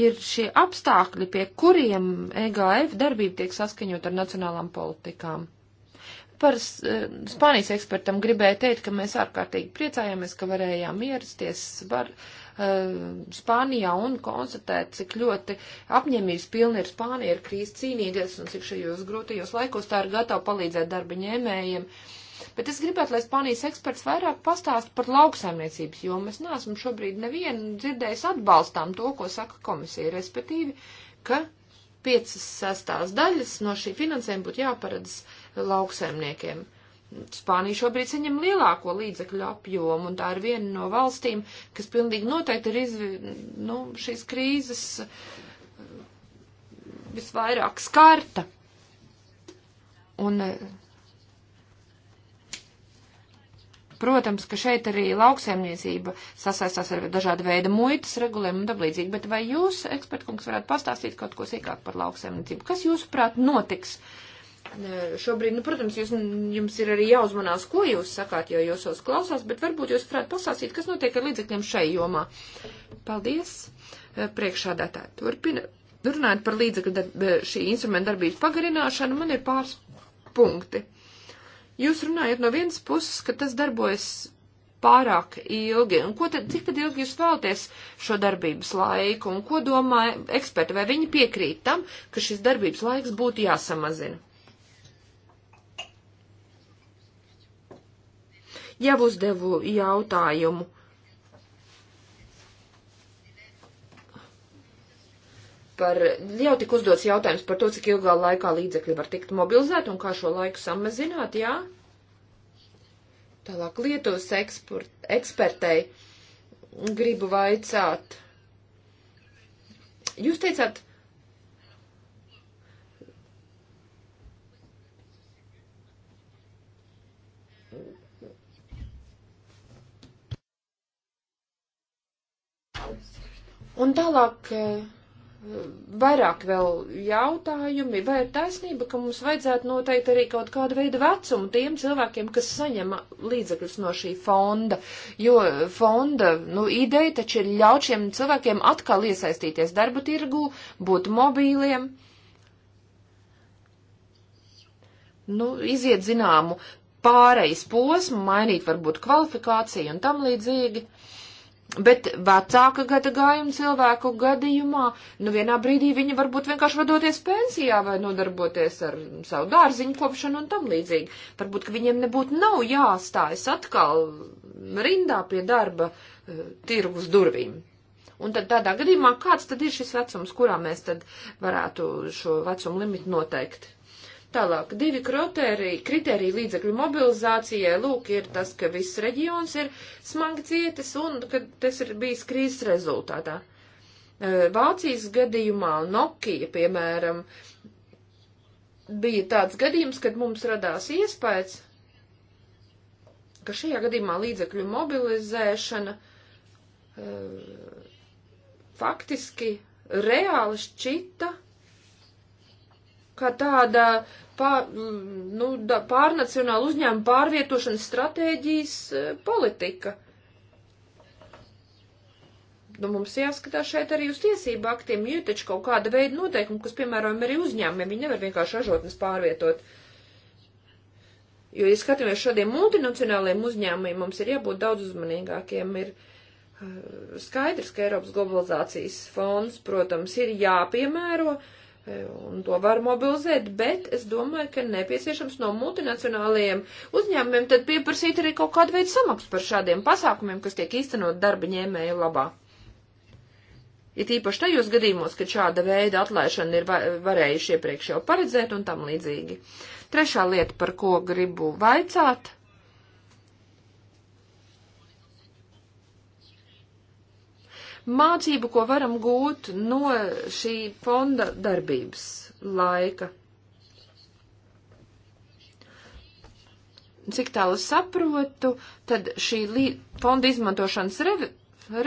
ir šie apstākļi, pie kuriem EGF darbība tiek saskaņot ar nacionālām politikām. Par eh, Spānijas ekspertam gribēju teikt, ka mēs ārkārtīgi priecājāmies, ka varējām ierasties var, eh, Spānijā un konstatēt, cik ļoti apņemības pilni ir Spānija, ir krīze cīnīties un cik šajos grūtajos laikos tā ir gatava palīdzēt darba ņēmējiem. Bet es gribētu, lai Spānijas eksperts vairāk pastāst par lauksaimniecības, jo mēs neesam šobrīd nevienu dzirdējis atbalstām to, ko saka komisija, respektīvi, ka 5 sestās daļas no šī finansējuma būtu jāparedz uh, lauksaimniekiem. Spānija šobrīd saņem lielāko līdzekļu apjomu, un tā ir viena no valstīm, kas pilnīgi noteikti ir izvi, nu, šīs krīzes eh, visvairāk skarta. Un, eh, protams, ka šeit arī lauksaimniecība sasaistās ar dažādu veidu muitas regulēm un tablīdzīgi, bet vai jūs, ekspertkungs, varētu pastāstīt kaut ko sīkāk par lauksaimniecību? Kas jūsuprāt notiks? Uh, šobrīd, nu, protams, jūs, jums ir arī jāuzmanās, ko jūs sakāt, jo jūs jūs klausās, bet varbūt jūs varētu pasāstīt, kas notiek ar līdzekļiem šai jomā. Paldies, eh, priekšādātāji. Turpina, runājot par līdzekļu eh, šī instrumenta darbības pagarināšanu, man ir pāris punkti. Jūs runājat no vienas puses, ka tas darbojas pārāk ilgi. Un ko tad, cik tad ilgi jūs vēlaties šo darbības laiku? Un ko domāja eksperti? Vai viņi piekrīt tam, ka šis darbības laiks būtu jāsamazina? jau uzdevu jautājumu. Par, jau tik uzdots jautājums par to, cik ilgā laikā līdzekļi var tikt mobilizēti un kā šo laiku samazināt, jā? Tālāk Lietuvas eksport, ekspertei gribu vaicāt. Jūs teicāt, Un tālāk e, vairāk vēl jautājumi, vai ir taisnība, ka mums vajadzētu noteikt arī kaut kādu veidu vecumu tiem cilvēkiem, kas saņem līdzekļus no šī fonda, jo fonda, nu, ideja taču ir ļaut šiem cilvēkiem atkal iesaistīties darba tirgu, būt mobīliem, nu, iziet zināmu pārejas posmu, mainīt varbūt kvalifikāciju un tam līdzīgi. Uh, Bet vecāka gada gājuma cilvēku gadījumā, nu vienā brīdī viņi varbūt vienkārši vadoties pensijā vai nodarboties ar savu dārziņu kopšanu un tam līdzīgi. Varbūt, ka viņiem nebūtu nav jāstājas atkal rindā pie darba uh, tirgus durvīm. Un tad tādā gadījumā kāds tad ir šis vecums, kurā mēs tad varētu šo vecumu limitu noteikt? Tālāk, divi kriteriji, kriteriji līdzekļu mobilizācijai, lūk, ir tas, ka viss reģions ir smagi cietis un ka tas ir bijis krīzes rezultātā. E, Vācijas gadījumā Nokia, piemēram, bija tāds gadījums, kad mums radās iespējas, ka šajā gadījumā līdzekļu mobilizēšana e, faktiski reāli šķita kā tāda pār, nu, pārnacionāla uzņēmuma pārvietošanas stratēģijas e, politika. Nu, mums jāskatās šeit arī uz tiesību aktiem, jo taču kaut kāda veida noteikumi, kas, piemēram, arī uzņēmumiem, viņi nevar vienkārši ražotnes pārvietot. Jo, ja skatāmies šādiem multinacionāliem uzņēmumiem, mums ir jābūt daudz uzmanīgākiem. Ir, uh, skaidrs, ka Eiropas globalizācijas fonds, protams, ir jāpiemēro, E, un to var mobilizēt, bet es domāju, ka nepieciešams no multinacionālajiem uzņēmumiem tad pieprasīt arī kaut kādu veidu samaksu par šādiem pasākumiem, kas tiek īstenot darba ņēmēju labā. Ir tīpaši tajos gadījumos, kad šāda veida atlaišana ir varējuši iepriekš jau paredzēt un tam līdzīgi. Trešā lieta, par ko gribu vaicāt, mācību, ko varam gūt no šī fonda darbības laika. Cik tālu saprotu, tad šī fonda izmantošanas re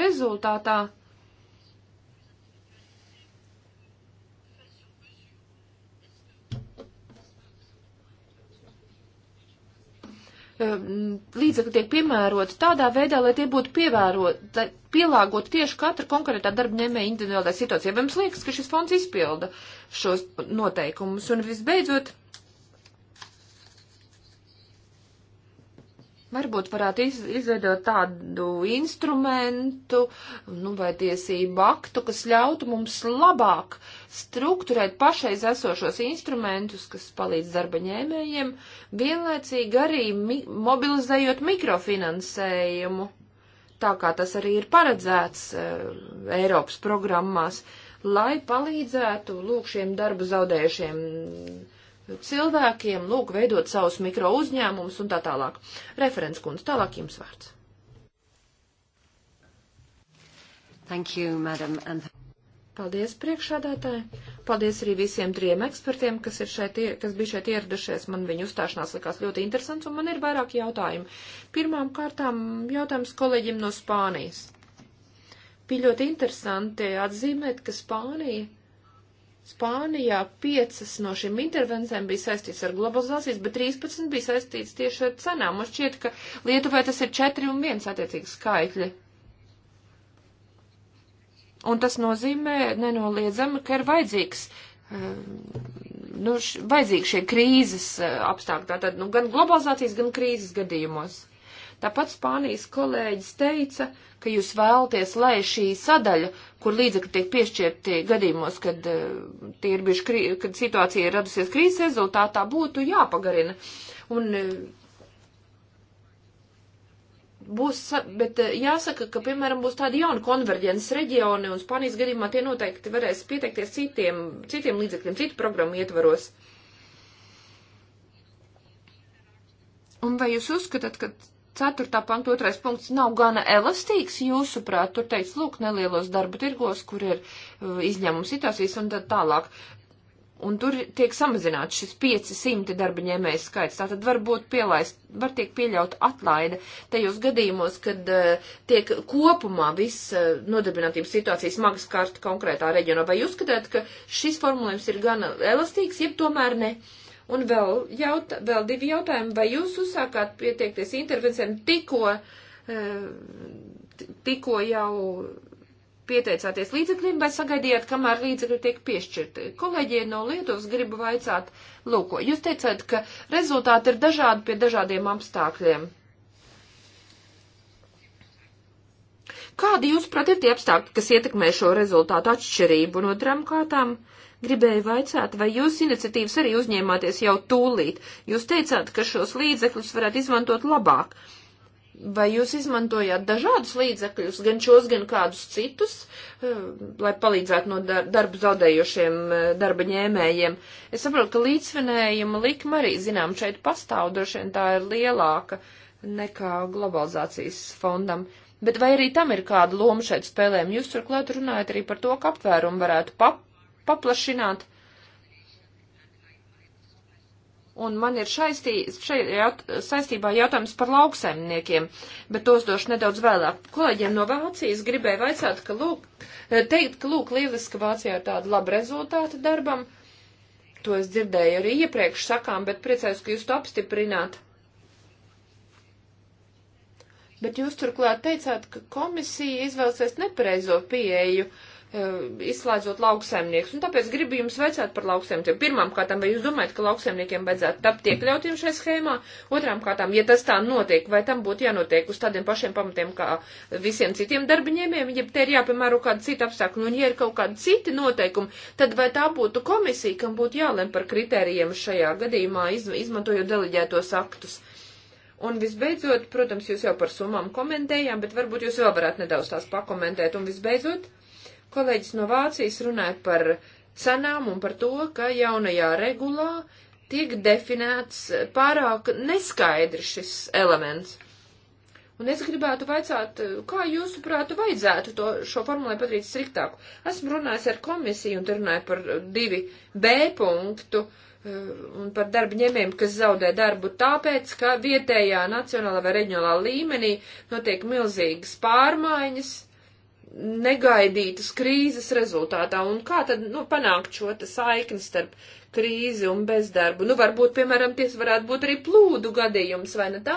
rezultātā Um, līdzekļi tiek piemēroti tādā veidā, lai tie būtu pievēroti, pielāgoti tieši katra konkrētā darba ņēmēja individuālajai situācijai. Vai jums liekas, ka šis fonds izpilda šos noteikumus? Un visbeidzot, varbūt varētu iz, izveidot tādu instrumentu, nu, vai tiesību aktu, kas ļautu mums labāk uh, struktūrēt pašreiz esošos instrumentus, kas palīdz darba ņēmējiem, vienlaicīgi arī mi mobilizējot mikrofinansējumu, tā kā tas arī ir paredzēts e, Eiropas programmās, lai palīdzētu lūk šiem darbu zaudējušiem cilvēkiem, lūk, veidot savus mikro uzņēmumus un tā tālāk. Referents kundze, tālāk jums vārds. Thank you, madam. And... Paldies priekšādātāji. Paldies arī visiem trim ekspertiem, kas, ir šeit, kas bija šeit ieradušies. Man viņu uzstāšanās likās ļoti interesants, un man ir vairāk jautājumu. Pirmām kārtām jautājums kolēģim no Spānijas. Bija ļoti interesanti atzīmēt, ka Spānija, Spānijā piecas no šīm intervencēm bija saistīts ar globalizācijas, bet 13 bija saistīts tieši ar cenām. Man šķiet, ka Lietuvai tas ir 4 un 1 attiecīgi skaitļi. Un tas nozīmē nenoliedzami, ka ir vajadzīgs eh, nu, š, vajadzīgi šie krīzes eh, apstākļi, tātad nu, gan globalizācijas, gan krīzes gadījumos. Tāpat Spānijas kolēģis teica, ka jūs vēlties, lai šī sadaļa, kur līdzekļi tiek piešķirti gadījumos, kad, eh, krī, kad situācija ir radusies krīzes rezultātā, būtu jāpagarina. Un būs, bet eh, jāsaka, ka, piemēram, būs tādi jauni konverģences reģioni, un Spānijas gadījumā tie noteikti varēs pieteikties citiem, citiem līdzekļiem, citu programmu ietvaros. Un vai jūs uzskatāt, ka 4. panta otrais punkts nav gana elastīgs, jūsuprāt, tur teiks, lūk, nelielos darba tirgos, kur ir uh, izņēmums situācijas un tad tālāk. Un tur tiek samazināts šis 500 darba ņēmēju skaits. Tātad var būt pielaist, var tiek pieļaut atlaide tajos gadījumos, kad uh, tiek kopumā viss uh, nodarbinātības situācija smagi skārta konkrētā reģionā. Vai jūs skatāt, ka šis formulējums ir gan elastīgs, jeb tomēr ne? Un vēl, jaut, vēl divi jautājumi. Vai jūs uzsākāt pieteikties intervencijām tikko, uh, tikko jau pieteicāties līdzekļiem vai sagaidījāt, kamēr līdzekļi tiek piešķirti? Kolēģiem no Lietuvas gribu vaicāt, lūko, jūs teicāt, ka rezultāti ir dažādi pie dažādiem apstākļiem. Kādi, jūsuprāt, ir tie apstākļi, kas ietekmē šo rezultātu atšķirību no tram kārtām? Gribēju vaicāt, vai jūs iniciatīvas arī uzņēmāties jau tūlīt? Jūs teicāt, ka šos līdzekļus varētu izmantot labāk. Vai jūs izmantojāt dažādus līdzekļus, gan šos, gan kādus citus, eh, lai palīdzētu no darbu zaudējušiem eh, darba ņēmējiem? Es saprotu, ka līdzsvinējuma likma arī, zinām, šeit pastāv, droši vien tā ir lielāka nekā globalizācijas fondam. Bet vai arī tam ir kāda loma šeit spēlēm? Jūs turklāt runājat arī par to, ka aptvērumu varētu pap paplašināt Un man ir šaistī, šai jaut, saistībā jautājums par lauksaimniekiem, bet tos došu nedaudz vēlāk. Kolēģiem no Vācijas gribēja vaicāt, ka lūk, eh, teikt, ka lūk, lieliski Vācijā ir tāda laba rezultāta darbam. To es dzirdēju arī iepriekš sakām, bet priecājos, ka jūs to apstiprināt. Bet jūs turklāt teicāt, ka komisija izvēlsies nepareizo pieeju. Uh, Eh, izslēdzot lauksaimnieks. Un tāpēc gribu jums veicāt par lauksaimniekiem. Pirmām kārtām, vai jūs domājat, ka lauksaimniekiem vajadzētu tapt iekļautiem šai schēmā? Otrām kārtām, ja tas tā notiek, vai tam būtu jānotiek uz tādiem pašiem pamatiem kā visiem citiem darbiņēmiem, ja te ir jāpiemēro kāda cita apstākļa, un ja ir kaut kāda cita noteikuma, tad vai tā būtu komisija, kam būtu jālem par kritērijiem šajā gadījumā, izmantojot deleģētos aktus? Un visbeidzot, protams, jūs jau par summām komentējām, bet varbūt jūs vēl varētu nedaudz tās pakomentēt. Un visbeidzot, Kolēģis no Vācijas runāja par cenām un par to, ka jaunajā regulā tiek definēts pārāk neskaidri šis elements. Un es gribētu vaicāt, kā jūsuprāt vajadzētu to, šo formulēju padarīt striktāku. Esmu runājis ar komisiju un runāju par 2B punktu eh, un par darba ņēmējiem, kas zaudē darbu tāpēc, ka vietējā nacionālā vai reģionālā līmenī notiek milzīgas pārmaiņas negaidītas krīzes rezultātā, un kā tad, nu, panākt šo te saikni starp krīzi un bezdarbu. Nu, varbūt, piemēram, ties varētu būt arī plūdu gadījums, vai ne tā,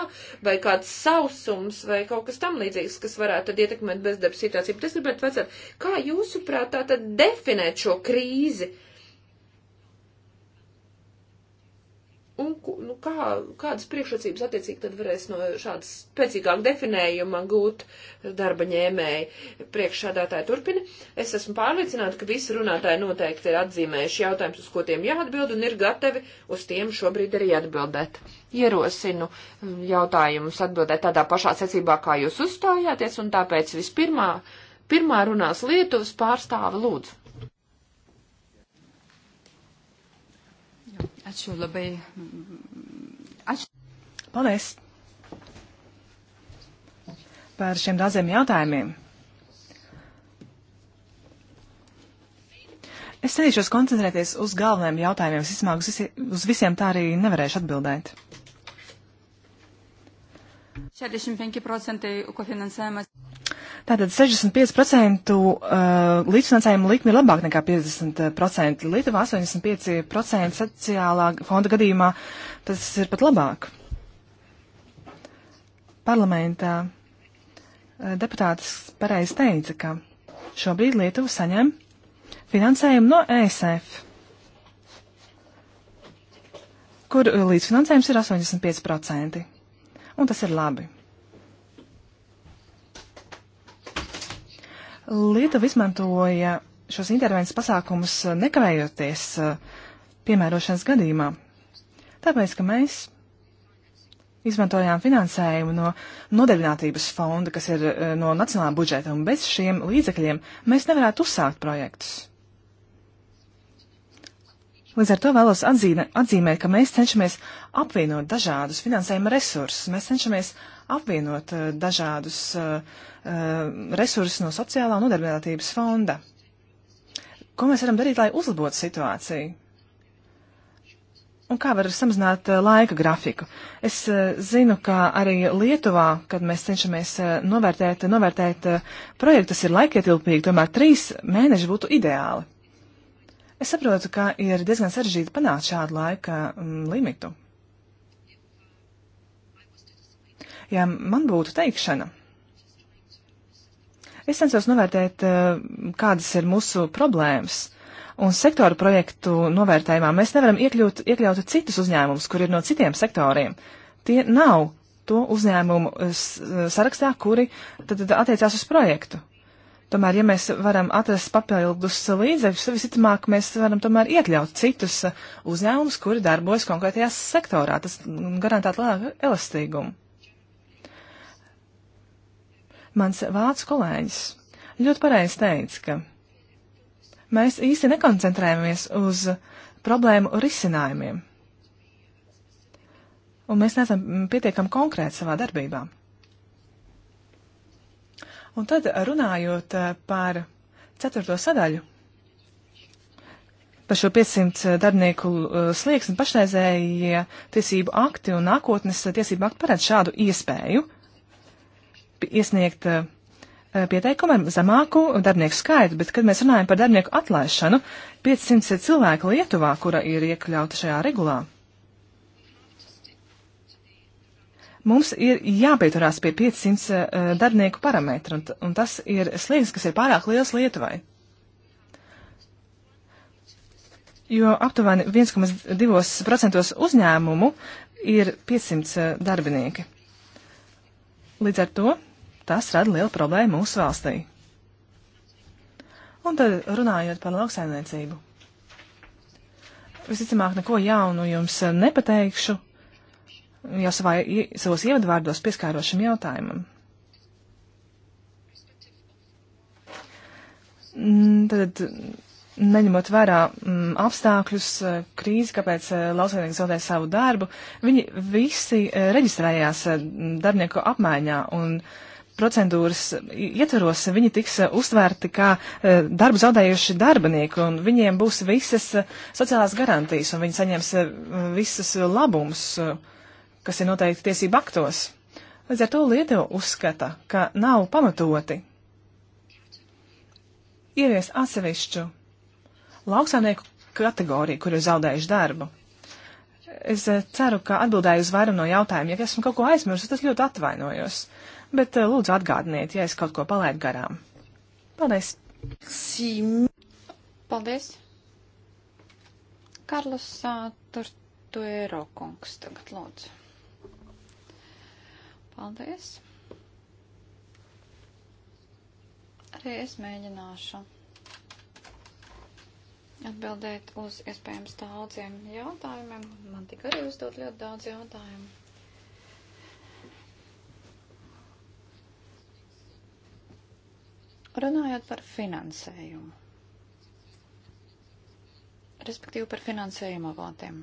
vai kāds sausums, vai kaut kas tam līdzīgs, kas varētu tad ietekmēt bezdarba situāciju. Bet es gribētu vecāt, kā jūsuprāt tā tad definēt šo krīzi? Uh, Un nu, kā, kādas priekšrocības attiecīgi tad varēs no šādas spēcīgāk definējuma gūt darba ņēmēji priekšsādātāji turpina? Es esmu pārliecināta, ka visi runātāji noteikti ir atzīmējuši jautājumus, uz ko tiem jāatbild un ir gatavi uz tiem šobrīd arī atbildēt. Ierosinu um, jautājumus atbildēt tādā pašā secībā, kā jūs uzstājāties, un tāpēc vispirmā pirmā runās Lietuvas pārstāve lūdzu. Ačiū labai. Ačiū. Paldies par šiem daudziem jautājumiem. Es cenšos koncentrēties uz galvenajiem jautājumiem. Es izmāk, uz, visi, uz visiem tā arī nevarēšu atbildēt. 45% kofinansējumas. Tātad 65% uh, līdzfinansējuma likme ir labāka nekā 50%. Lietuvā 85% sociālā fonda gadījumā tas ir pat labāk. Parlamentā uh, deputātis pareizi teica, ka šobrīd Lietuva saņem finansējumu no ESF, kur uh, līdzfinansējums ir 85%. Un tas ir labi. Lietuva izmantoja šos intervences pasākumus eh, nekavējoties eh, piemērošanas gadījumā, tāpēc, ka mēs izmantojām finansējumu no nodarbinātības fonda, kas ir eh, no nacionālā budžeta, un bez šiem līdzekļiem mēs nevarētu uzsākt projektus. Līdz ar to vēlos atzīme, atzīmēt, ka mēs cenšamies apvienot dažādus finansējuma resursus, mēs cenšamies uh, apvienot eh, dažādus eh, eh, resursus no sociālā nodarbinātības fonda. Ko mēs varam darīt, lai uzlabotu situāciju? Un kā var samazināt laika grafiku? Es zinu, ka arī Lietuvā, kad mēs cenšamies novērtēt, novērtēt projektu, tas ir laikietilpīgi, tomēr trīs mēneši būtu ideāli. Es saprotu, ka ir diezgan sarežģīti panākt šādu laika mm, limitu. ja man būtu teikšana. Es censos novērtēt, eh, kādas ir mūsu problēmas. Un sektoru projektu novērtējumā mēs nevaram iekļūt, iekļaut citus uzņēmumus, kur ir no citiem sektoriem. Tie nav to uzņēmumu eh, eh, sarakstā, kuri tad, tad attiecās uz projektu. Tomēr, ja mēs varam atrast papildus līdzekļus, visitamāk mēs varam tomēr iekļaut citus uzņēmumus, kuri darbojas konkrētajā sektorā. Tas garantētu lielāku elastīgumu. Mans vācu kolēģis ļoti pareizi teica, ka mēs īsti nekoncentrējamies uz problēmu risinājumiem, un mēs neesam pietiekami konkrēti savā darbībā. Un tad runājot eh, par ceturto sadaļu, par šo 500 darbinieku eh, slieksni pašreizējie tiesību akti un nākotnes tiesību akti paredz šādu iespēju iesniegt eh, eh, pieteikumiem zemāku darbinieku skaitu, bet, kad mēs runājam par darbinieku atlaišanu, 500 ir cilvēki Lietuvā, kura ir iekļauta šajā regulā. Mums ir jāpieturās pie 500 eh, darbinieku parametra, un, un tas ir slieksnis, kas ir pārāk liels Lietuvai. Jo aptuveni 1,2% uzņēmumu ir 500 darbinieki. Līdz ar to Tas rada lielu problēmu mūsu valstī. Un tad runājot par lauksaimniecību. Visticamāk, neko jaunu jums nepateikšu, jau savā, savos ievadvārdos pieskāros šim jautājumam. Mm, tad neņemot vērā m, mm, apstākļus, eh, krīzi, kāpēc eh, lauksaimnieki zaudē savu darbu, viņi visi eh, reģistrējās darbinieku apmaiņā, un procedūras ietvaros viņi tiks eh, uztvērti kā eh, darbu zaudējuši darbinieki, un viņiem būs visas eh, sociālās garantijas, un viņi saņems visas labumus, kas ir noteikti tiesību aktos. Līdz ar to Lietuva uzskata, ka nav pamatoti ievies atsevišķu lauksaimnieku kategoriju, kur ir zaudējuši darbu. Es ceru, ka atbildēju uz vairumu no jautājumiem. Ja esmu kaut ko aizmirsis, tad ļoti atvainojos. Uh, bet eh, lūdzu atgādiniet, ja es kaut ko palaidu garām. Paldies! Paldies! Karlos Turtuero kungs tagad lūdzu. Paldies! Arī es mēģināšu atbildēt uz iespējams daudziem jautājumiem. Man tika arī uzdot ļoti daudz jautājumu. Runājot par finansējumu, respektīvi par finansējuma avotiem.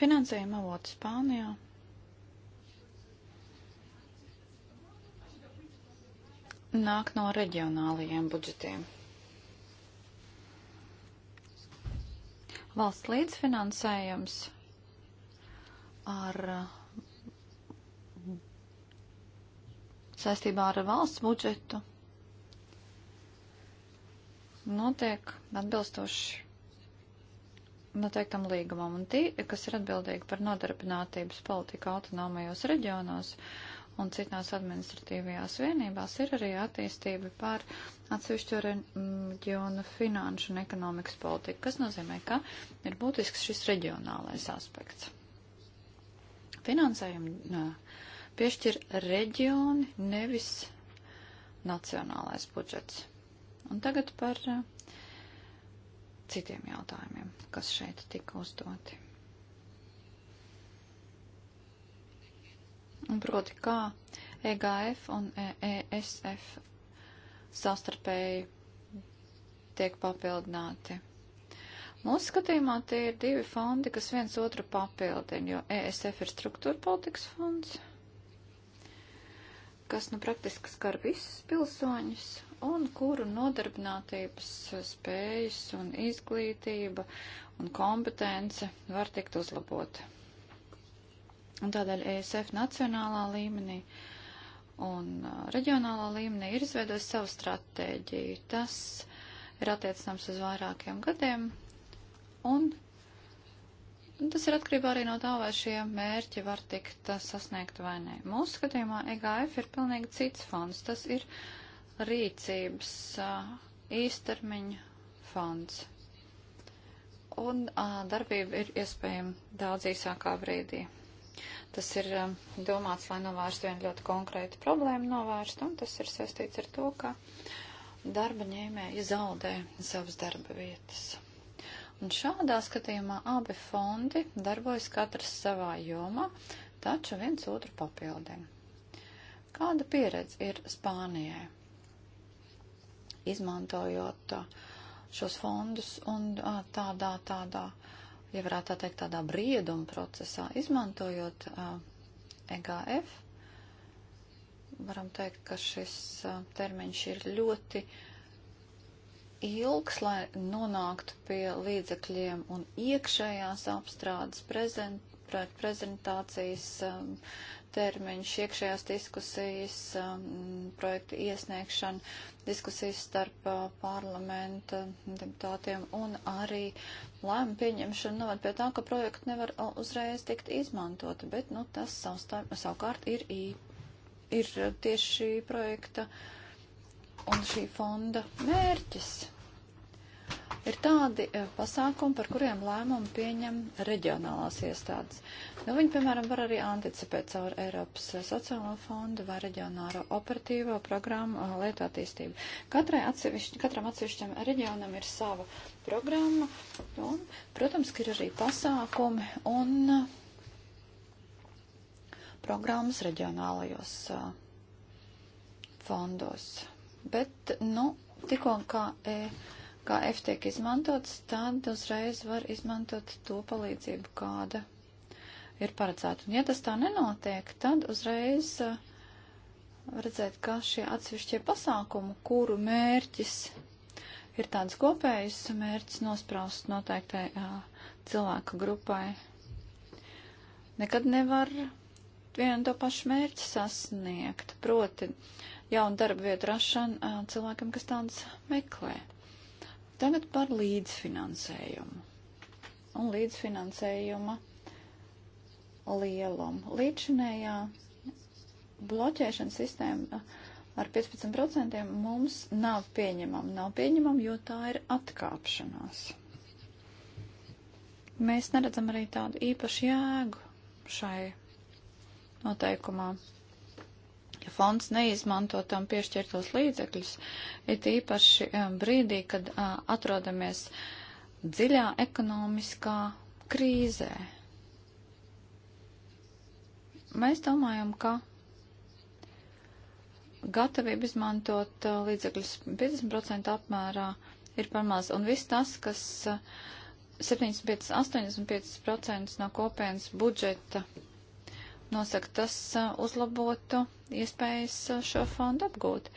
Finansējuma avoti Spānijā nāk no reģionālajiem budžetiem. Valsts līdzfinansējums ar uh, saistībā ar valsts budžetu notiek atbilstoši noteiktam līgumam. Un tie, kas ir atbildīgi par nodarbinātības politiku autonomajos reģionos un citās administratīvajās vienībās, ir arī attīstība par atsevišķo reģionu finanšu un ekonomikas politiku, kas nozīmē, ka ir būtisks šis reģionālais aspekts. Finansējuma piešķir reģioni, nevis nacionālais budžets. Un tagad par eh, citiem jautājumiem, kas šeit tika uzdoti. Un proti, kā EGF un ESF e sastarpēji tiek papildināti. Mūsu skatījumā tie ir divi fondi, kas viens otru papildina, jo ESF e ir struktūra politikas fonds kas nu praktiski skar visus pilsoņus un kuru nodarbinātības spējas un izglītība un kompetence var tikt uzlabota. Un tādēļ ESF nacionālā līmenī un uh, reģionālā līmenī ir izveidojis savu stratēģiju. Tas ir attiecināms uz vairākiem gadiem un Nu, tas ir atkarībā arī no tā, vai šie mērķi var tikt uh, sasniegt vai nē. Mūsu skatījumā EGF ir pilnīgi cits fonds. Tas ir rīcības uh, īstermiņa fonds. Un uh, darbība ir iespējama daudz īsākā brīdī. Tas ir um, domāts, lai novērstu vienu ļoti konkrētu problēmu novērst, un tas ir saistīts ar to, ka darba ņēmēji zaudē savas darba vietas. Un šādā skatījumā abi fondi darbojas katrs savā jomā, taču viens otru papildina. Kāda pieredze ir Spānijai? Izmantojot uh, šos fondus un uh, tādā, tādā, ja varētu tā teikt, tādā brieduma procesā, izmantojot uh, EGF, varam teikt, ka šis termiņš ir ļoti uh, ilgs, lai nonāktu pie līdzekļiem un iekšējās apstrādes prezent, prezentācijas um, termiņš, iekšējās diskusijas, um, projektu iesniegšana, diskusijas starp uh, parlamenta deputātiem un arī lēma pieņemšana novad pie tā, ka projekti nevar uh, uzreiz tikt izmantoti, bet nu, tas savstā, savukārt ir, ir uh, tieši projekta. Uh, un šī fonda mērķis ir tādi eh, pasākumi, par kuriem lēmumu pieņem reģionālās iestādes. Nu, viņi, piemēram, var arī anticipēt caur Eiropas eh, sociālo fondu vai reģionāro operatīvo programmu eh, lietu attīstību. Katrai atsevišķi, katram atsevišķam reģionam ir sava programma, un, protams, ka ir arī pasākumi un programmas reģionālajos fondos bet, nu, tikko kā, e, kā F tiek izmantots, tad uzreiz var izmantot to palīdzību, kāda ir paredzēta. Un ja tas tā nenotiek, tad uzreiz e, redzēt, ka šie atsevišķie pasākumi, kuru mērķis ir tāds kopējs mērķis nospraust noteiktai e, cilvēka grupai, nekad nevar vienu to pašu mērķi sasniegt. Proti, uh, jaunu darba vietu rašanu cilvēkam, kas tādas meklē. Tagad par līdzfinansējumu un līdzfinansējuma lielumu. Līdzinējā bloķēšana sistēma ar 15% mums nav pieņemama. Nav pieņemama, jo tā ir atkāpšanās. Mēs neredzam arī tādu īpašu jēgu šai noteikumā fonds neizmanto tam piešķirtos līdzekļus, it īpaši um, brīdī, kad uh, atrodamies dziļā ekonomiskā krīzē. Mēs domājam, ka gatavība izmantot uh, līdzekļus 50% apmērā ir par maz. Un viss tas, kas 75-85% uh, no kopienas budžeta nosaka, tas uzlabotu iespējas šo fondu apgūt.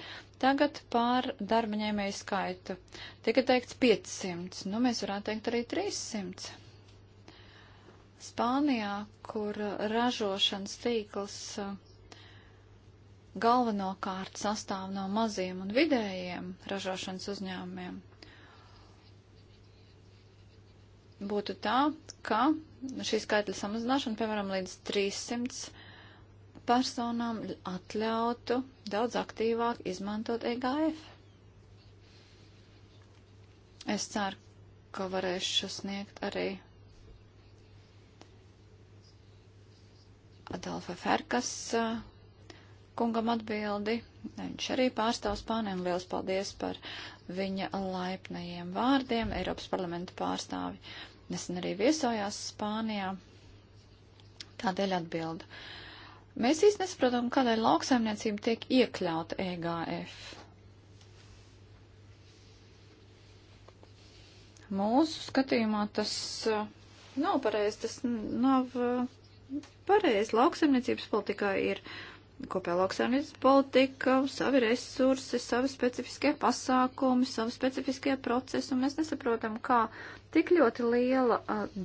Tagad pār darba ņēmēju skaitu. Tika teikts 500, nu mēs varētu teikt arī 300. Spānijā, kur ražošanas tīkls galvenokārt sastāv no maziem un vidējiem ražošanas uzņēmumiem, būtu tā, ka šī skaitļa samazināšana, piemēram, līdz 300 personām atļautu daudz aktīvāk izmantot EGF. Es ceru, ka varēšu sniegt arī Adolfa Ferkas eh, kungam atbildi. Viņš arī pārstāv Spāniju un liels paldies par viņa laipnajiem vārdiem Eiropas parlamenta pārstāvi. Uh, nesen arī viesojās Spānijā. Tādēļ atbildu. Mēs īsti nesaprotam, kādēļ lauksaimniecība tiek iekļauta EGF. Mūsu skatījumā tas eh, nav pareizi, tas nav eh, pareizi. Lauksaimniecības politikā ir kopējā lauksaimniecības politika, savi resursi, savi specifiskie pasākumi, savi specifiskie procesi, un mēs nesaprotam, kā Tik ļoti liela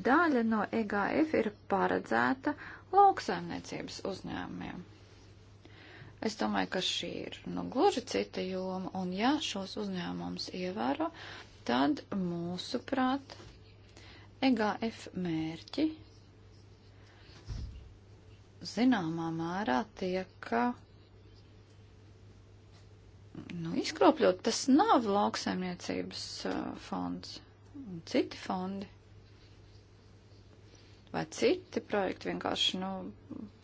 daļa no EGF ir paredzēta lauksaimniecības uzņēmumiem. Es domāju, ka šī ir nu, gluži cita joma, un ja šos uzņēmumus ievēro, tad mūsuprāt EGF mērķi zināmā mērā tiek nu, izkropļot. Tas nav lauksaimniecības uh, fonds un citi fondi vai citi projekti vienkārši, nu,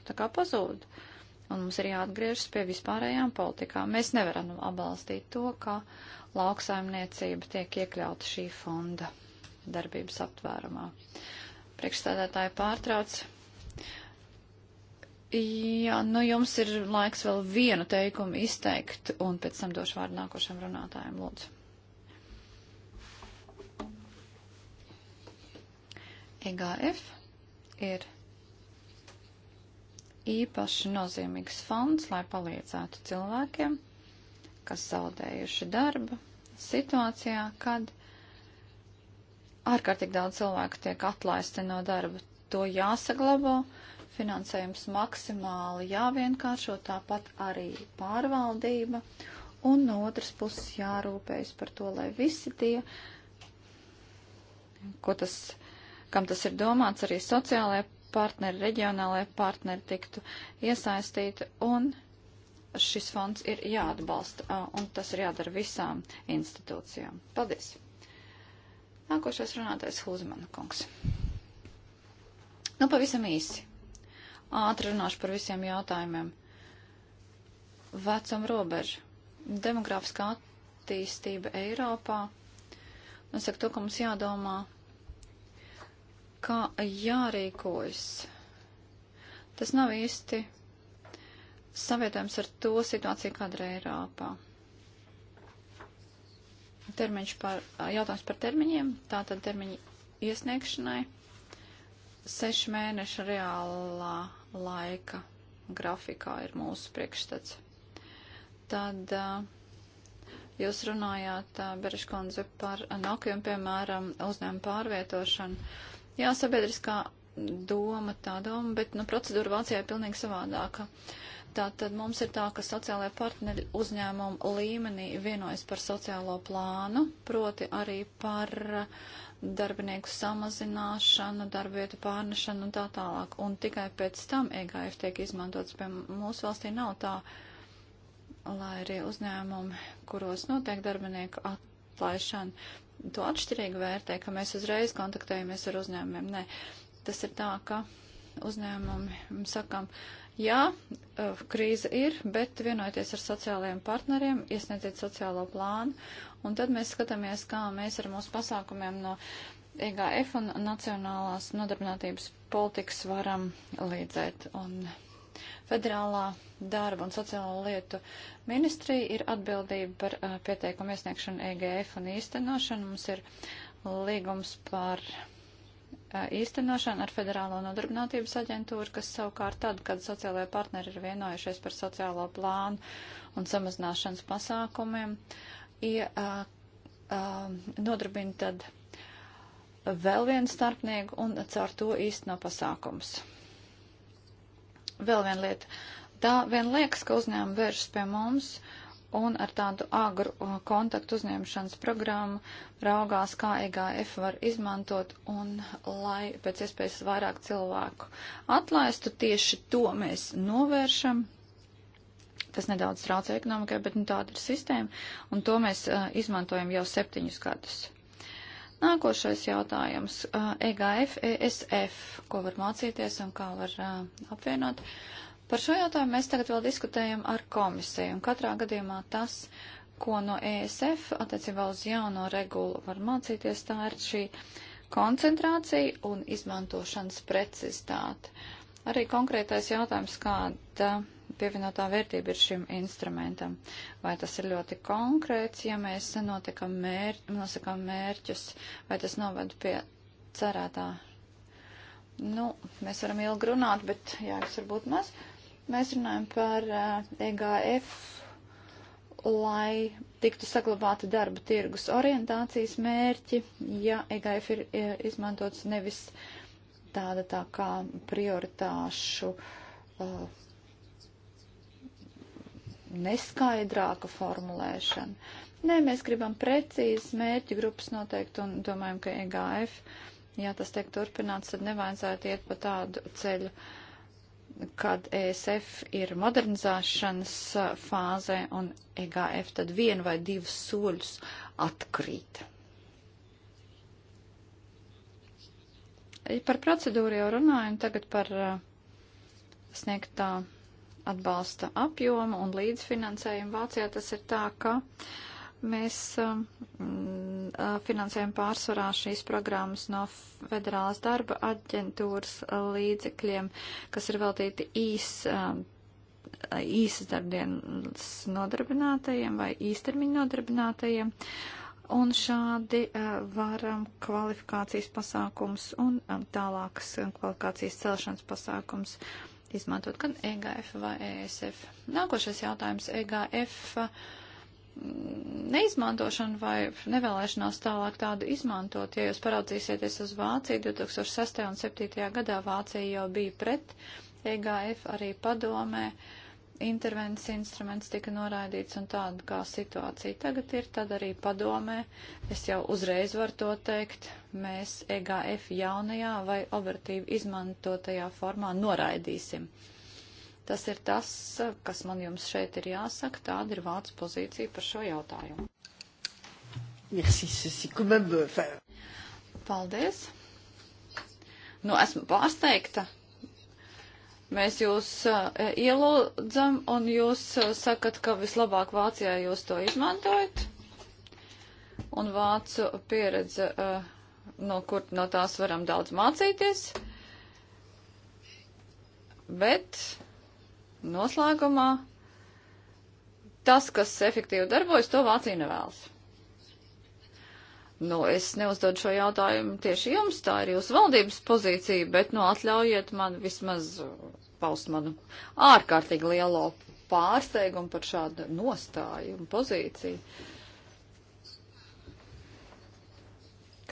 tā kā pazūd. Un mums ir jāatgriežas pie vispārējām politikām. Mēs nevaram nu, atbalstīt to, ka lauksaimniecība tiek iekļauta šī fonda darbības aptvērumā. Priekšstādātāji pārtrauc. Jā, nu jums ir laiks vēl vienu teikumu izteikt, un pēc tam došu vārdu nākošam runātājam, lūdzu. EGF ir īpaši nozīmīgs fonds, lai palīdzētu cilvēkiem, kas zaudējuši darbu situācijā, kad ārkārtīgi daudz cilvēku tiek atlaisti no darba. To jāsaglabo, finansējums maksimāli jāvienkāršo, tāpat arī pārvaldība, un no otras puses jārūpējas par to, lai visi tie, ko tas kam tas ir domāts, arī sociālajie partneri, reģionālajie partneri tiktu iesaistīti un šis fonds ir jāatbalsta un tas ir jādara visām institūcijām. Paldies! Nākošais runātais Huzmana kungs. Nu, pavisam īsi. Ātri runāšu par visiem jautājumiem. Vecuma robeža. Demografiskā attīstība Eiropā. Nu, saka, to, ka mums jādomā kā jārīkojas. Tas nav īsti savietojams ar to situāciju, kāda ir Eiropā. Termiņš par, jautājums par termiņiem, tātad termiņi iesniegšanai, sešu mēnešu reālā laika grafikā ir mūsu priekšstats. Tad uh, jūs runājāt, uh, Bereškundze, par uh, nokļumu, piemēram, uzņēmumu pārvietošanu. Jā, sabiedriskā doma tā doma, bet nu, procedūra Vācijā ir pilnīgi savādāka. Tātad mums ir tā, ka sociālajā partneri uzņēmumu līmenī vienojas par sociālo plānu, proti arī par darbinieku samazināšanu, darbvietu pārnešanu un tā tālāk. Un tikai pēc tam EGF tiek izmantots, piemēram, mūsu valstī nav tā, lai arī uzņēmumi, kuros notiek darbinieku atlaišana, to atšķirīgi vērtē, ka mēs uzreiz kontaktējamies ar uzņēmumiem. Nē, tas ir tā, ka uzņēmumi sakam, jā, eh, krīze ir, bet vienoties ar sociālajiem partneriem, iesniedziet sociālo plānu, un tad mēs skatāmies, kā mēs ar mūsu pasākumiem no EGF un Nacionālās nodarbinātības politikas varam līdzēt. Un Federālā darba un sociālo lietu ministrija ir atbildība par uh, pieteikumu iesniegšanu EGF un īstenošanu. Mums ir līgums par uh, īstenošanu ar Federālo nodarbinātības aģentūru, kas savukārt tad, kad sociālajie partneri ir vienojušies par sociālo plānu un samazināšanas pasākumiem, ie, uh, nodarbina tad vēl vienu starpnieku un caur to īsteno pasākums vēl viena lieta. Tā vien liekas, ka uzņēmumi vēršas pie mums un ar tādu agru uh, kontaktu uzņemšanas programmu raugās, kā EGF var izmantot un lai pēc iespējas vairāk cilvēku atlaistu. Tieši to mēs novēršam. Tas nedaudz traucē ekonomikai, bet nu, tāda ir sistēma, un to mēs uh, izmantojam jau septiņus gadus. Nākošais jautājums - EGF, ESF, ko var mācīties un kā var apvienot. Par šo jautājumu mēs tagad vēl diskutējam ar komisiju, un katrā gadījumā tas, ko no ESF attiecībā uz jauno regulu var mācīties, tā ir šī koncentrācija un izmantošanas precizitāte. Arī konkrētais jautājums, kāda pievienotā vērtība ir šim instrumentam. Vai tas ir ļoti konkrēts, ja mēs mēr, nosakām mērķus, vai tas noved pie cerētā. Nu, mēs varam ilgi runāt, bet jēgas varbūt maz. Mēs runājam par uh, eh, EGF, lai tiktu saglabāti darba tirgus orientācijas mērķi, ja EGF ir ja eh, izmantots nevis tāda tā kā prioritāšu. Uh, neskaidrāka formulēšana. Nē, mēs gribam precīzi mērķu grupas noteikt un domājam, ka EGF, ja tas tiek turpināts, tad nevajadzētu iet pa tādu ceļu, kad ESF ir modernizēšanas fāzē un EGF tad vienu vai divus soļus atkrīt. Par procedūru jau runājam, tagad par sniegtā atbalsta apjomu un līdzfinansējumu. Vācijā tas ir tā, ka mēs um, mm, uh, finansējam pārsvarā šīs programmas no federālās darba aģentūras līdzekļiem, kas ir veltīti īs, um, īsas darbdienas nodarbinātajiem vai īstermiņa nodarbinātajiem. Un šādi uh, varam kvalifikācijas pasākums un um, tālākas kvalifikācijas celšanas pasākums. Uh, izmantot gan EGF vai ESF. Nākošais jautājums e - EGF mm, neizmantošana vai nevēlēšanās tālāk tādu izmantot. Ja jūs paraudzīsieties uz Vāciju, 2006. un 2007. gadā Vācija jau bija pret EGF arī padomē. Uh, intervences instruments tika noraidīts un tāda kā situācija tagad ir, tad arī padomē, es jau uzreiz varu to teikt, mēs EGF jaunajā vai operatīvi izmantotajā formā noraidīsim. Tas ir tas, kas man jums šeit ir jāsaka, tāda ir vācu pozīcija par šo jautājumu. Merci, ceci, Paldies! Nu, esmu pārsteigta, Mēs jūs ielūdzam un jūs sakat, ka vislabāk Vācijā jūs to izmantojat. Un vācu pieredze, no kur no tās varam daudz mācīties. Bet noslēgumā tas, kas efektīvi darbojas, to Vācija nevēlas. Nu, es neuzdodu šo jautājumu tieši jums, tā ir jūsu valdības pozīcija, bet, nu, atļaujiet man vismaz paust manu ārkārtīgi lielo pārsteigumu par šādu nostāju un pozīciju,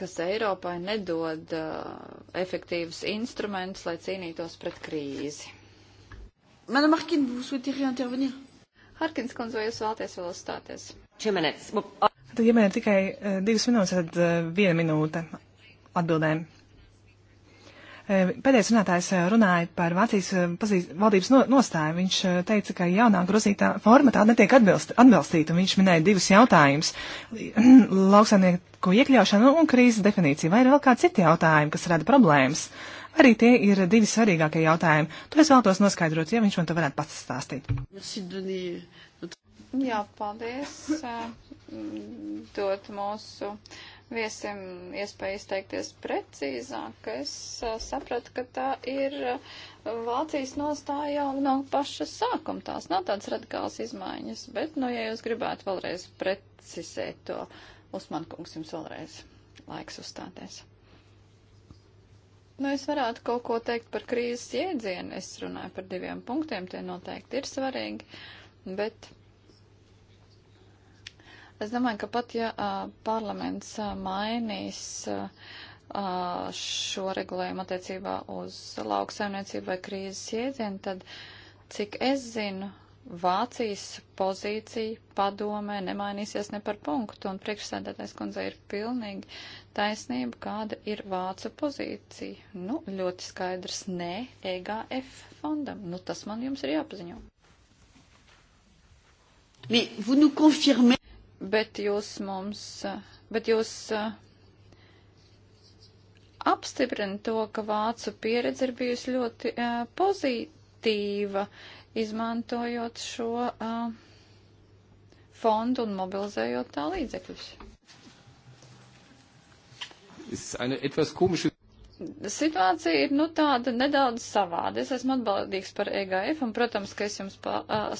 kas Eiropai nedod uh, efektīvus instrumentus, lai cīnītos pret krīzi. Madame Harkin, vous souhaitez réintervenir? Harkins, kundze, vai jūs vēlaties vēl uzstāties? Čemenets. Tad, ja man ir tikai uh, divas minūtes, tad uh, viena minūte atbildēm. Uh, pēdējais runātājs runāja par Vācijas uh, valdības no, nostāju. Viņš uh, teica, ka jaunā grozītā forma tāda netiek atbilst, atbalstīta, un viņš minēja divus jautājumus - lauksaimnieku iekļaušanu un krīzes definīciju. Vai ir vēl kādi citi jautājumi, kas rada problēmas? Arī tie ir divi svarīgākie jautājumi. To es vēlos noskaidrot, ja viņš man to varētu pats stāstīt. Merci, Jā, paldies. Dot mūsu viesim iespēju izteikties precīzāk. Es sapratu, ka tā ir Vācijas nostāja jau no paša sākuma. Tās nav tādas radikālas izmaiņas, bet, nu, ja jūs gribētu vēlreiz precisēt to, Usman kungs jums vēlreiz laiks uzstāties. Nu, es varētu kaut ko teikt par krīzes jēdzienu. Es runāju par diviem punktiem, tie noteikti ir svarīgi, bet Es domāju, ka pat ja parlaments mainīs šo regulējumu attiecībā uz lauksaimniecību vai krīzes iedzienu, tad, cik es zinu, Vācijas pozīcija padomē nemainīsies ne par punktu, un priekšsēdētais kundze ir pilnīgi taisnība, kāda ir Vācu pozīcija. Nu, ļoti skaidrs, nē, EGF fondam. Nu, tas man jums ir jāpaziņo. Mais vous nous confirmez bet jūs mums, bet jūs eh, apstiprina to, ka vācu pieredze ir bijusi ļoti uh, pozitīva, izmantojot šo uh, fondu un mobilizējot tā līdzekļus situācija ir nu tāda nedaudz savāda. Es esmu atbildīgs par EGF un, protams, ka es jums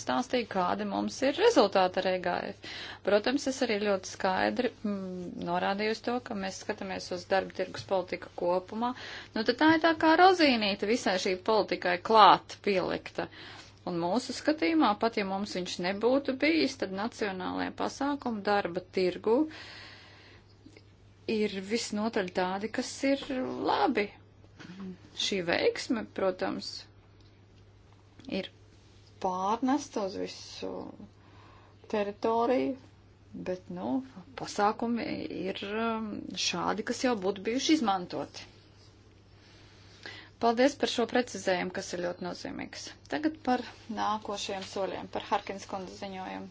stāstīju, kādi mums ir rezultāti ar EGF. Protams, es arī ļoti skaidri mm, norādīju uz to, ka mēs skatāmies uz darba tirgus politiku kopumā. Nu, tad tā ir tā kā rozīnīta visai šī politikai klāt pielikta. Un mūsu skatījumā, pat ja mums viņš nebūtu bijis, tad nacionālajie pasākumi darba tirgu. Uh, ir visnotaļ tādi, kas ir labi. Šī veiksme, protams, ir pārnesta uz visu teritoriju, bet, nu, pasākumi ir um, šādi, kas jau būtu bijuši izmantoti. Paldies par šo precizējumu, kas ir ļoti nozīmīgs. Tagad par nākošajiem soļiem, par Harkins kundu ziņojumu.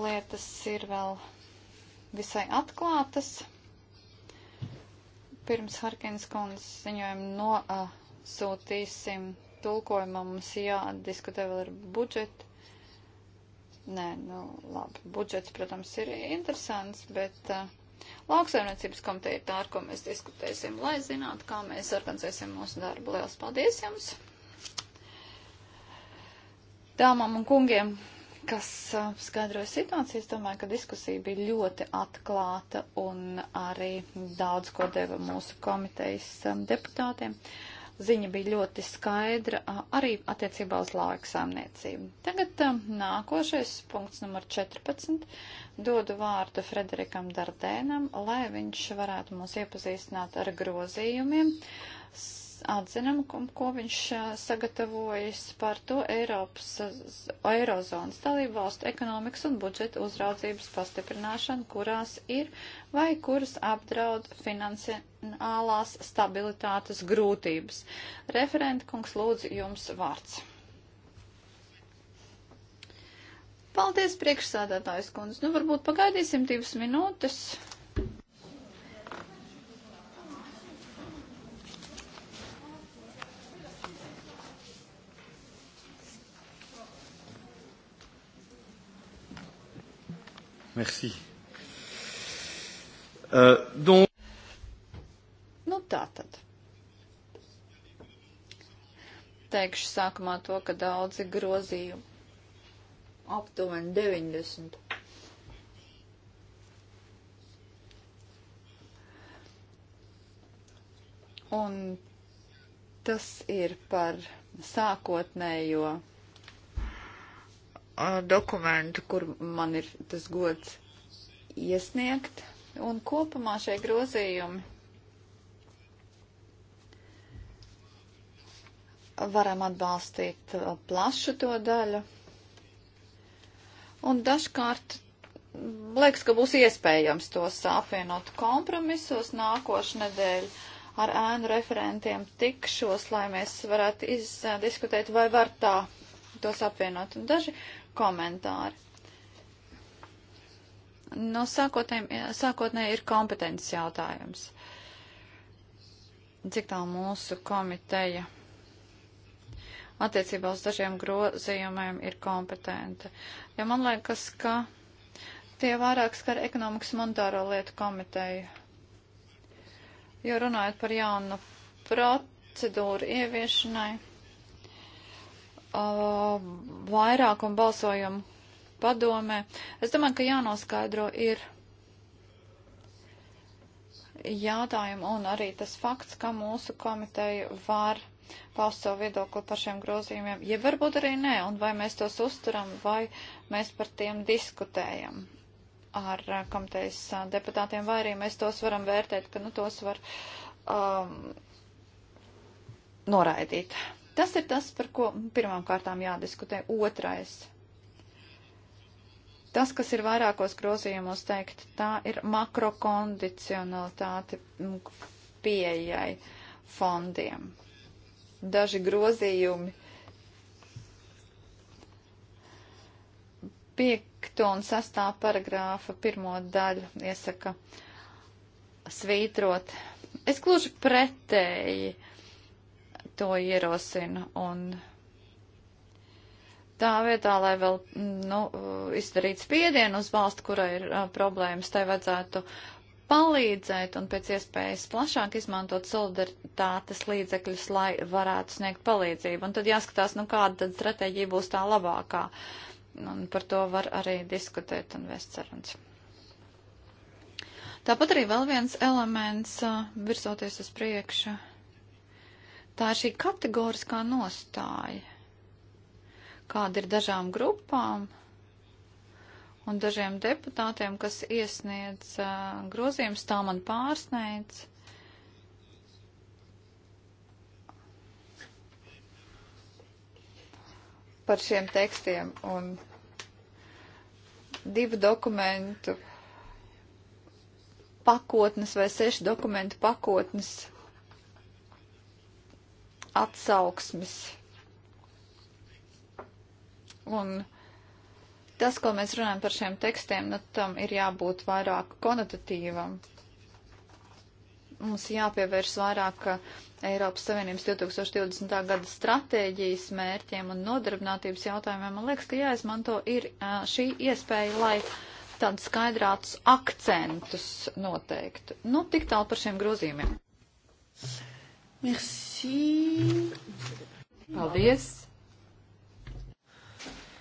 Lietas ir vēl visai atklātas. Pirms Harkins kundzes ziņojumu nosūtīsim uh, tulkojumam, mums jādiskutē vēl ar budžetu. Nē, nu labi, budžets, protams, ir interesants, bet uh, lauksaimniecības komiteja ir tā, ar ko mēs diskutēsim, lai zinātu, kā mēs organizēsim mūsu darbu. Lielas paldies jums! Dāmām un kungiem! kas uh, skaidroja situāciju. Es domāju, ka diskusija bija ļoti atklāta un arī daudz ko deva mūsu komitejas um, deputātiem ziņa bija ļoti skaidra uh, arī attiecībā uz lauku saimniecību. Tagad um, nākošais punkts numur 14. Dodu vārdu Frederikam Dardēnam, lai viņš varētu mūs iepazīstināt ar grozījumiem atzinumu, ko, ko viņš sagatavojis par to Eiropas, Eirozonas dalību valstu ekonomikas un budžeta uzraudzības pastiprināšanu, kurās ir vai kuras apdraud finansiālās stabilitātes grūtības. Referenta kungs lūdzu jums vārds. Paldies, priekšsādātājs kundze. Nu, varbūt pagaidīsim divas minūtes. Merci. Uh, donc... Nu tā tad. Teikšu sākumā to, ka daudzi grozījumi aptuveni 90. Un tas ir par sākotnējo dokumentu, kur man ir tas gods iesniegt. Un kopumā šie grozījumi varam atbalstīt plašu to daļu. Un dažkārt liekas, ka būs iespējams tos apvienot kompromisos nākošu nedēļu. Ar ēnu referentiem tikšos, lai mēs varētu izdiskutēt, vai var tā tos apvienot. Un daži komentāri. No sākotnēji ir kompetences jautājums. Cik tālu mūsu komiteja attiecībā uz dažiem grozījumiem ir kompetente. Jo man liekas, ka tie vairāk skar ekonomikas monetāro lietu komiteju. Jo runājot par jaunu procedūru ieviešanai uh, vairākumu balsojumu padomē. Es domāju, ka jānoskaidro ir jautājumu un arī tas fakts, ka mūsu komiteja var paust savu viedokli par šiem grozījumiem, ja varbūt arī nē, un vai mēs tos uzturam, vai mēs par tiem diskutējam ar uh, komitejas uh, deputātiem, vai arī mēs tos varam vērtēt, ka nu tos var um, noraidīt. Tas ir tas, par ko pirmām kārtām jādiskutē. Otrais. Tas, kas ir vairākos grozījumos teikt, tā ir makrokondicionalitāte mm, pieejai fondiem. Daži grozījumi piekto un sastā paragrāfa pirmo daļu iesaka svītrot. Es gluži pretēji uh, to ierosina. Un tā vietā, lai vēl nu, izdarītu spiedienu uz valstu, kurai ir uh, problēmas, tai vajadzētu palīdzēt un pēc iespējas plašāk izmantot solidaritātes līdzekļus, lai varētu sniegt palīdzību. Un tad jāskatās, nu kāda tad stratēģija būs tā labākā. Un par to var arī diskutēt un vēst sarunas. Tāpat arī vēl viens elements, virzoties uz priekšu, Tā ir šī kategoriskā nostāja, kāda ir dažām grupām un dažiem deputātiem, kas iesniedz uh, grozījums, tā man pārsniedz. Par šiem tekstiem un divu dokumentu pakotnes vai sešu dokumentu pakotnes atsauksmes. Un tas, ko mēs runājam par šiem tekstiem, nu, tam ir jābūt vairāk konotatīvam. Mums jāpievērš vairāk Eiropas Savienības 2020. gada stratēģijas mērķiem un nodarbinātības jautājumiem. Man liekas, ka jāizmanto ir šī iespēja, lai tādus skaidrātus akcentus noteiktu. Nu, tik tālu par šiem grozījumiem. Merci. Paldies.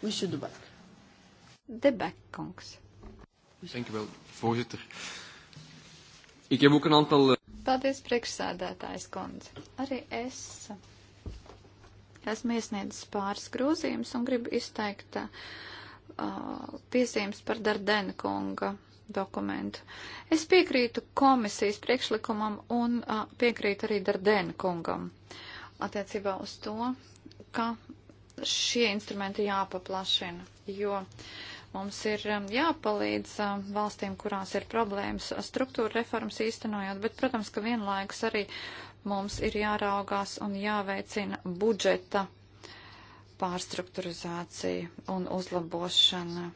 Monsieur Dubak. Debak, kungs. Dank u wel, voorzitter. Ik heb ook een aantal... Eh, Paldies, priekšsādātājs kundze. Arī es esmu iesniedzis pāris grozījumus un gribu izteikt uh, eh, piezīmes par Dardena kunga dokumentu. Es piekrītu komisijas priekšlikumam un a, piekrītu arī Dardēna kungam attiecībā uz to, ka šie instrumenti jāpaplašina, jo mums ir jāpalīdz a, valstīm, kurās ir problēmas struktūra reformas īstenojot, bet, protams, ka vienlaikus arī mums ir jāraugās un jāveicina budžeta pārstrukturizācija un uzlabošana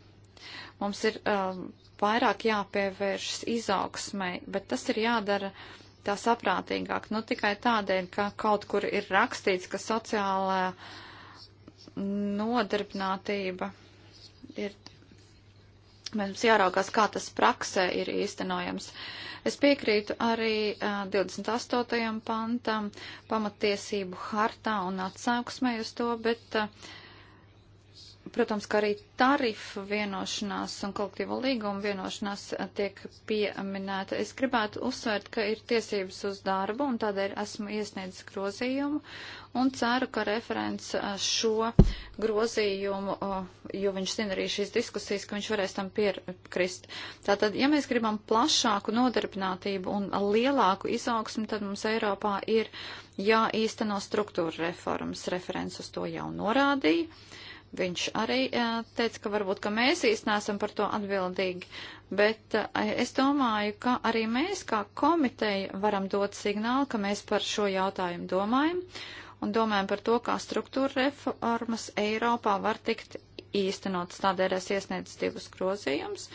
Mums ir uh, vairāk jāpievēršas izaugsmai, bet tas ir jādara tā saprātīgāk. Nu tikai tādēļ, ka kaut kur ir rakstīts, ka sociālā nodarbinātība ir. Mums jāraugās, kā tas praksē ir īstenojams. Es piekrītu arī uh, 28. pantam, pamatiesību hartā un atsauksmē uz to, bet uh, Protams, ka arī tarifu vienošanās un kolektīvo līgumu vienošanās tiek pieminēta. Es gribētu uzsvērt, ka ir tiesības uz darbu un tādēļ esmu iesniedzis grozījumu un ceru, ka referents šo grozījumu, jo viņš zina arī šīs diskusijas, ka viņš varēs tam piekrist. Tātad, ja mēs gribam plašāku nodarbinātību un lielāku izaugsmu, tad mums Eiropā ir jāīsteno struktūra reformas. Referents uz to jau norādīja. Viņš arī teica, ka varbūt, ka mēs īsti neesam par to atbildīgi, bet es domāju, ka arī mēs kā komiteja varam dot signālu, ka mēs par šo jautājumu domājam un domājam par to, kā struktūra reformas Eiropā var tikt īstenotas. Tādēļ es iesniedzu divus grozījumus.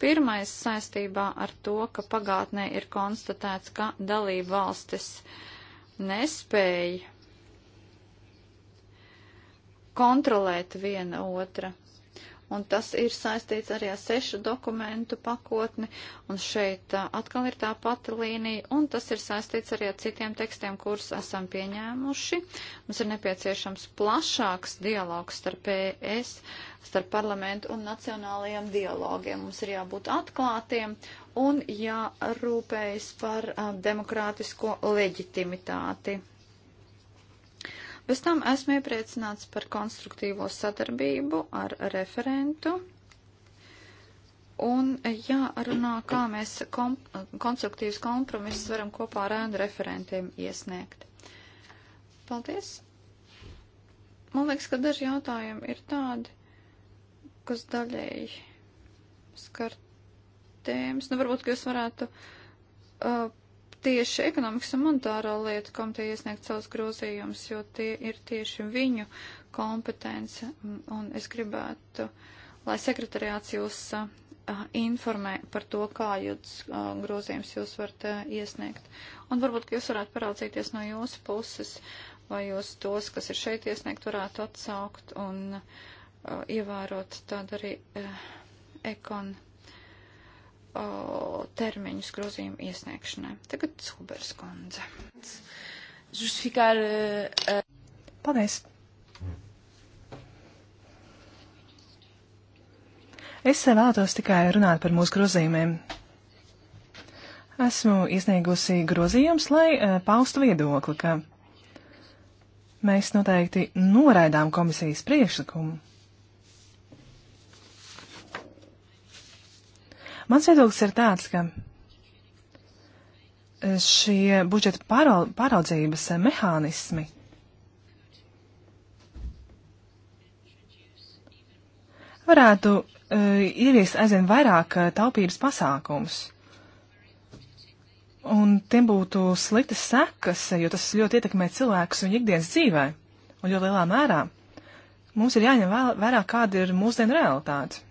Pirmais saistībā ar to, ka pagātnē ir konstatēts, ka dalība valstis nespēja kontrolēt viena otra. Un tas ir saistīts arī ar sešu dokumentu pakotni, un šeit atkal ir tā pati līnija, un tas ir saistīts arī ar citiem tekstiem, kurus esam pieņēmuši. Mums ir nepieciešams plašāks dialogs starp PS, e starp parlamentu un nacionālajiem dialogiem. Mums ir jābūt atklātiem un jārūpējas par demokrātisko leģitimitāti. Bez tam esmu iepriecināts par konstruktīvo sadarbību ar referentu. Un jārunā, kā mēs kom konstruktīvus kompromisus varam kopā ar ēnu referentiem iesniegt. Paldies! Man liekas, ka daži jautājumi ir tādi, kas daļēji skar tēmas. Nu, varbūt, ka jūs varētu uh, tieši ekonomikas un monetārā lieta komiteja iesniegt savus grozījumus, jo tie ir tieši viņu kompetence. Un es gribētu, lai sekretariāts jūs uh, informē par to, kā jūs uh, grozījums jūs varat uh, iesniegt. Un varbūt, ka jūs varētu paraudzīties no jūsu puses, vai jūs tos, kas ir šeit iesniegt, varētu atsaukt un ievērot tādu arī ekonu o, termiņus grozījumu iesniegšanai. Tagad Zubers kundze. Eh, eh, Paldies. Es vēlētos tikai runāt par mūsu grozījumiem. Esmu iesniegusi grozījums, lai uh, paustu viedokli, ka mēs noteikti noraidām komisijas priekšlikumu. Mans viedoklis ir tāds, ka e, šie budžeta pāraudzības e, mehānismi varētu uh, ieviest aizvien vairāk uh, taupības pasākumus. Un tiem būtu sliktas sekas, jo tas ļoti ietekmē cilvēkus un ikdienas dzīvē, un ļoti lielā mērā. Mums ir jāņem vērā, kāda ir mūsdienu realitāte.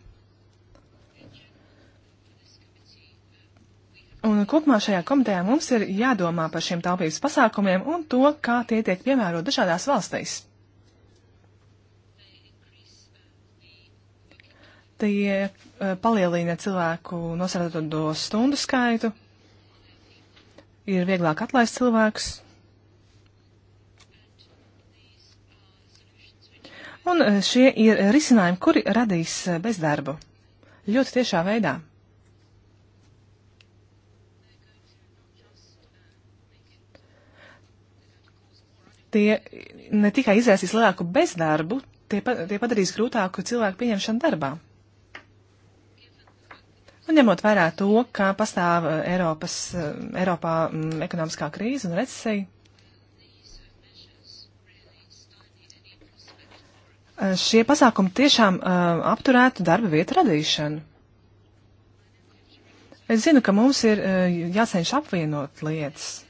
Un kopumā šajā komitejā mums ir jādomā par šiem taupības pasākumiem un to, kā tie tiek piemērot dažādās valstīs. Tie eh, palielina cilvēku nosardoto stundu skaitu, ir vieglāk atlaist cilvēkus. Un eh, šie ir risinājumi, kuri radīs eh, bezdarbu. Ļoti tiešā veidā. tie ne tikai izraisīs lielāku bezdarbu, tie, pa, tie padarīs grūtāku cilvēku pieņemšanu darbā. Un ņemot vērā to, kā pastāv eh, Eiropas, eh, Eiropā m, mm, ekonomiskā krīze un recesija, eh, šie pasākumi tiešām uh, apturētu darba vietu radīšanu. Es zinu, ka mums ir uh, jācenš apvienot lietas.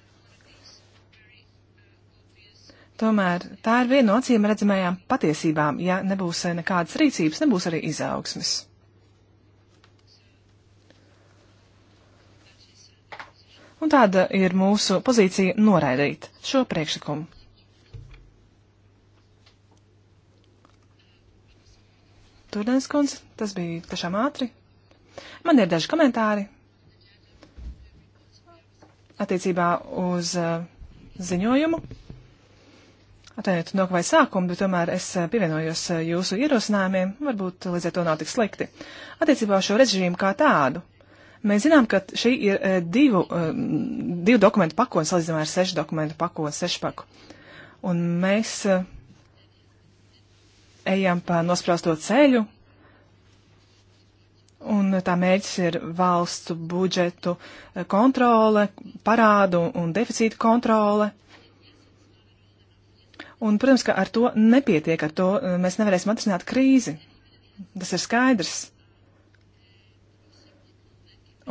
Tomēr tā ir viena no acīm redzamajām patiesībām. Ja nebūs nekādas rīcības, nebūs arī izaugsmes. Un tāda ir mūsu pozīcija noraidīt šo priekšlikumu. Turdens kundze, tas bija tiešām ātri. Man ir daži komentāri attiecībā uz uh, ziņojumu. Atvainojiet, nokavēju sākumu, bet tomēr es eh, pievienojos eh, jūsu ierosinājumiem, varbūt eh, līdz ar to nav tik slikti. Attiecībā uz šo režīmu kā tādu. Mēs zinām, ka šī ir divu, divu dokumentu pakotne, salīdzinājumā ar sešu dokumentu pakotni, sešpaku. Un mēs ejam pa nospraustu ceļu, un tā mērķis ir valsts budžetu kontrole, parādu un deficītu kontrole Un, protams, ka ar to nepietiek, ar to eh, mēs nevarēsim atrisināt krīzi. Tas ir skaidrs.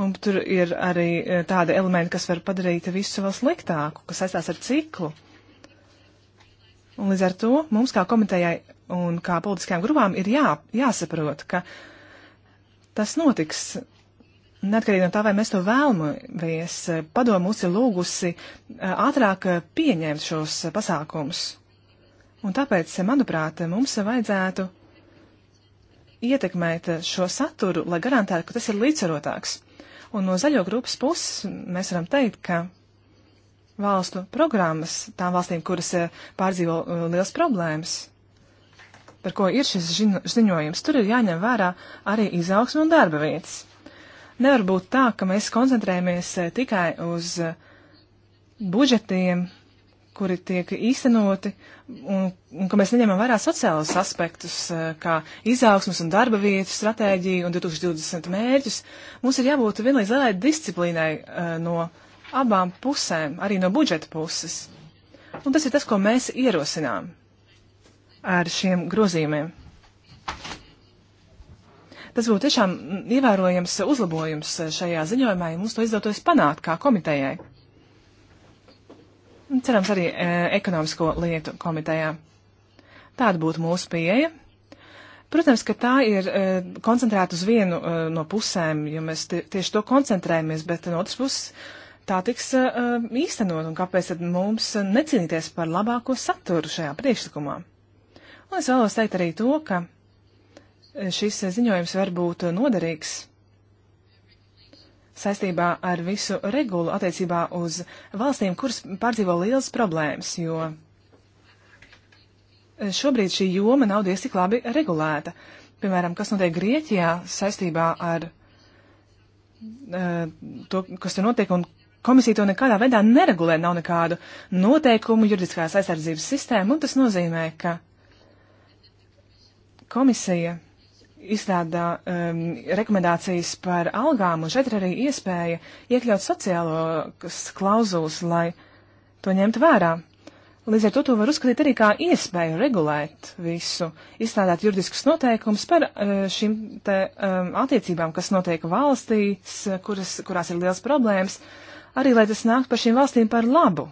Un tur ir arī eh, tādi elementi, kas var padarīt visu vēl sliktāku, kas saistās ar ciklu. Un līdz ar to mums kā komitejai un kā politiskajām grupām ir jā, jāsaprot, ka tas notiks. Neatkarīgi no tā, vai mēs to vēlamies, padomu mums ir lūgusi eh, ātrāk pieņemt šos pasākumus. Un tāpēc, manuprāt, mums vajadzētu ietekmēt šo saturu, lai garantētu, ka tas ir līdzsvarotāks. Un no zaļo grupas puses mēs varam teikt, ka valstu programmas tām valstīm, kuras eh, pārdzīvo eh, liels problēmas, par ko ir šis ziņojums, tur ir jāņem vērā arī izaugsme un darba vietas. Nevar būt tā, ka mēs koncentrējamies eh, tikai uz budžetiem, kuri tiek īstenoti, un, un ka mēs neņemam vērā sociālos aspektus, eh, kā izaugsmas un darba vietu stratēģiju un 2020 mērķus, mums ir jābūt vienlīdz lielai disciplīnai eh, no abām pusēm, arī no budžeta puses. Un tas ir tas, ko mēs ierosinām ar šiem grozījumiem. Tas būtu tiešām mm, ievērojams uzlabojums eh, šajā ziņojumā, ja mums to izdotos panākt kā komitejai cerams arī e, ekonomisko lietu komitejā. Tāda būtu mūsu pieeja. Protams, ka tā ir e, koncentrēta uz vienu e, no pusēm, jo mēs tieši to koncentrējamies, bet no otras puses tā tiks e, e, īstenot, un kāpēc tad mums necīnīties par labāko saturu šajā priekšlikumā? Un es vēlos teikt arī to, ka e, šis ziņojums var būt noderīgs saistībā ar visu regulu attiecībā uz valstīm, kuras pārdzīvo liels problēmas, jo šobrīd šī joma nav diez tik labi regulēta. Piemēram, kas notiek Grieķijā saistībā ar uh, to, kas tur notiek un Komisija to nekādā veidā neregulē, nav nekādu noteikumu juridiskās aizsardzības sistēmu, un tas nozīmē, ka komisija izstrādā um, rekomendācijas par algām, un šeit ir arī iespēja iekļaut sociālos klauzulas, lai to ņemtu vērā. Līdz ar to to var uzskatīt arī kā iespēju regulēt visu, izstrādāt juridiskus noteikumus par uh, šīm te um, attiecībām, kas notiek valstīs, uh, kuras, kurās ir liels problēmas, arī lai tas nāk par šīm valstīm par labu.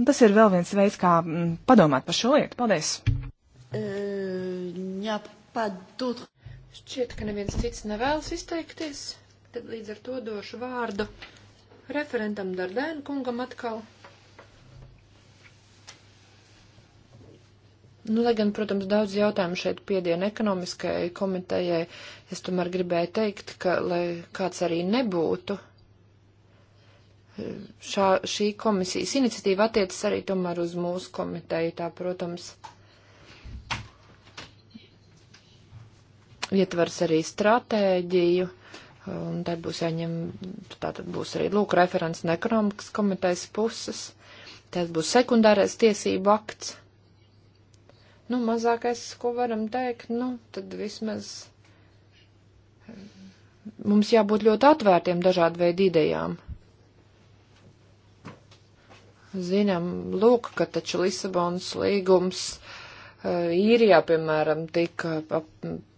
Un tas ir vēl viens veids, kā mm, padomāt par šo lietu. Paldies! Uh, jā padūt. Šķiet, ka neviens cits nevēlas izteikties, tad līdz ar to došu vārdu referentam Dardēnu kungam atkal. Nu, lai gan, protams, daudz jautājumu šeit piediena ekonomiskajai komitejai, es tomēr gribēju teikt, ka, lai kāds arī nebūtu, šā, šī komisijas iniciatīva attiecas arī tomēr uz mūsu komiteju, tā, protams, uh, ietvers arī stratēģiju, un te būs jāņem, tātad būs arī lūk referents no ekonomikas komitejas puses, tad būs sekundārais tiesību akts. Nu, mazākais, ko varam teikt, nu, tad vismaz eh, mums jābūt ļoti atvērtiem dažādu veidu idejām. Zinām, lūk, ka taču Lisabonas līgums īrijā, piemēram, tika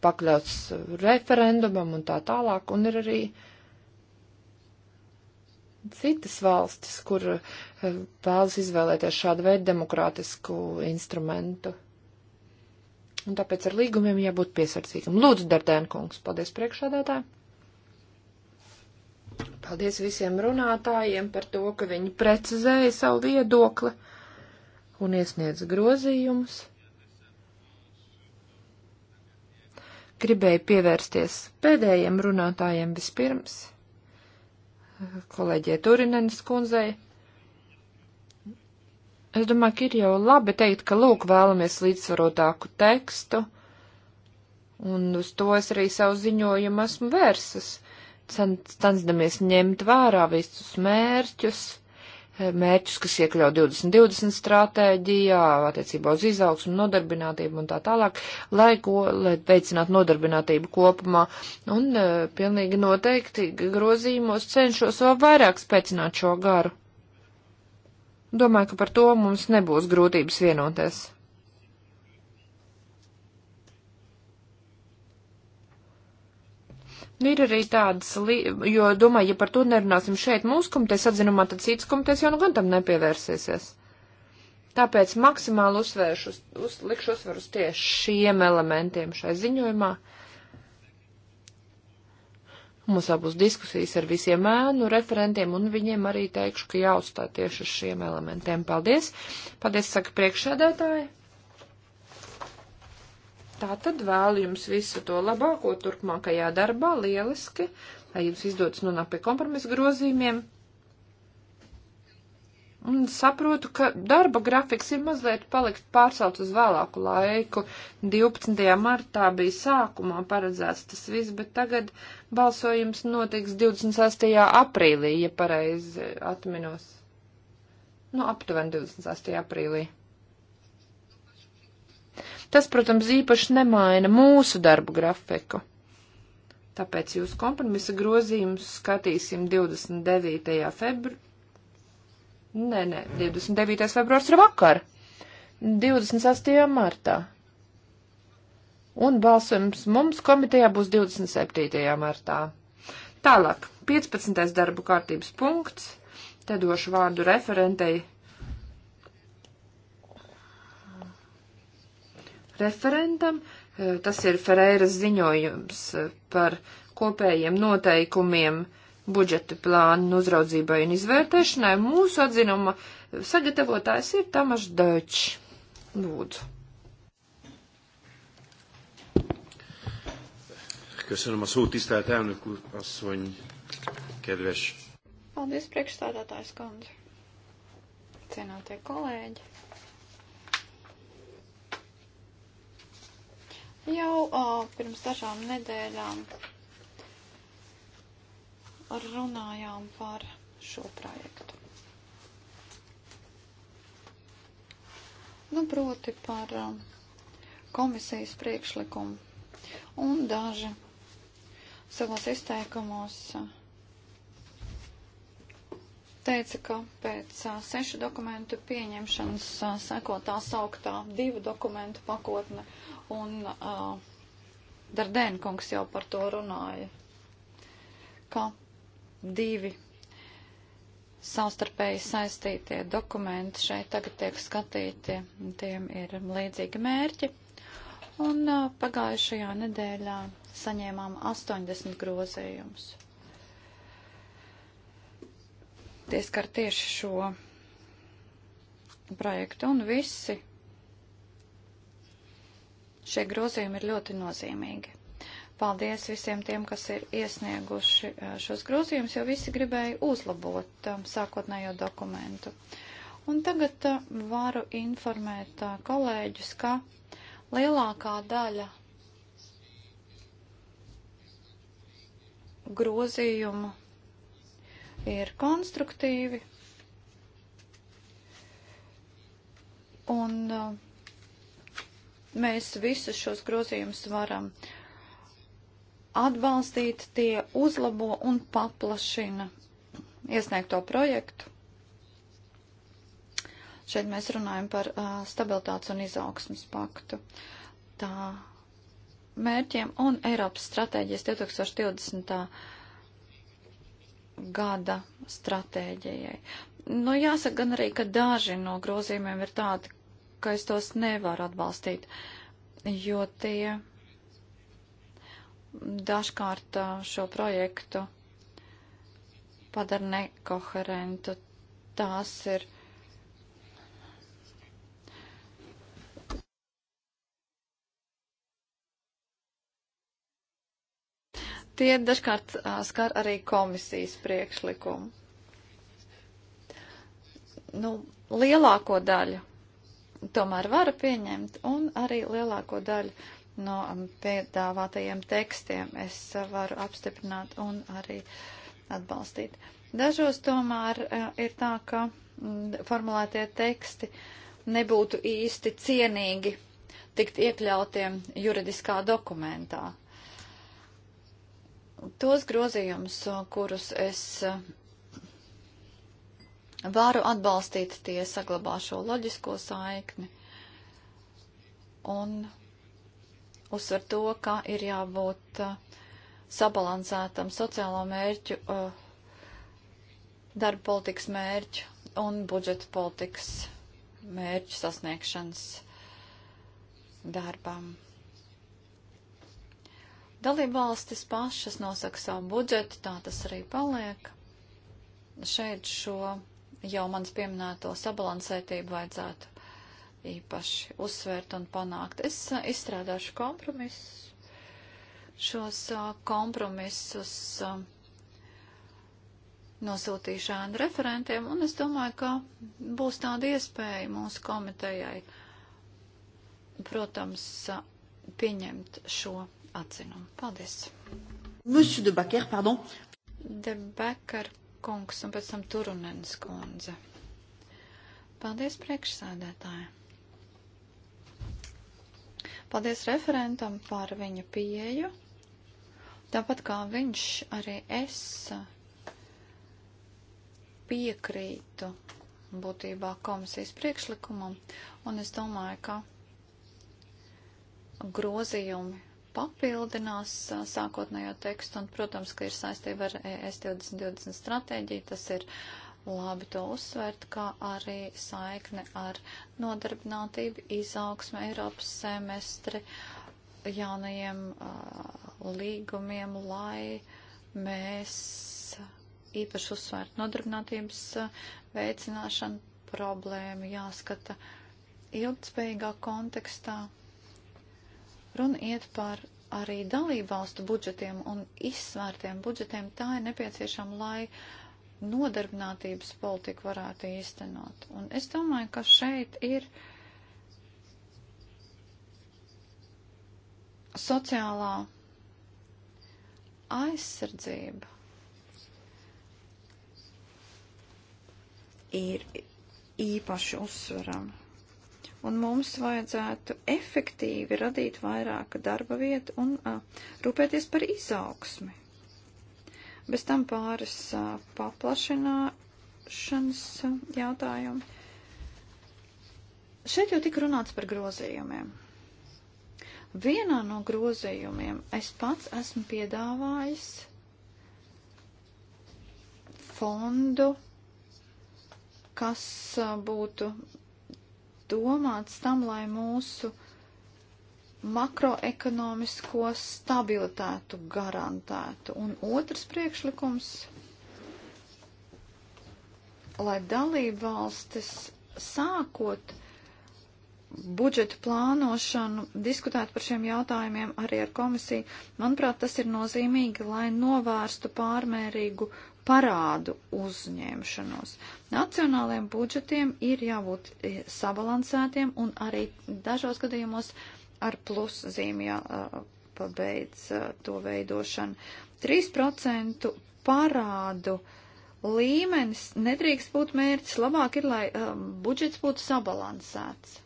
pakļauts referendumam un tā tālāk, un ir arī citas valstis, kur eh, vēlas izvēlēties šādu veidu demokrātisku instrumentu. Un tāpēc ar līgumiem jābūt piesardzīgam. Lūdzu, Dardēnkungs, paldies priekšādātāji. Paldies visiem runātājiem par to, ka viņi precizēja savu viedokli un iesniedz grozījumus. Gribēju pievērsties pēdējiem runātājiem vispirms, kolēģie Turinenes kundzei. Es domāju, ka ir jau labi teikt, ka lūk vēlamies līdzsvarotāku tekstu, un uz to es arī savu ziņojumu esmu vērsas, censdamies ņemt vērā visus mērķus mērķus, kas iekļauj 2020 stratēģijā, attiecībā uz izaugsmu, nodarbinātību un tā tālāk, lai, ko, lai veicinātu nodarbinātību kopumā. Un e, pilnīgi noteikti grozījumos cenšos vēl vairāk spēcināt šo garu. Domāju, ka par to mums nebūs grūtības vienoties. Ir arī tādas, jo, domāju, ja par to nerunāsim šeit mūsu komitejas atzinumā, tad cits komitejas jau nu gan tam nepievērsīsies. Tāpēc maksimāli uzsvēršu, uz, likšu uzsverus tieši šiem elementiem šai ziņojumā. Mums vēl būs diskusijas ar visiem ēnu referentiem, un viņiem arī teikšu, ka jāuzstāj tieši uz šiem elementiem. Paldies! Paldies, saka priekšsēdētāji! Tā tad vēlu jums visu to labāko turpmākajā darbā, lieliski, lai jums izdodas nonākt pie kompromisa grozījumiem. Un saprotu, ka darba grafiks ir mazliet palikt pārcelt uz vēlāku laiku. 12. martā bija sākumā paredzēts tas viss, bet tagad balsojums notiks 26. aprīlī, ja pareizi atminos. Nu, aptuveni 26. aprīlī. Tas, protams, īpaši nemaina mūsu darbu grafiku. Tāpēc jūsu kompromisa grozījumus skatīsim 29. februārī. Nē, nē, 29. februārs ir vakar. 28. martā. Un balsojums mums komitejā būs 27. martā. Tālāk, 15. darbu kārtības punkts. Te došu vārdu referentei referentam. Eh, tas ir Ferreiras ziņojums eh, par kopējiem noteikumiem budžeta plānu uzraudzībai un izvērtēšanai. Mūsu atzinuma sagatavotājs ir Tamaš Deutsch. Lūdzu. Köszönöm a szót, tisztelt elnök úr, asszony, kedves. Paldies, priekšstādātājs kundze. Cienātie kolēģi. Jau uh, pirms dažām nedēļām runājām par šo projektu. Nu, proti par uh, komisijas priekšlikumu. Un daži savos izteikumos uh, teica, ka pēc uh, sešu dokumentu pieņemšanas uh, seko tā sauktā divu dokumentu pakotne. Uh, un uh, Dardēna kungs jau par to runāja, ka divi savstarpēji saistītie dokumenti šeit tagad tiek skatīti, tiem ir līdzīgi mērķi. Un uh, pagājušajā nedēļā saņēmām 80 grozījumus. Tieskar tieši šo projektu un visi Šie grozījumi ir ļoti nozīmīgi. Paldies visiem tiem, kas ir iesnieguši eh, šos grozījumus, jo visi gribēja uzlabot um, sākotnējo dokumentu. Un tagad eh, varu informēt eh, kolēģus, ka lielākā daļa grozījumu ir konstruktīvi. Un uh, mēs visus šos grozījumus varam atbalstīt, tie uzlabo un paplašina iesniegto projektu. Šeit mēs runājam par uh, stabilitātes un izaugsmas paktu. Tā mērķiem un Eiropas stratēģijas 2020. gada stratēģijai. Nu, jāsaka gan arī, ka daži no grozījumiem ir tādi, ka es tos nevaru atbalstīt, jo tie dažkārt šo projektu padara nekoherentu. Tās ir. Tie dažkārt skar arī komisijas priekšlikumu. Nu, lielāko daļu tomēr varu pieņemt, un arī lielāko daļu no um, piedāvātajiem tekstiem es uh, varu apstiprināt un arī atbalstīt. Dažos tomēr uh, ir tā, ka mm, formulētie teksti nebūtu īsti cienīgi tikt iekļautiem juridiskā dokumentā. Tos grozījumus, uh, kurus es varu atbalstīt, tie saglabā šo loģisko saikni un uzsver to, ka ir jābūt uh, sabalansētam sociālo mērķu, uh, darba politikas mērķu un budžeta politikas mērķu sasniegšanas darbam. Dalība valstis pašas nosaka savu budžetu, tā tas arī paliek. Šeit šo jau mans pieminēto sabalansētību vajadzētu īpaši uzsvērt un panākt. Es uh, izstrādāšu kompromisus. Šos uh, kompromisus uh, nosūtīšu ēnu referentiem, un es domāju, ka būs tāda iespēja mūsu komitejai, protams, pieņemt šo atzinumu. Paldies! Monsieur de Baker, pardon. De Baker kungs un pēc tam Turunens kundze. Paldies priekšsēdētāji. Paldies referentam par viņa pieeju. Tāpat kā viņš, arī es piekrītu būtībā komisijas priekšlikumam, un es domāju, ka grozījumi papildinās sākotnējo tekstu, un, protams, ka ir saistība ar e ES 2020 stratēģiju, tas ir labi to uzsvērt, kā arī saikne ar nodarbinātību, izaugsme Eiropas semestri, jaunajiem uh, līgumiem, lai mēs īpaši uzsvērt nodarbinātības uh, veicināšanu problēmu jāskata ilgtspējīgā kontekstā Runa iet par arī dalībvalstu budžetiem un izsvērtiem budžetiem. Tā ir nepieciešama, lai nodarbinātības politiku varētu īstenot. Un es domāju, ka šeit ir sociālā aizsardzība ir īpaši uzsverama un mums vajadzētu efektīvi radīt vairāk darba vietu un a, rūpēties par izaugsmi. Bez tam pāris a, paplašināšanas a, jautājumi. Šeit jau tika runāts par grozījumiem. Vienā no grozījumiem es pats esmu piedāvājis fondu, kas būtu domāts tam, lai mūsu makroekonomisko stabilitātu garantētu. Un otrs priekšlikums, lai dalību valstis sākot budžetu plānošanu, diskutēt par šiem jautājumiem arī ar komisiju. Manuprāt, tas ir nozīmīgi, lai novērstu pārmērīgu parādu uzņemšanos. Nacionālajiem budžetiem ir jābūt e, sabalansētiem un arī dažos gadījumos ar plus zīmi jāpabeidz e, e, to veidošanu. 3% parādu līmenis nedrīkst būt mērķis. Labāk ir, lai budžets būtu sabalansēts.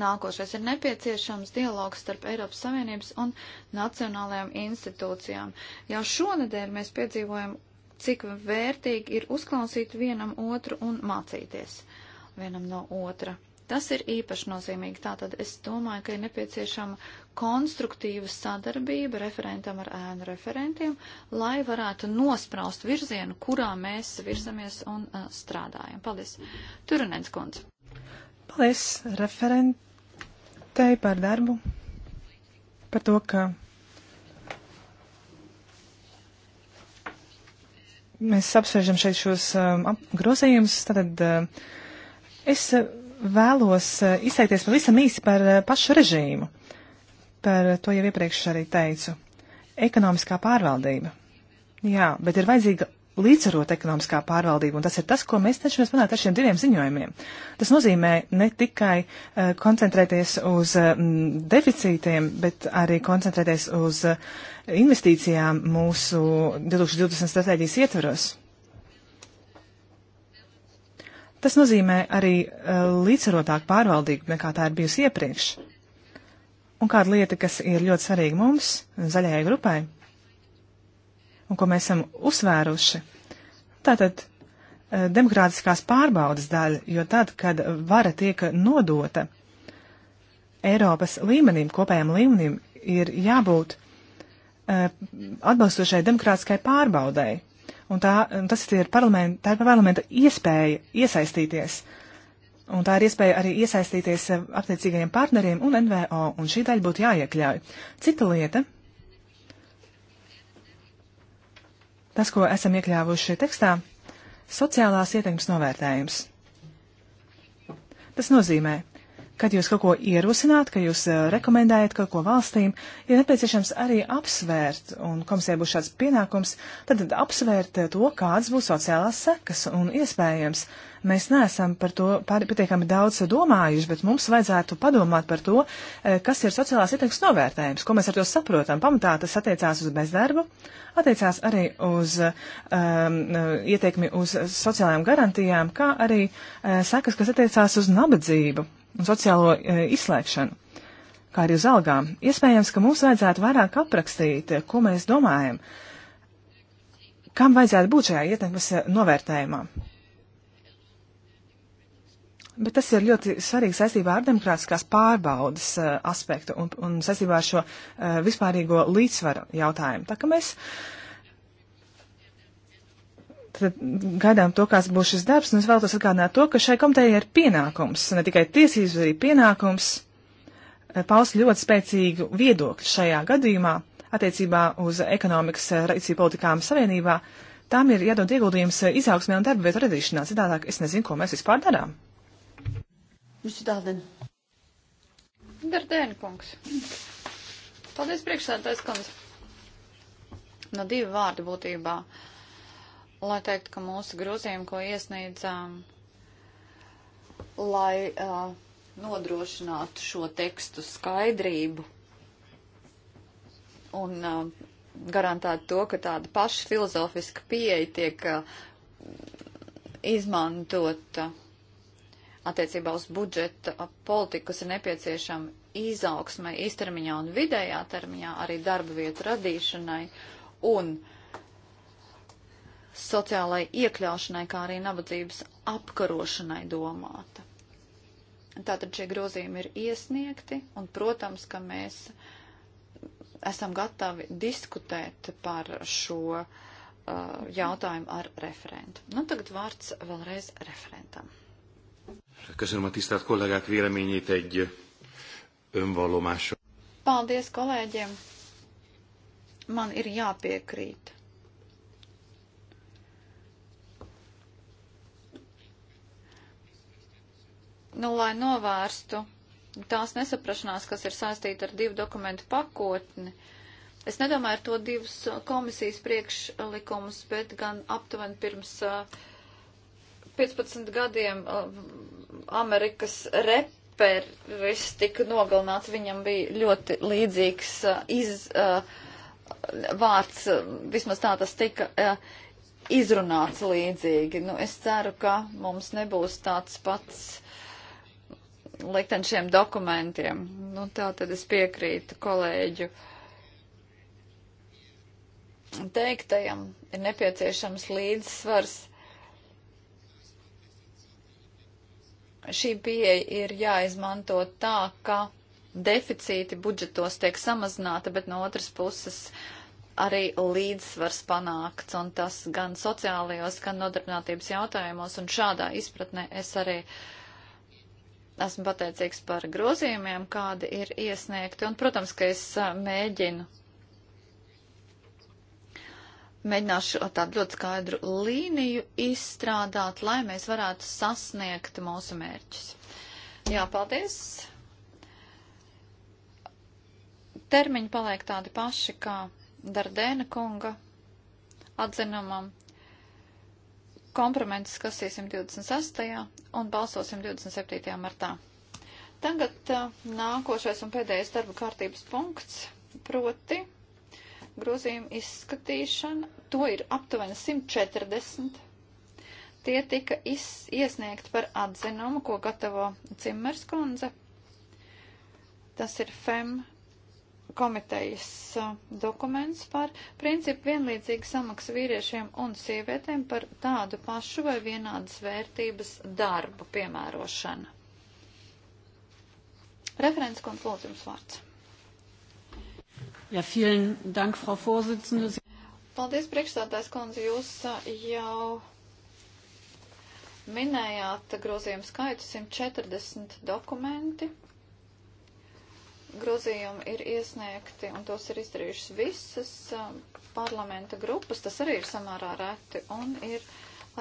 Nākošais ir nepieciešams dialogs starp Eiropas Savienības un nacionālajām institūcijām. Jau šonadēļ mēs piedzīvojam, cik vērtīgi ir uzklausīt vienam otru un mācīties vienam no otra. Tas ir īpaši nozīmīgi. Tātad es domāju, ka ir nepieciešama konstruktīva sadarbība referentam ar ēnu referentiem, lai varētu nospraust virzienu, kurā mēs virzamies un uh, strādājam. Paldies. Turunens kundze. Paldies referentei par darbu, par to, ka mēs apsvežam šeit šos um, grozījumus. Tad uh, es uh, vēlos uh, izteikties pavisam īsi par uh, pašu režīmu. Par to jau iepriekš arī teicu. Ekonomiskā pārvaldība. Jā, bet ir vajadzīga līdzsvarot ekonomiskā pārvaldība, un tas ir tas, ko mēs cenšamies panākt ar šiem diviem ziņojumiem. Tas nozīmē ne tikai uh, koncentrēties uz uh, deficītiem, bet arī koncentrēties uz uh, investīcijām mūsu 2020 stratēģijas ietvaros. Tas nozīmē arī uh, eh, līdzsvarotāku pārvaldību, nekā tā ir bijusi iepriekš. Un kāda lieta, kas ir ļoti svarīga mums, zaļajai grupai, un ko mēs esam uzsvēruši. Tātad eh, demokrātiskās pārbaudas daļa, jo tad, kad vara tiek nodota Eiropas līmenim, kopējam līmenim, ir jābūt eh, atbalstošai demokrātiskai pārbaudai. Un tā, un tas ir parlamenta, tā ir parlamenta iespēja iesaistīties. Un tā ir iespēja arī iesaistīties eh, attiecīgajiem partneriem un NVO, un šī daļa būtu jāiekļauj. Cita lieta, Tas, ko esam iekļāvuši tekstā, sociālās ietekmes novērtējums. Tas nozīmē, Kad jūs kaut ko ierosināt, ka jūs eh, rekomendējat kaut ko valstīm, ir nepieciešams arī apsvērt, un komisija būs šāds pienākums, tad apsvērt eh, to, kādas būs sociālās sekas un iespējams. Mēs neesam par to pietiekami daudz domājuši, bet mums vajadzētu padomāt par to, eh, kas ir sociālās ietekmes novērtējums, ko mēs ar to saprotam. Pamatā tas attiecās uz bezdarbu, attiecās arī uz um, ietekmi uz sociālajām garantijām, kā arī uh, sekas, kas attiecās uz nabadzību un sociālo e, izslēgšanu, kā arī uz algām. Iespējams, ka mums vajadzētu vairāk aprakstīt, e, ko mēs domājam, kam vajadzētu būt šajā ietekmes e, novērtējumā. Bet tas ir ļoti svarīgi saistībā ar demokrātiskās pārbaudas uh, aspektu un, un saistībā ar šo uh, vispārīgo līdzsvaru jautājumu. Tā ka mēs uh, tad gaidām to, kāds būs šis darbs, un es vēlos atgādināt to, ka šai komitejai ir pienākums, ne tikai tiesības, bet arī pienākums eh, paust ļoti spēcīgu viedokli šajā gadījumā attiecībā uz ekonomikas eh, rīcību politikām savienībā. Tām ir jādod ieguldījums eh, izaugsmē un darba vietu radīšanā. Citādāk es nezinu, ko mēs vispār darām. Dardēna kungs. Paldies priekšsēdētājs kundze. No divu vārdu būtībā. Uh, lai teikt, ka mūsu grozījumi, ko iesniedzām, lai uh, nodrošinātu šo tekstu skaidrību un uh, garantētu to, ka tāda paša filozofiska pieeja tiek uh, izmantota attiecībā uz budžeta politiku, kas ir nepieciešama izaugsmai, īstermiņā un vidējā termiņā, arī darba vietu radīšanai un uh, sociālai iekļaušanai, kā arī nabadzības apkarošanai domāta. Tātad šie grozījumi ir iesniegti, un, protams, ka mēs esam gatavi diskutēt par šo uh, jautājumu ar referentu. Nu, tagad vārds vēlreiz referentam. Köszönöm a tisztelt kollégák véleményét egy önvallomásra. Paldies kolēģiem! Man ir jāpiekrīt Nu, lai novērstu tās nesaprašanās, kas ir saistīta ar divu dokumentu pakotni, es nedomāju ar to divus uh, komisijas priekšlikumus, bet gan aptuveni pirms uh, 15 gadiem uh, Amerikas reperis tika nogalināts, viņam bija ļoti līdzīgs uh, iz, uh, vārds, uh, vismaz tā tas tika uh, izrunāts līdzīgi. Nu, es ceru, ka mums nebūs tāds pats likteni šiem dokumentiem. Nu, tā tad es piekrītu kolēģu teiktajam, ir nepieciešams līdzsvars. Šī pieeja ir jāizmanto tā, ka deficīti budžetos tiek samazināta, bet no otras puses arī līdzsvars panākts, un tas gan sociālajos, gan nodarbinātības jautājumos, un šādā izpratnē es arī uh, Esmu pateicīgs par grozījumiem, kādi ir iesniegti, un, protams, ka es mēģinu. Mēģināšu tādu ļoti skaidru līniju izstrādāt, lai mēs varētu sasniegt mūsu mērķus. Jā, paldies! termiņi paliek tādi paši kā Dardēna kunga atzinumam kompromisu skatīsim 28. un balsosim 27. martā. Tagad uh, nākošais un pēdējais darba kārtības punkts, proti grozījuma izskatīšana. To ir aptuveni 140. Tie tika iesniegti par atzinumu, ko gatavo Cimmers kundze. Tas ir FEM komitejas uh, dokuments par principu vienlīdzīgu samaksu vīriešiem un sievietēm par tādu pašu vai vienādas vērtības darbu piemērošanu. Referents kundz lūdzu jums vārds. Ja, vielen dank, Frau Vorsitzende. Paldies, priekšstādājs kundze, jūs uh, jau minējāt grozījumu skaitu 140 dokumenti, grozījumi ir iesniegti, un tos ir izdarījušas visas parlamenta grupas, tas arī ir samērā reti, un ir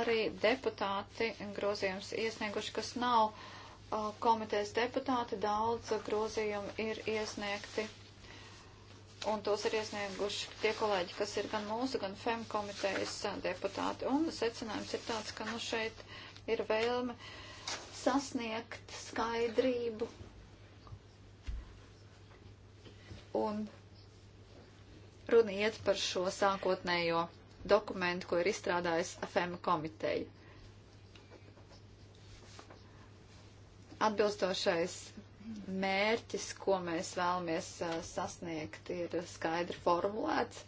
arī deputāti grozījums iesnieguši, kas nav komitejas deputāti, daudz grozījumi ir iesniegti, un tos ir iesnieguši tie kolēģi, kas ir gan mūsu, gan FEM komitejas deputāti, un secinājums ir tāds, ka nu šeit ir vēlme sasniegt skaidrību Un runa iet par šo sākotnējo dokumentu, ko ir izstrādājis FM komiteja. Atbilstošais mērķis, ko mēs vēlamies uh, sasniegt, ir skaidri formulēts.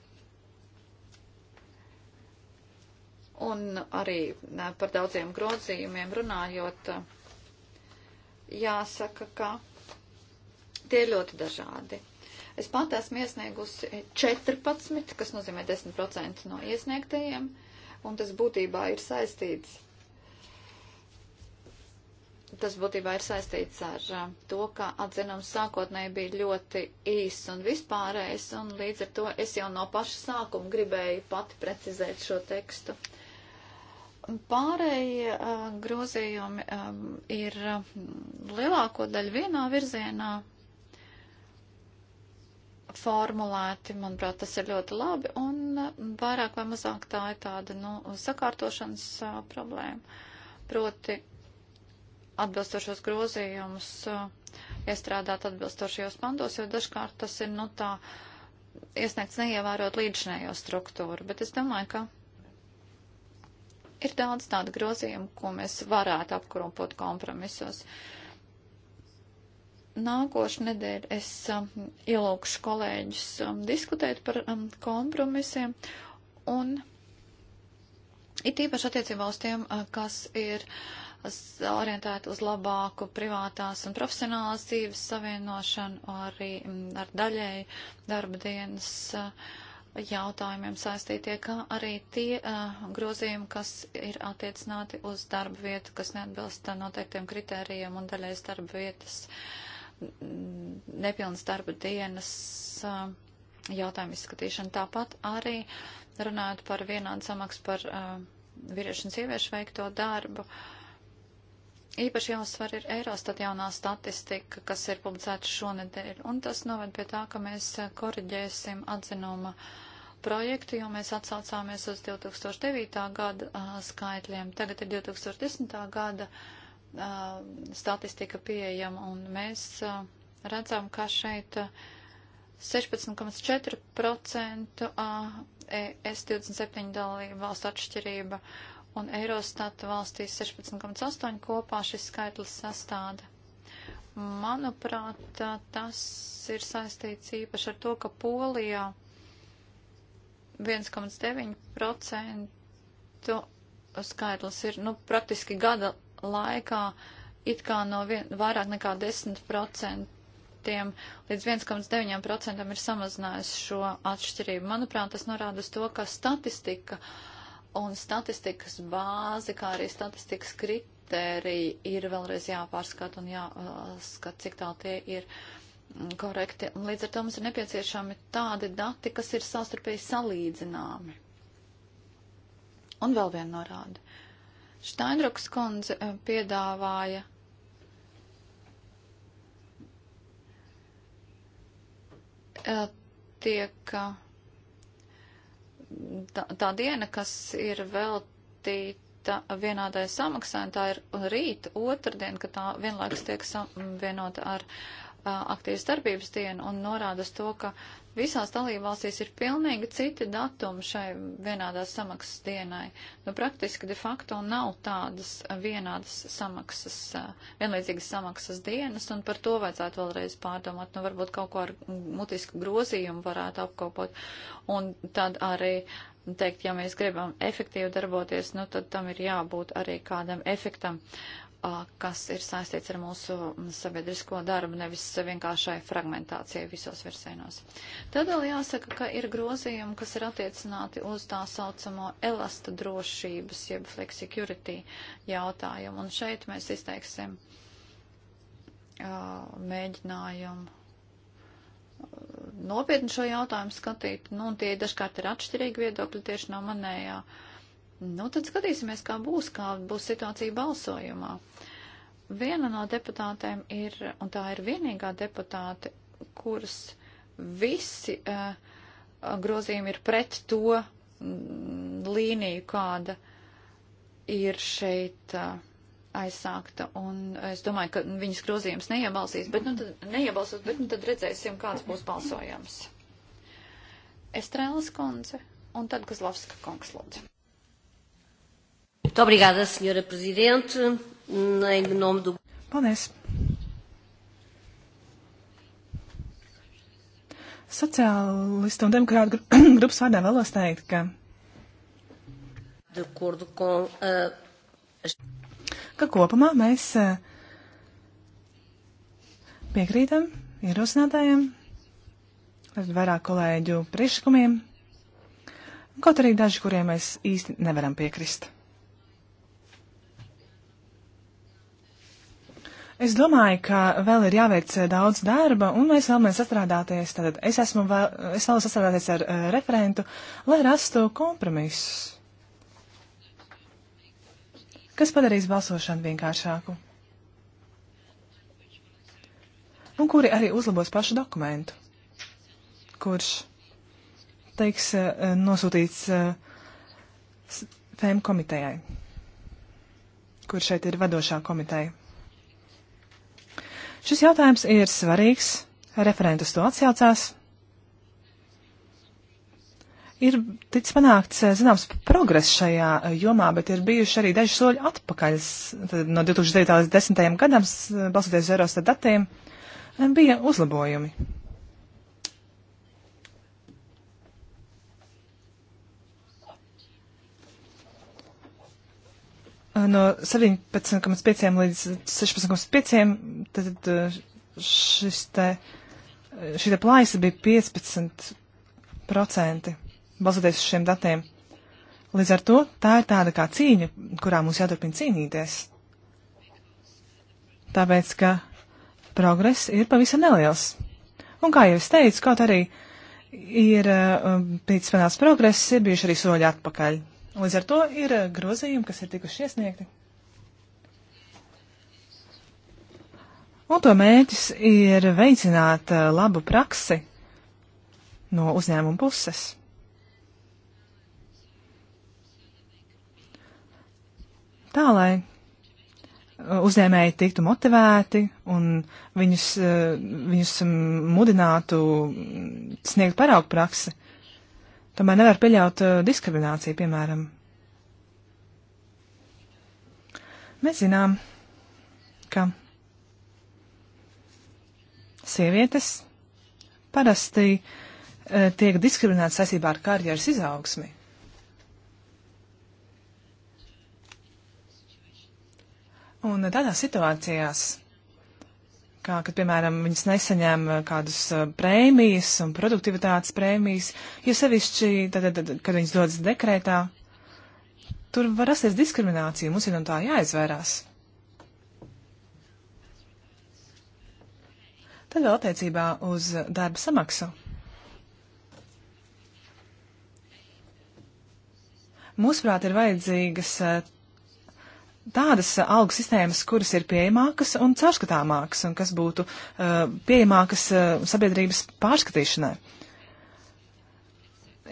Un arī ne, par daudziem grozījumiem runājot, jāsaka, ka tie ir ļoti dažādi Es pat esmu iesniegusi 14, kas nozīmē 10% no iesniegtajiem, un tas būtībā ir saistīts. Tas būtībā ir saistīts ar uh, to, ka atzinums sākotnēji bija ļoti īss un vispārējs, un līdz ar to es jau no paša sākuma gribēju pati precizēt šo tekstu. Pārējie uh, grozījumi um, ir uh, lielāko daļu vienā virzienā, formulēti, manuprāt, tas ir ļoti labi, un vairāk vai mazāk tā ir tāda, nu, sakārtošanas uh, problēma. Proti, atbilstošos grozījumus uh, iestrādāt atbilstošajos pandos, jo dažkārt tas ir, nu, tā iesniegts neievērot līdzinējo struktūru, bet es domāju, ka ir daudz tādu grozījumu, ko mēs varētu apkrumpot kompromisos. Uh, Nākošu nedēļu es um, ielūkšu kolēģus um, diskutēt par um, kompromisiem un it īpaši attiecībā uz tiem, uh, kas ir orientēti uz labāku privātās un profesionālās dzīves savienošanu arī mm, ar daļēju darba dienas uh, jautājumiem saistītie, kā arī tie uh, grozījumi, kas ir attiecināti uz darba vietu, kas neatbilst noteiktiem kritērijiem un daļais darba vietas uh, nepilnas darba dienas jautājumu izskatīšanu. Tāpat arī runājot par vienādu samaksu par vīriešu un sieviešu veikto darbu. Īpaši jāuzsver ir Eirostat jaunā statistika, kas ir publicēta šonedēļ, un tas noved pie tā, ka mēs koriģēsim atzinuma projektu, jo mēs atsaucāmies uz 2009. gada skaitļiem. Tagad ir 2010. gada. Uh, statistika pieejama, un mēs redzam, ka šeit 16,4% ES 27 dalība valsts atšķirība un Eurostata valstīs 16,8 kopā šis skaitlis sastāda. Manuprāt, tas ir saistīts īpaši ar to, ka Polijā 1,9% skaitlis ir nu, praktiski gada laikā it kā no vien, vairāk nekā 10% līdz 1,9% ir samazinājusi šo atšķirību. Manuprāt, tas norāda uz to, ka statistika un statistikas bāzi, kā arī statistikas kritēriji ir vēlreiz jāpārskata un jāskat, cik tā tie ir mm, korekti. Līdz ar to mums ir nepieciešami tādi dati, kas ir savstarpēji salīdzināmi. Un vēl viena norāda. Štainruks kundze eh, piedāvāja eh, tiek eh, tā, tā diena, kas ir veltīta vienādai samaksai, tā ir rīt, otrdien, kad tā vienlaiks tiek savienota ar uh, aktīvas darbības dienu un norāda uz to, ka visās dalībvalstīs ir pilnīgi citi datumi šai vienādās samaksas dienai. Nu, praktiski de facto nav tādas vienādas samaksas, vienlīdzīgas samaksas dienas, un par to vajadzētu vēlreiz pārdomāt. Nu, varbūt kaut ko ar mutisku grozījumu varētu apkopot, un tad arī teikt, ja mēs gribam efektīvi darboties, nu, tad tam ir jābūt arī kādam efektam. Uh, kas ir saistīts ar mūsu sabiedrisko darbu, nevis vienkāršai fragmentācijai visos virsienos. Tad vēl jāsaka, ka ir grozījumi, kas ir attiecināti uz tā saucamo elasta drošības, jeb flexicurity jautājumu. Un šeit mēs izteiksim mēģinājumu nopietni šo jautājumu skatīt, nu, un tie dažkārt ir atšķirīgi viedokļi tieši no manējā. Nu, tad skatīsimies, kā būs, kā būs situācija balsojumā. Viena no deputātēm ir, un tā ir vienīgā deputāte, kuras visi uh, grozījumi ir pret to mm, līniju, kāda ir šeit uh, aizsākta. Un es domāju, ka viņas grozījums neiebalsīs, bet nu tad, neiebalsos, bet nu tad redzēsim, kāds būs balsojums. Estrēlas konce un tad Gazlavska kungs lūdzu. Muito obrigada, Sra. Presidente em nome do. Paldies! Sociālistu un demokrātu grupas vārdā vēlos teikt, ka. De acordo com. Uh, ka kopumā mēs uh, piekrītam ierosinātājiem, vairāk kolēģu priekšlikumiem, kaut arī daži, kuriem mēs īsti nevaram piekrist. Es domāju, ka vēl ir jāveic eh, daudz darba, un mēs vēlamies sastrādāties. Tātad es, esmu vēl, es vēlos sastrādāties ar uh, referentu, lai rastu kompromisus. Kas padarīs balsošanu vienkāršāku? Un kuri arī uzlabos pašu dokumentu, kurš teiks uh, nosūtīts uh, FEM komitejai, kur šeit ir vadošā komiteja. Šis jautājums ir svarīgs, referentus to atsaucās. Ir tic panākts, eh, zināms, progress šajā eh, jomā, bet ir bijuši arī daži soļi atpakaļ no 2009. līdz 2010. gadam, balstoties uz Eurostat datiem, eh, bija uzlabojumi. no 17,5 līdz 16,5, tad uh, šis te, uh, šī te plājas bija 15% balstoties uz šiem datiem. Līdz ar to tā ir tāda kā cīņa, kurā mums jāturpina cīnīties. Tāpēc, ka progress ir pavisam neliels. Un kā jau es teicu, kaut arī ir pēc uh, um, panāks progress, ir bijuši arī soļi atpakaļ. Līdz ar to ir eh, grozījumi, kas ir tikuši iesniegti. Un to mērķis ir veicināt eh, labu praksi no uzņēmuma puses. Tā, lai eh, uzņēmēji tiktu motivēti un viņus, viņus mm, mudinātu sniegt paraugu praksi. Tomēr nevar pieļaut uh, diskrimināciju, piemēram. Mēs zinām, ka sievietes parasti uh, tiek diskriminētas saistībā ar karjeras izaugsmi. Un uh, tādās situācijās kā, kad, piemēram, viņas nesaņēma eh, kādus eh, prēmijas un produktivitātes prēmijas, jo sevišķi, tad, tad, kad viņas dodas dekrētā, tur var rasties diskriminācija, mums ir no tā jāizvērās. Tad vēl attiecībā uz darba samaksu. Mūsuprāt, ir vajadzīgas eh, tādas algu sistēmas, kuras ir pieejamākas un caurskatāmākas, un kas būtu uh, pieejamākas uh, sabiedrības pārskatīšanai.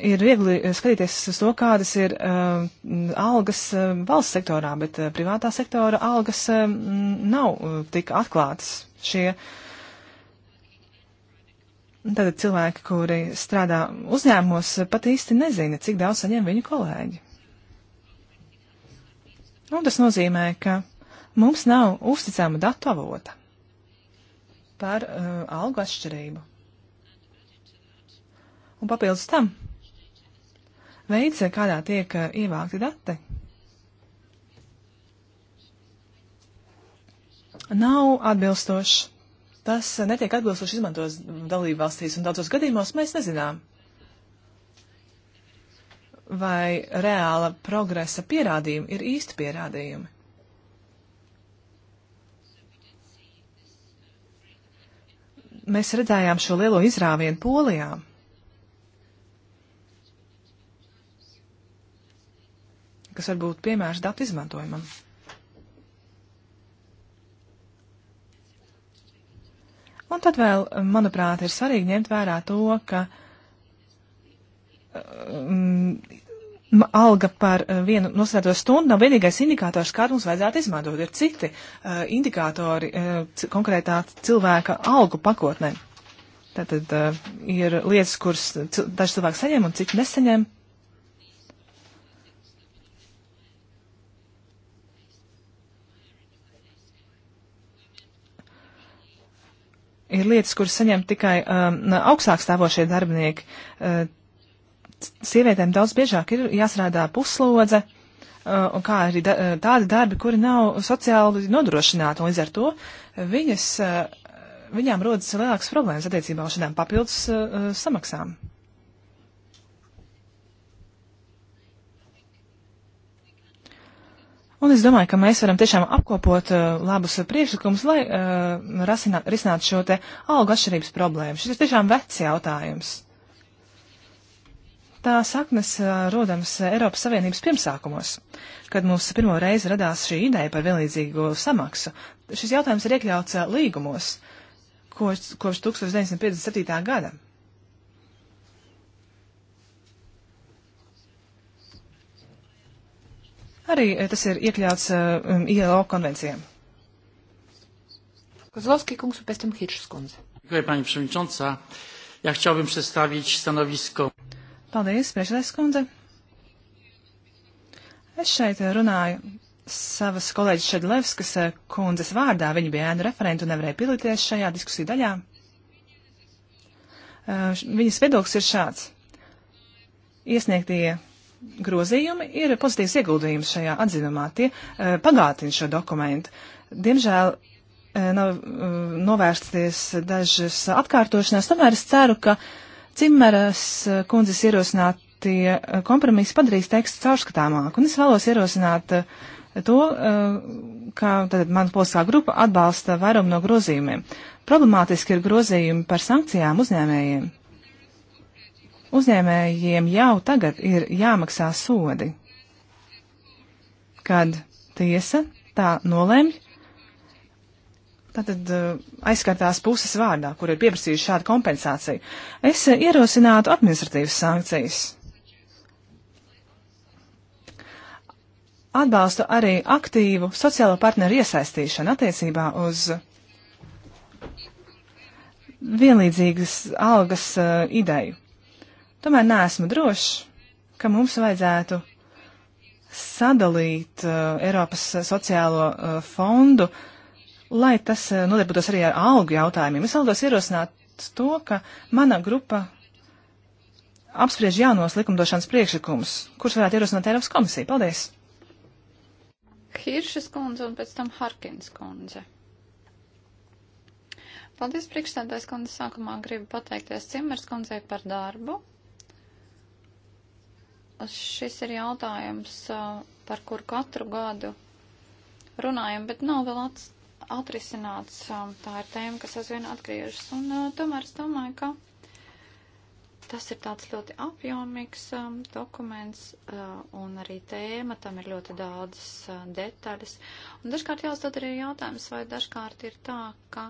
Ir viegli uh, skatīties uz to, kādas ir uh, algas uh, valsts sektorā, bet uh, privātā sektora algas uh, nav uh, tik atklātas. Šie Tātad cilvēki, kuri strādā uzņēmumos, pat īsti nezina, cik daudz saņem viņu kolēģi. Un tas nozīmē, ka mums nav uzticama datu avota par uh, algu atšķirību. Un papildus tam veids, kādā tiek uh, ievākti dati, nav atbilstošs. Tas netiek atbilstoši izmantos dalībvalstīs, un daudzos gadījumos mēs nezinām, vai reāla progresa pierādījumi ir īsti pierādījumi. Mēs redzējām šo lielo izrāvienu Polijā. kas var būt piemērs datu izmantojumam. Un tad vēl, manuprāt, ir svarīgi ņemt vērā to, ka uh, um, alga par eh, vienu noslēgto stundu nav vienīgais indikators, kādu mums vajadzētu izmantot. Ir citi uh, eh, indikatori uh, eh, konkrētā cilvēka algu pakotnē. Tātad uh, ir lietas, kuras cil daži cilvēki saņem un citi nesaņem. Ir lietas, kuras saņem tikai um, augstāk stāvošie darbinieki. Uh, sievietēm daudz biežāk ir jāstrādā puslodze, uh, un kā arī da uh, tādi darbi, kuri nav sociāli nodrošināti, un līdz ar to viņas, uh, viņām rodas lielākas problēmas attiecībā uz šādām papildus samaksām. Un es domāju, ka mēs varam tiešām apkopot uh, labus priekšlikumus, lai uh, rasināt, risinātu šo te algu atšķirības problēmu. Šis ir tiešām vecs jautājums. Tā saknes rodams Eiropas Savienības pirmsākumos, kad mums pirmo reizi radās šī ideja par vienlīdzīgu samaksu. Šis jautājums ir iekļauts līgumos kopš, kopš 1957. gada. Arī tas ir iekļauts um, ILO konvencijām. Kozlowski kungs un pēc tam Hiršs kundze. Dziękuję pani przewodnicząca. Ja chciałbym przedstawić stanowisko Paldies, priekšsēdētājas kundze. Es šeit runāju savas kolēģis Šedlevskas kundzes vārdā. Viņa bija ēnu referentu un nevarēja piedalīties šajā diskusiju daļā. Viņas viedoklis ir šāds. Iesniegtie grozījumi ir pozitīvs ieguldījums šajā atzinumā. Tie uh, pagātina šo dokumentu. Diemžēl uh, nav uh, novērsties dažas atkārtošanās, tomēr es ceru, ka uh, Cimeras eh, kundzes ierosinātie eh, kompromisi padarīs tekstu caurskatāmāku, un es vēlos ierosināt eh, to, ka mana polskā grupa atbalsta vairumu no grozījumiem. Problemātiski ir grozījumi par sankcijām uzņēmējiem. Uzņēmējiem jau tagad ir jāmaksā sodi, kad tiesa tā nolemj, tātad eh, aizskartās puses vārdā, kur ir pieprasījuši šādu kompensāciju, es eh, ierosinātu administratīvas sankcijas. Atbalstu arī aktīvu sociālo partneru iesaistīšanu attiecībā uz vienlīdzīgas algas uh, ideju. Tomēr neesmu drošs, ka mums vajadzētu sadalīt uh, Eiropas sociālo uh, fondu uh, lai tas eh, nodarbotos arī ar algu jautājumiem. Es vēlos ierosināt to, ka mana grupa apspriež jaunos likumdošanas priekšlikumus, kurus varētu ierosināt Eiropas komisija. Paldies! Hiršas kundze un pēc tam Harkins kundze. Paldies, priekšstādājs kundze. Sākumā gribu pateikties Cimers kundzei par darbu. Šis ir jautājums, eh, par kuru katru gadu runājam, bet nav vēl atstājums atrisināts. Um, tā ir tēma, kas aizvien atgriežas. Un uh, tomēr es domāju, ka tas ir tāds ļoti apjomīgs um, dokuments, uh, un arī tēma, tam ir ļoti daudzas uh, detaļas. Un dažkārt jāuzdod arī jautājums, vai dažkārt ir tā, ka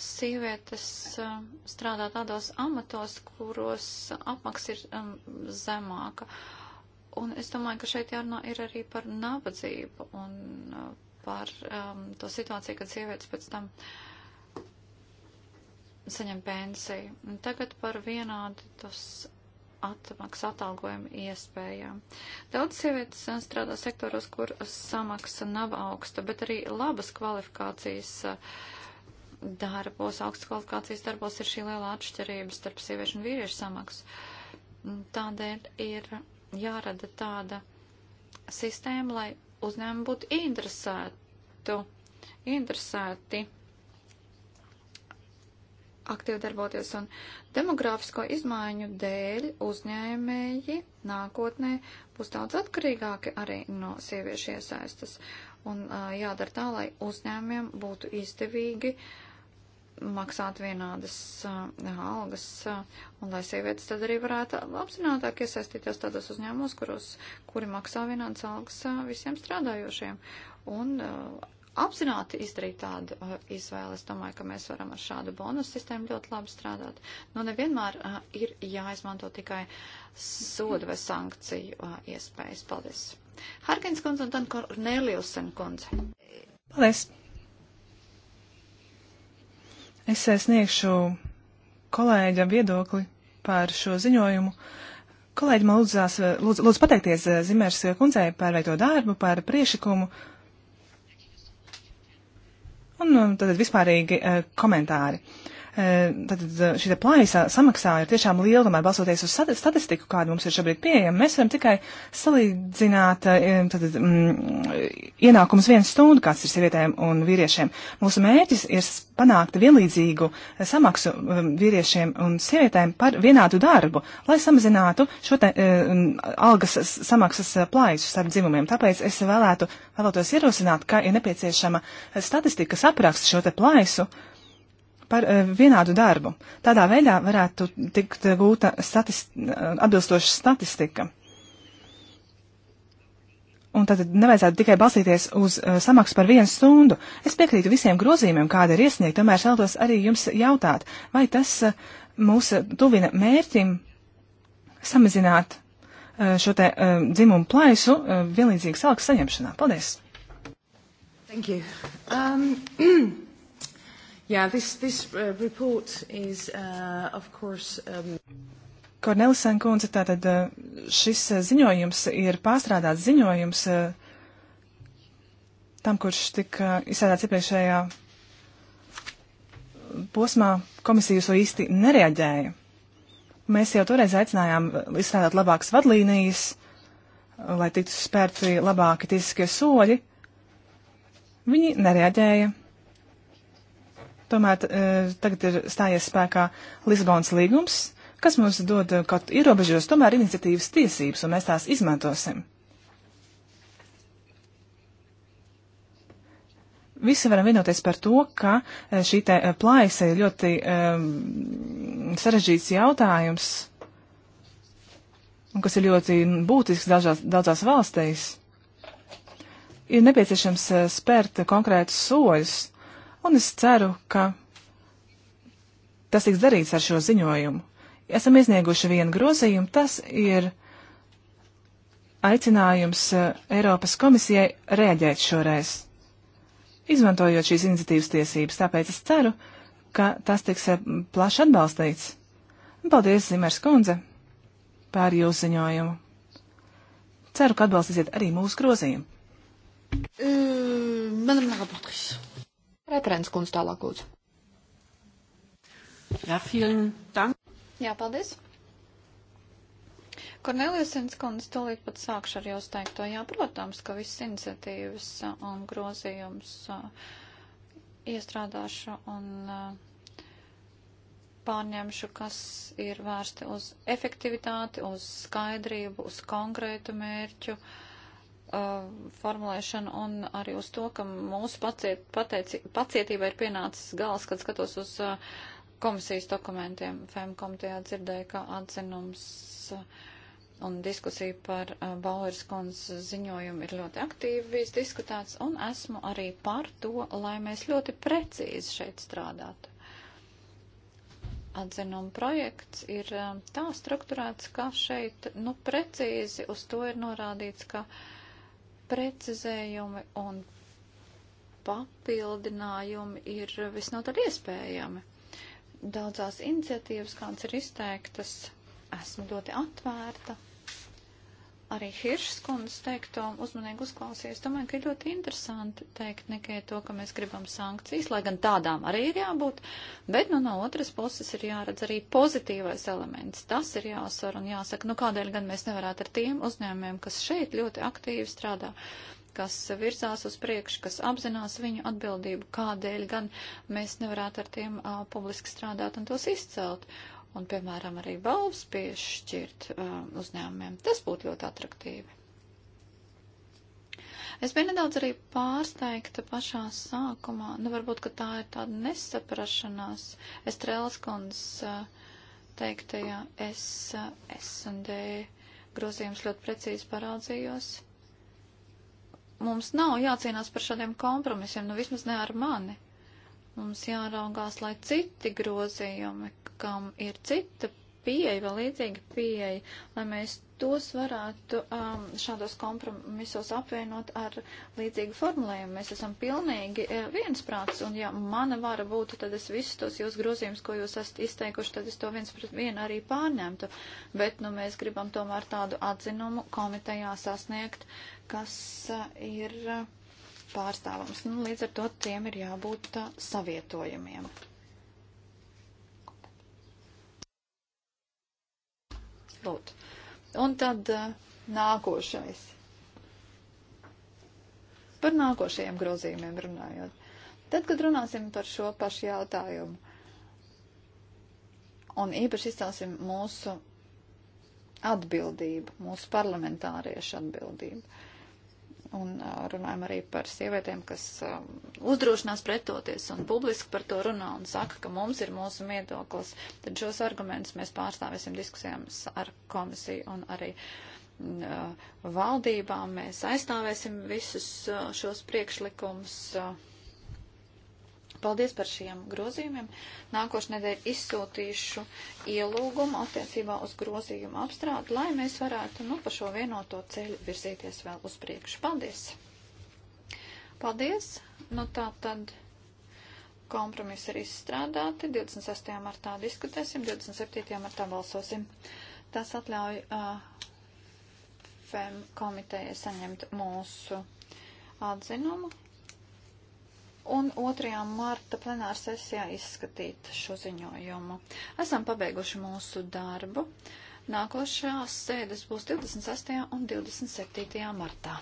sievietes uh, strādā tādos amatos, kuros apmaks ir um, zemāka. Uh, Un es domāju, ka šeit jārunā ir arī par nabadzību un uh, par um, to situāciju, kad sievietes pēc tam saņem pensiju. Un tagad par vienādu tos atmaksu atalgojumu iespējām. Daudz sievietes uh, strādā sektoros, kur samaksa nav augsta, bet arī labas kvalifikācijas uh, darbos, augstas kvalifikācijas darbos ir šī lielā atšķirība starp sieviešu un vīriešu samaksu. Tādēļ ir jārada tāda sistēma, lai uzņēmumi būtu interesētu, interesēti aktīvi darboties un demogrāfisko izmaiņu dēļ uzņēmēji nākotnē būs daudz atkarīgāki arī no sieviešu iesaistas. Un uh, jādara tā, lai uzņēmiem būtu izdevīgi uh, maksāt vienādas uh, algas, uh, un lai sievietes tad arī varētu apzinātāk iesaistīties tādos uzņēmumos, kuros, kuri maksā vienādas algas uh, visiem strādājošiem, un uh, apzināti izdarīt tādu uh, izvēli. Es domāju, ka mēs varam ar šādu bonusu sistēmu ļoti labi strādāt. Nu, nevienmēr uh, ir jāizmanto tikai sodu vai sankciju uh, iespējas. Paldies! Harkins kundze un tad Korneliusen kundze. Paldies! Es eh, sniegšu kolēģam viedokli par šo ziņojumu. Kolēģi man lūdzās, eh, lūdz, lūdz pateikties eh, Zimers kundzei par veikto darbu, par priešikumu. Un, un um, tad vispārīgi komentāri. Uh, tad šī plājas samaksā ir tiešām liela, tomēr balsoties uz statistiku, kāda mums ir šobrīd pieejama, mēs varam tikai salīdzināt tad, mm, ienākums vienu stundu, kāds ir sievietēm un vīriešiem. Mūsu mērķis ir panākt vienlīdzīgu samaksu vīriešiem un sievietēm par vienādu darbu, lai samazinātu šo te, mm, algas samaksas plājas starp dzimumiem. Tāpēc es vēlētu, vēlētos ierosināt, ka ir nepieciešama statistika, kas apraksta šo te plājas, par eh, vienādu darbu. Tādā veidā varētu tikt gūta statist, eh, atbilstoša statistika. Un tad nevajadzētu tikai balstīties uz uh, samaksu par vienu stundu. Es piekrītu visiem grozījumiem, kāda ir iesniegta, tomēr vēlos arī jums jautāt, vai tas uh, mūs tuvina mērķim samazināt uh, šo te uh, dzimumu plaisu uh, vienlīdzīgas algas saņemšanā. Paldies! Thank you. Um, Yeah, this, this uh, report is, uh, of course, um... Kornelisēna kundze, tātad uh, šis uh, ziņojums ir pārstrādāts ziņojums uh, tam, kurš tika izsēdāts iepriekšējā posmā, komisija uz to īsti nereaģēja. Mēs jau toreiz aicinājām izstrādāt labākas vadlīnijas, lai tiktu spērti labāki tiesiskie soļi. Viņi nereaģēja. Tomēr e, tagad ir stājies spēkā Lisabonas līgums, kas mums dod e, kaut ierobežos tomēr iniciatīvas tiesības, un mēs tās izmantosim. Visi varam vienoties par to, ka e, šī te plājas ir ļoti um, sarežģīts jautājums, un kas ir ļoti būtisks dažās, daudzās valstīs. Ir nepieciešams spērt konkrētus soļus un es ceru, ka tas tiks darīts ar šo ziņojumu. Esam iznieguši vienu grozījumu, tas ir aicinājums eh, Eiropas komisijai rēģēt šoreiz, izmantojot šīs iniciatīvas tiesības, tāpēc es ceru, ka tas tiks eh, plaši atbalstīts. Paldies, Zimers kundze, pār jūsu ziņojumu. Ceru, ka atbalstīsiet arī mūsu grozījumu. Uh, Referents kundz tālāk lūdzu. Jā, vielen dank. Jā, paldies. Kornelisens kundze, tūlīt pat sākšu ar jūs teikto. Jā, protams, ka viss iniciatīvas un grozījums iestrādāšu un pārņemšu, kas ir vērsti uz efektivitāti, uz skaidrību, uz konkrētu mērķu. Uh, uh, formulēšanu un arī uz to, ka mūsu paciet, pateici, pacietība ir pienācis gals, kad skatos uz uh, komisijas dokumentiem. FEM komitejā dzirdēju, ka atzinums uh, un diskusija par uh, Bauers kundzes ziņojumu ir ļoti aktīvi bijis diskutēts un esmu arī par to, lai mēs ļoti precīzi šeit strādātu atzinuma projekts ir uh, tā strukturēts, ka šeit, nu, precīzi uz to ir norādīts, ka uh, precizējumi un papildinājumi ir visnotaļ iespējami. Daudzās iniciatīvas, kāds ir izteiktas, esmu ļoti atvērta arī Hiršs kundas teikto uzmanīgi uzklausījis. Domāju, ka ir ļoti interesanti teikt ne tikai to, ka mēs gribam sankcijas, lai gan tādām arī ir jābūt, bet nu, no otras puses ir jāredz arī pozitīvais elements. Tas ir jāsver un jāsaka, nu kādēļ gan mēs nevarētu ar tiem uzņēmumiem, kas šeit ļoti aktīvi strādā kas virzās uz priekšu, kas apzinās viņu atbildību, kādēļ gan mēs nevarētu ar tiem uh, publiski strādāt un tos izcelt. Uh, un, piemēram, arī balvas piešķirt uh, uzņēmumiem. Tas būtu ļoti atraktīvi. Es biju nedaudz arī pārsteigta pašā sākumā, nu varbūt, ka tā ir tāda nesaprašanās. Es Trēlskundas uh, teiktajā es, uh, es un D grozījums ļoti precīzi paraudzījos. Mums nav jācīnās par šādiem kompromisiem, nu vismaz ne ar mani. Mums jāraugās, lai citi grozījumi, kam ir cita pieeja vai līdzīga pieeja, lai mēs tos varētu um, šādos kompromisos apvienot ar līdzīgu formulējumu. Mēs esam pilnīgi uh, viensprāts, un ja mana vara būtu, tad es visus tos jūs grozījumus, ko jūs esat izteikuši, tad es to viens pret vienu arī pārņemtu. Bet, nu, mēs gribam tomēr tādu atzinumu komitejā sasniegt, kas uh, ir. Uh, pārstāvams. Nu, līdz ar to tiem ir jābūt tā, savietojumiem. Lūd. Un tad nākošais. Par nākošajiem grozījumiem runājot. Tad, kad runāsim par šo pašu jautājumu, un īpaši izstāsim mūsu atbildību, mūsu parlamentāriešu atbildību. Uh, un runājam arī par sievietēm, kas uzdrošinās pretoties un publiski par to runā un saka, ka mums ir mūsu viedoklis, tad šos argumentus mēs pārstāvēsim diskusijās ar komisiju un arī valdībām. Mēs aizstāvēsim visus šos priekšlikumus Paldies par šiem grozījumiem. Nākošnedēļ izsūtīšu ielūgumu attiecībā uz grozījumu apstrādi, lai mēs varētu nu pa šo vienoto ceļu virzīties vēl uz priekšu. Paldies! Paldies! Nu tā tad kompromisi ir izstrādāti. 26. martā diskutēsim, 27. martā balsosim. Tas atļauj uh, FEM komitejai saņemt mūsu atzinumu un 2. marta plenāra sesijā izskatīt šo ziņojumu. Esam pabeiguši mūsu darbu. Nākošās sēdes būs 26. un 27. martā.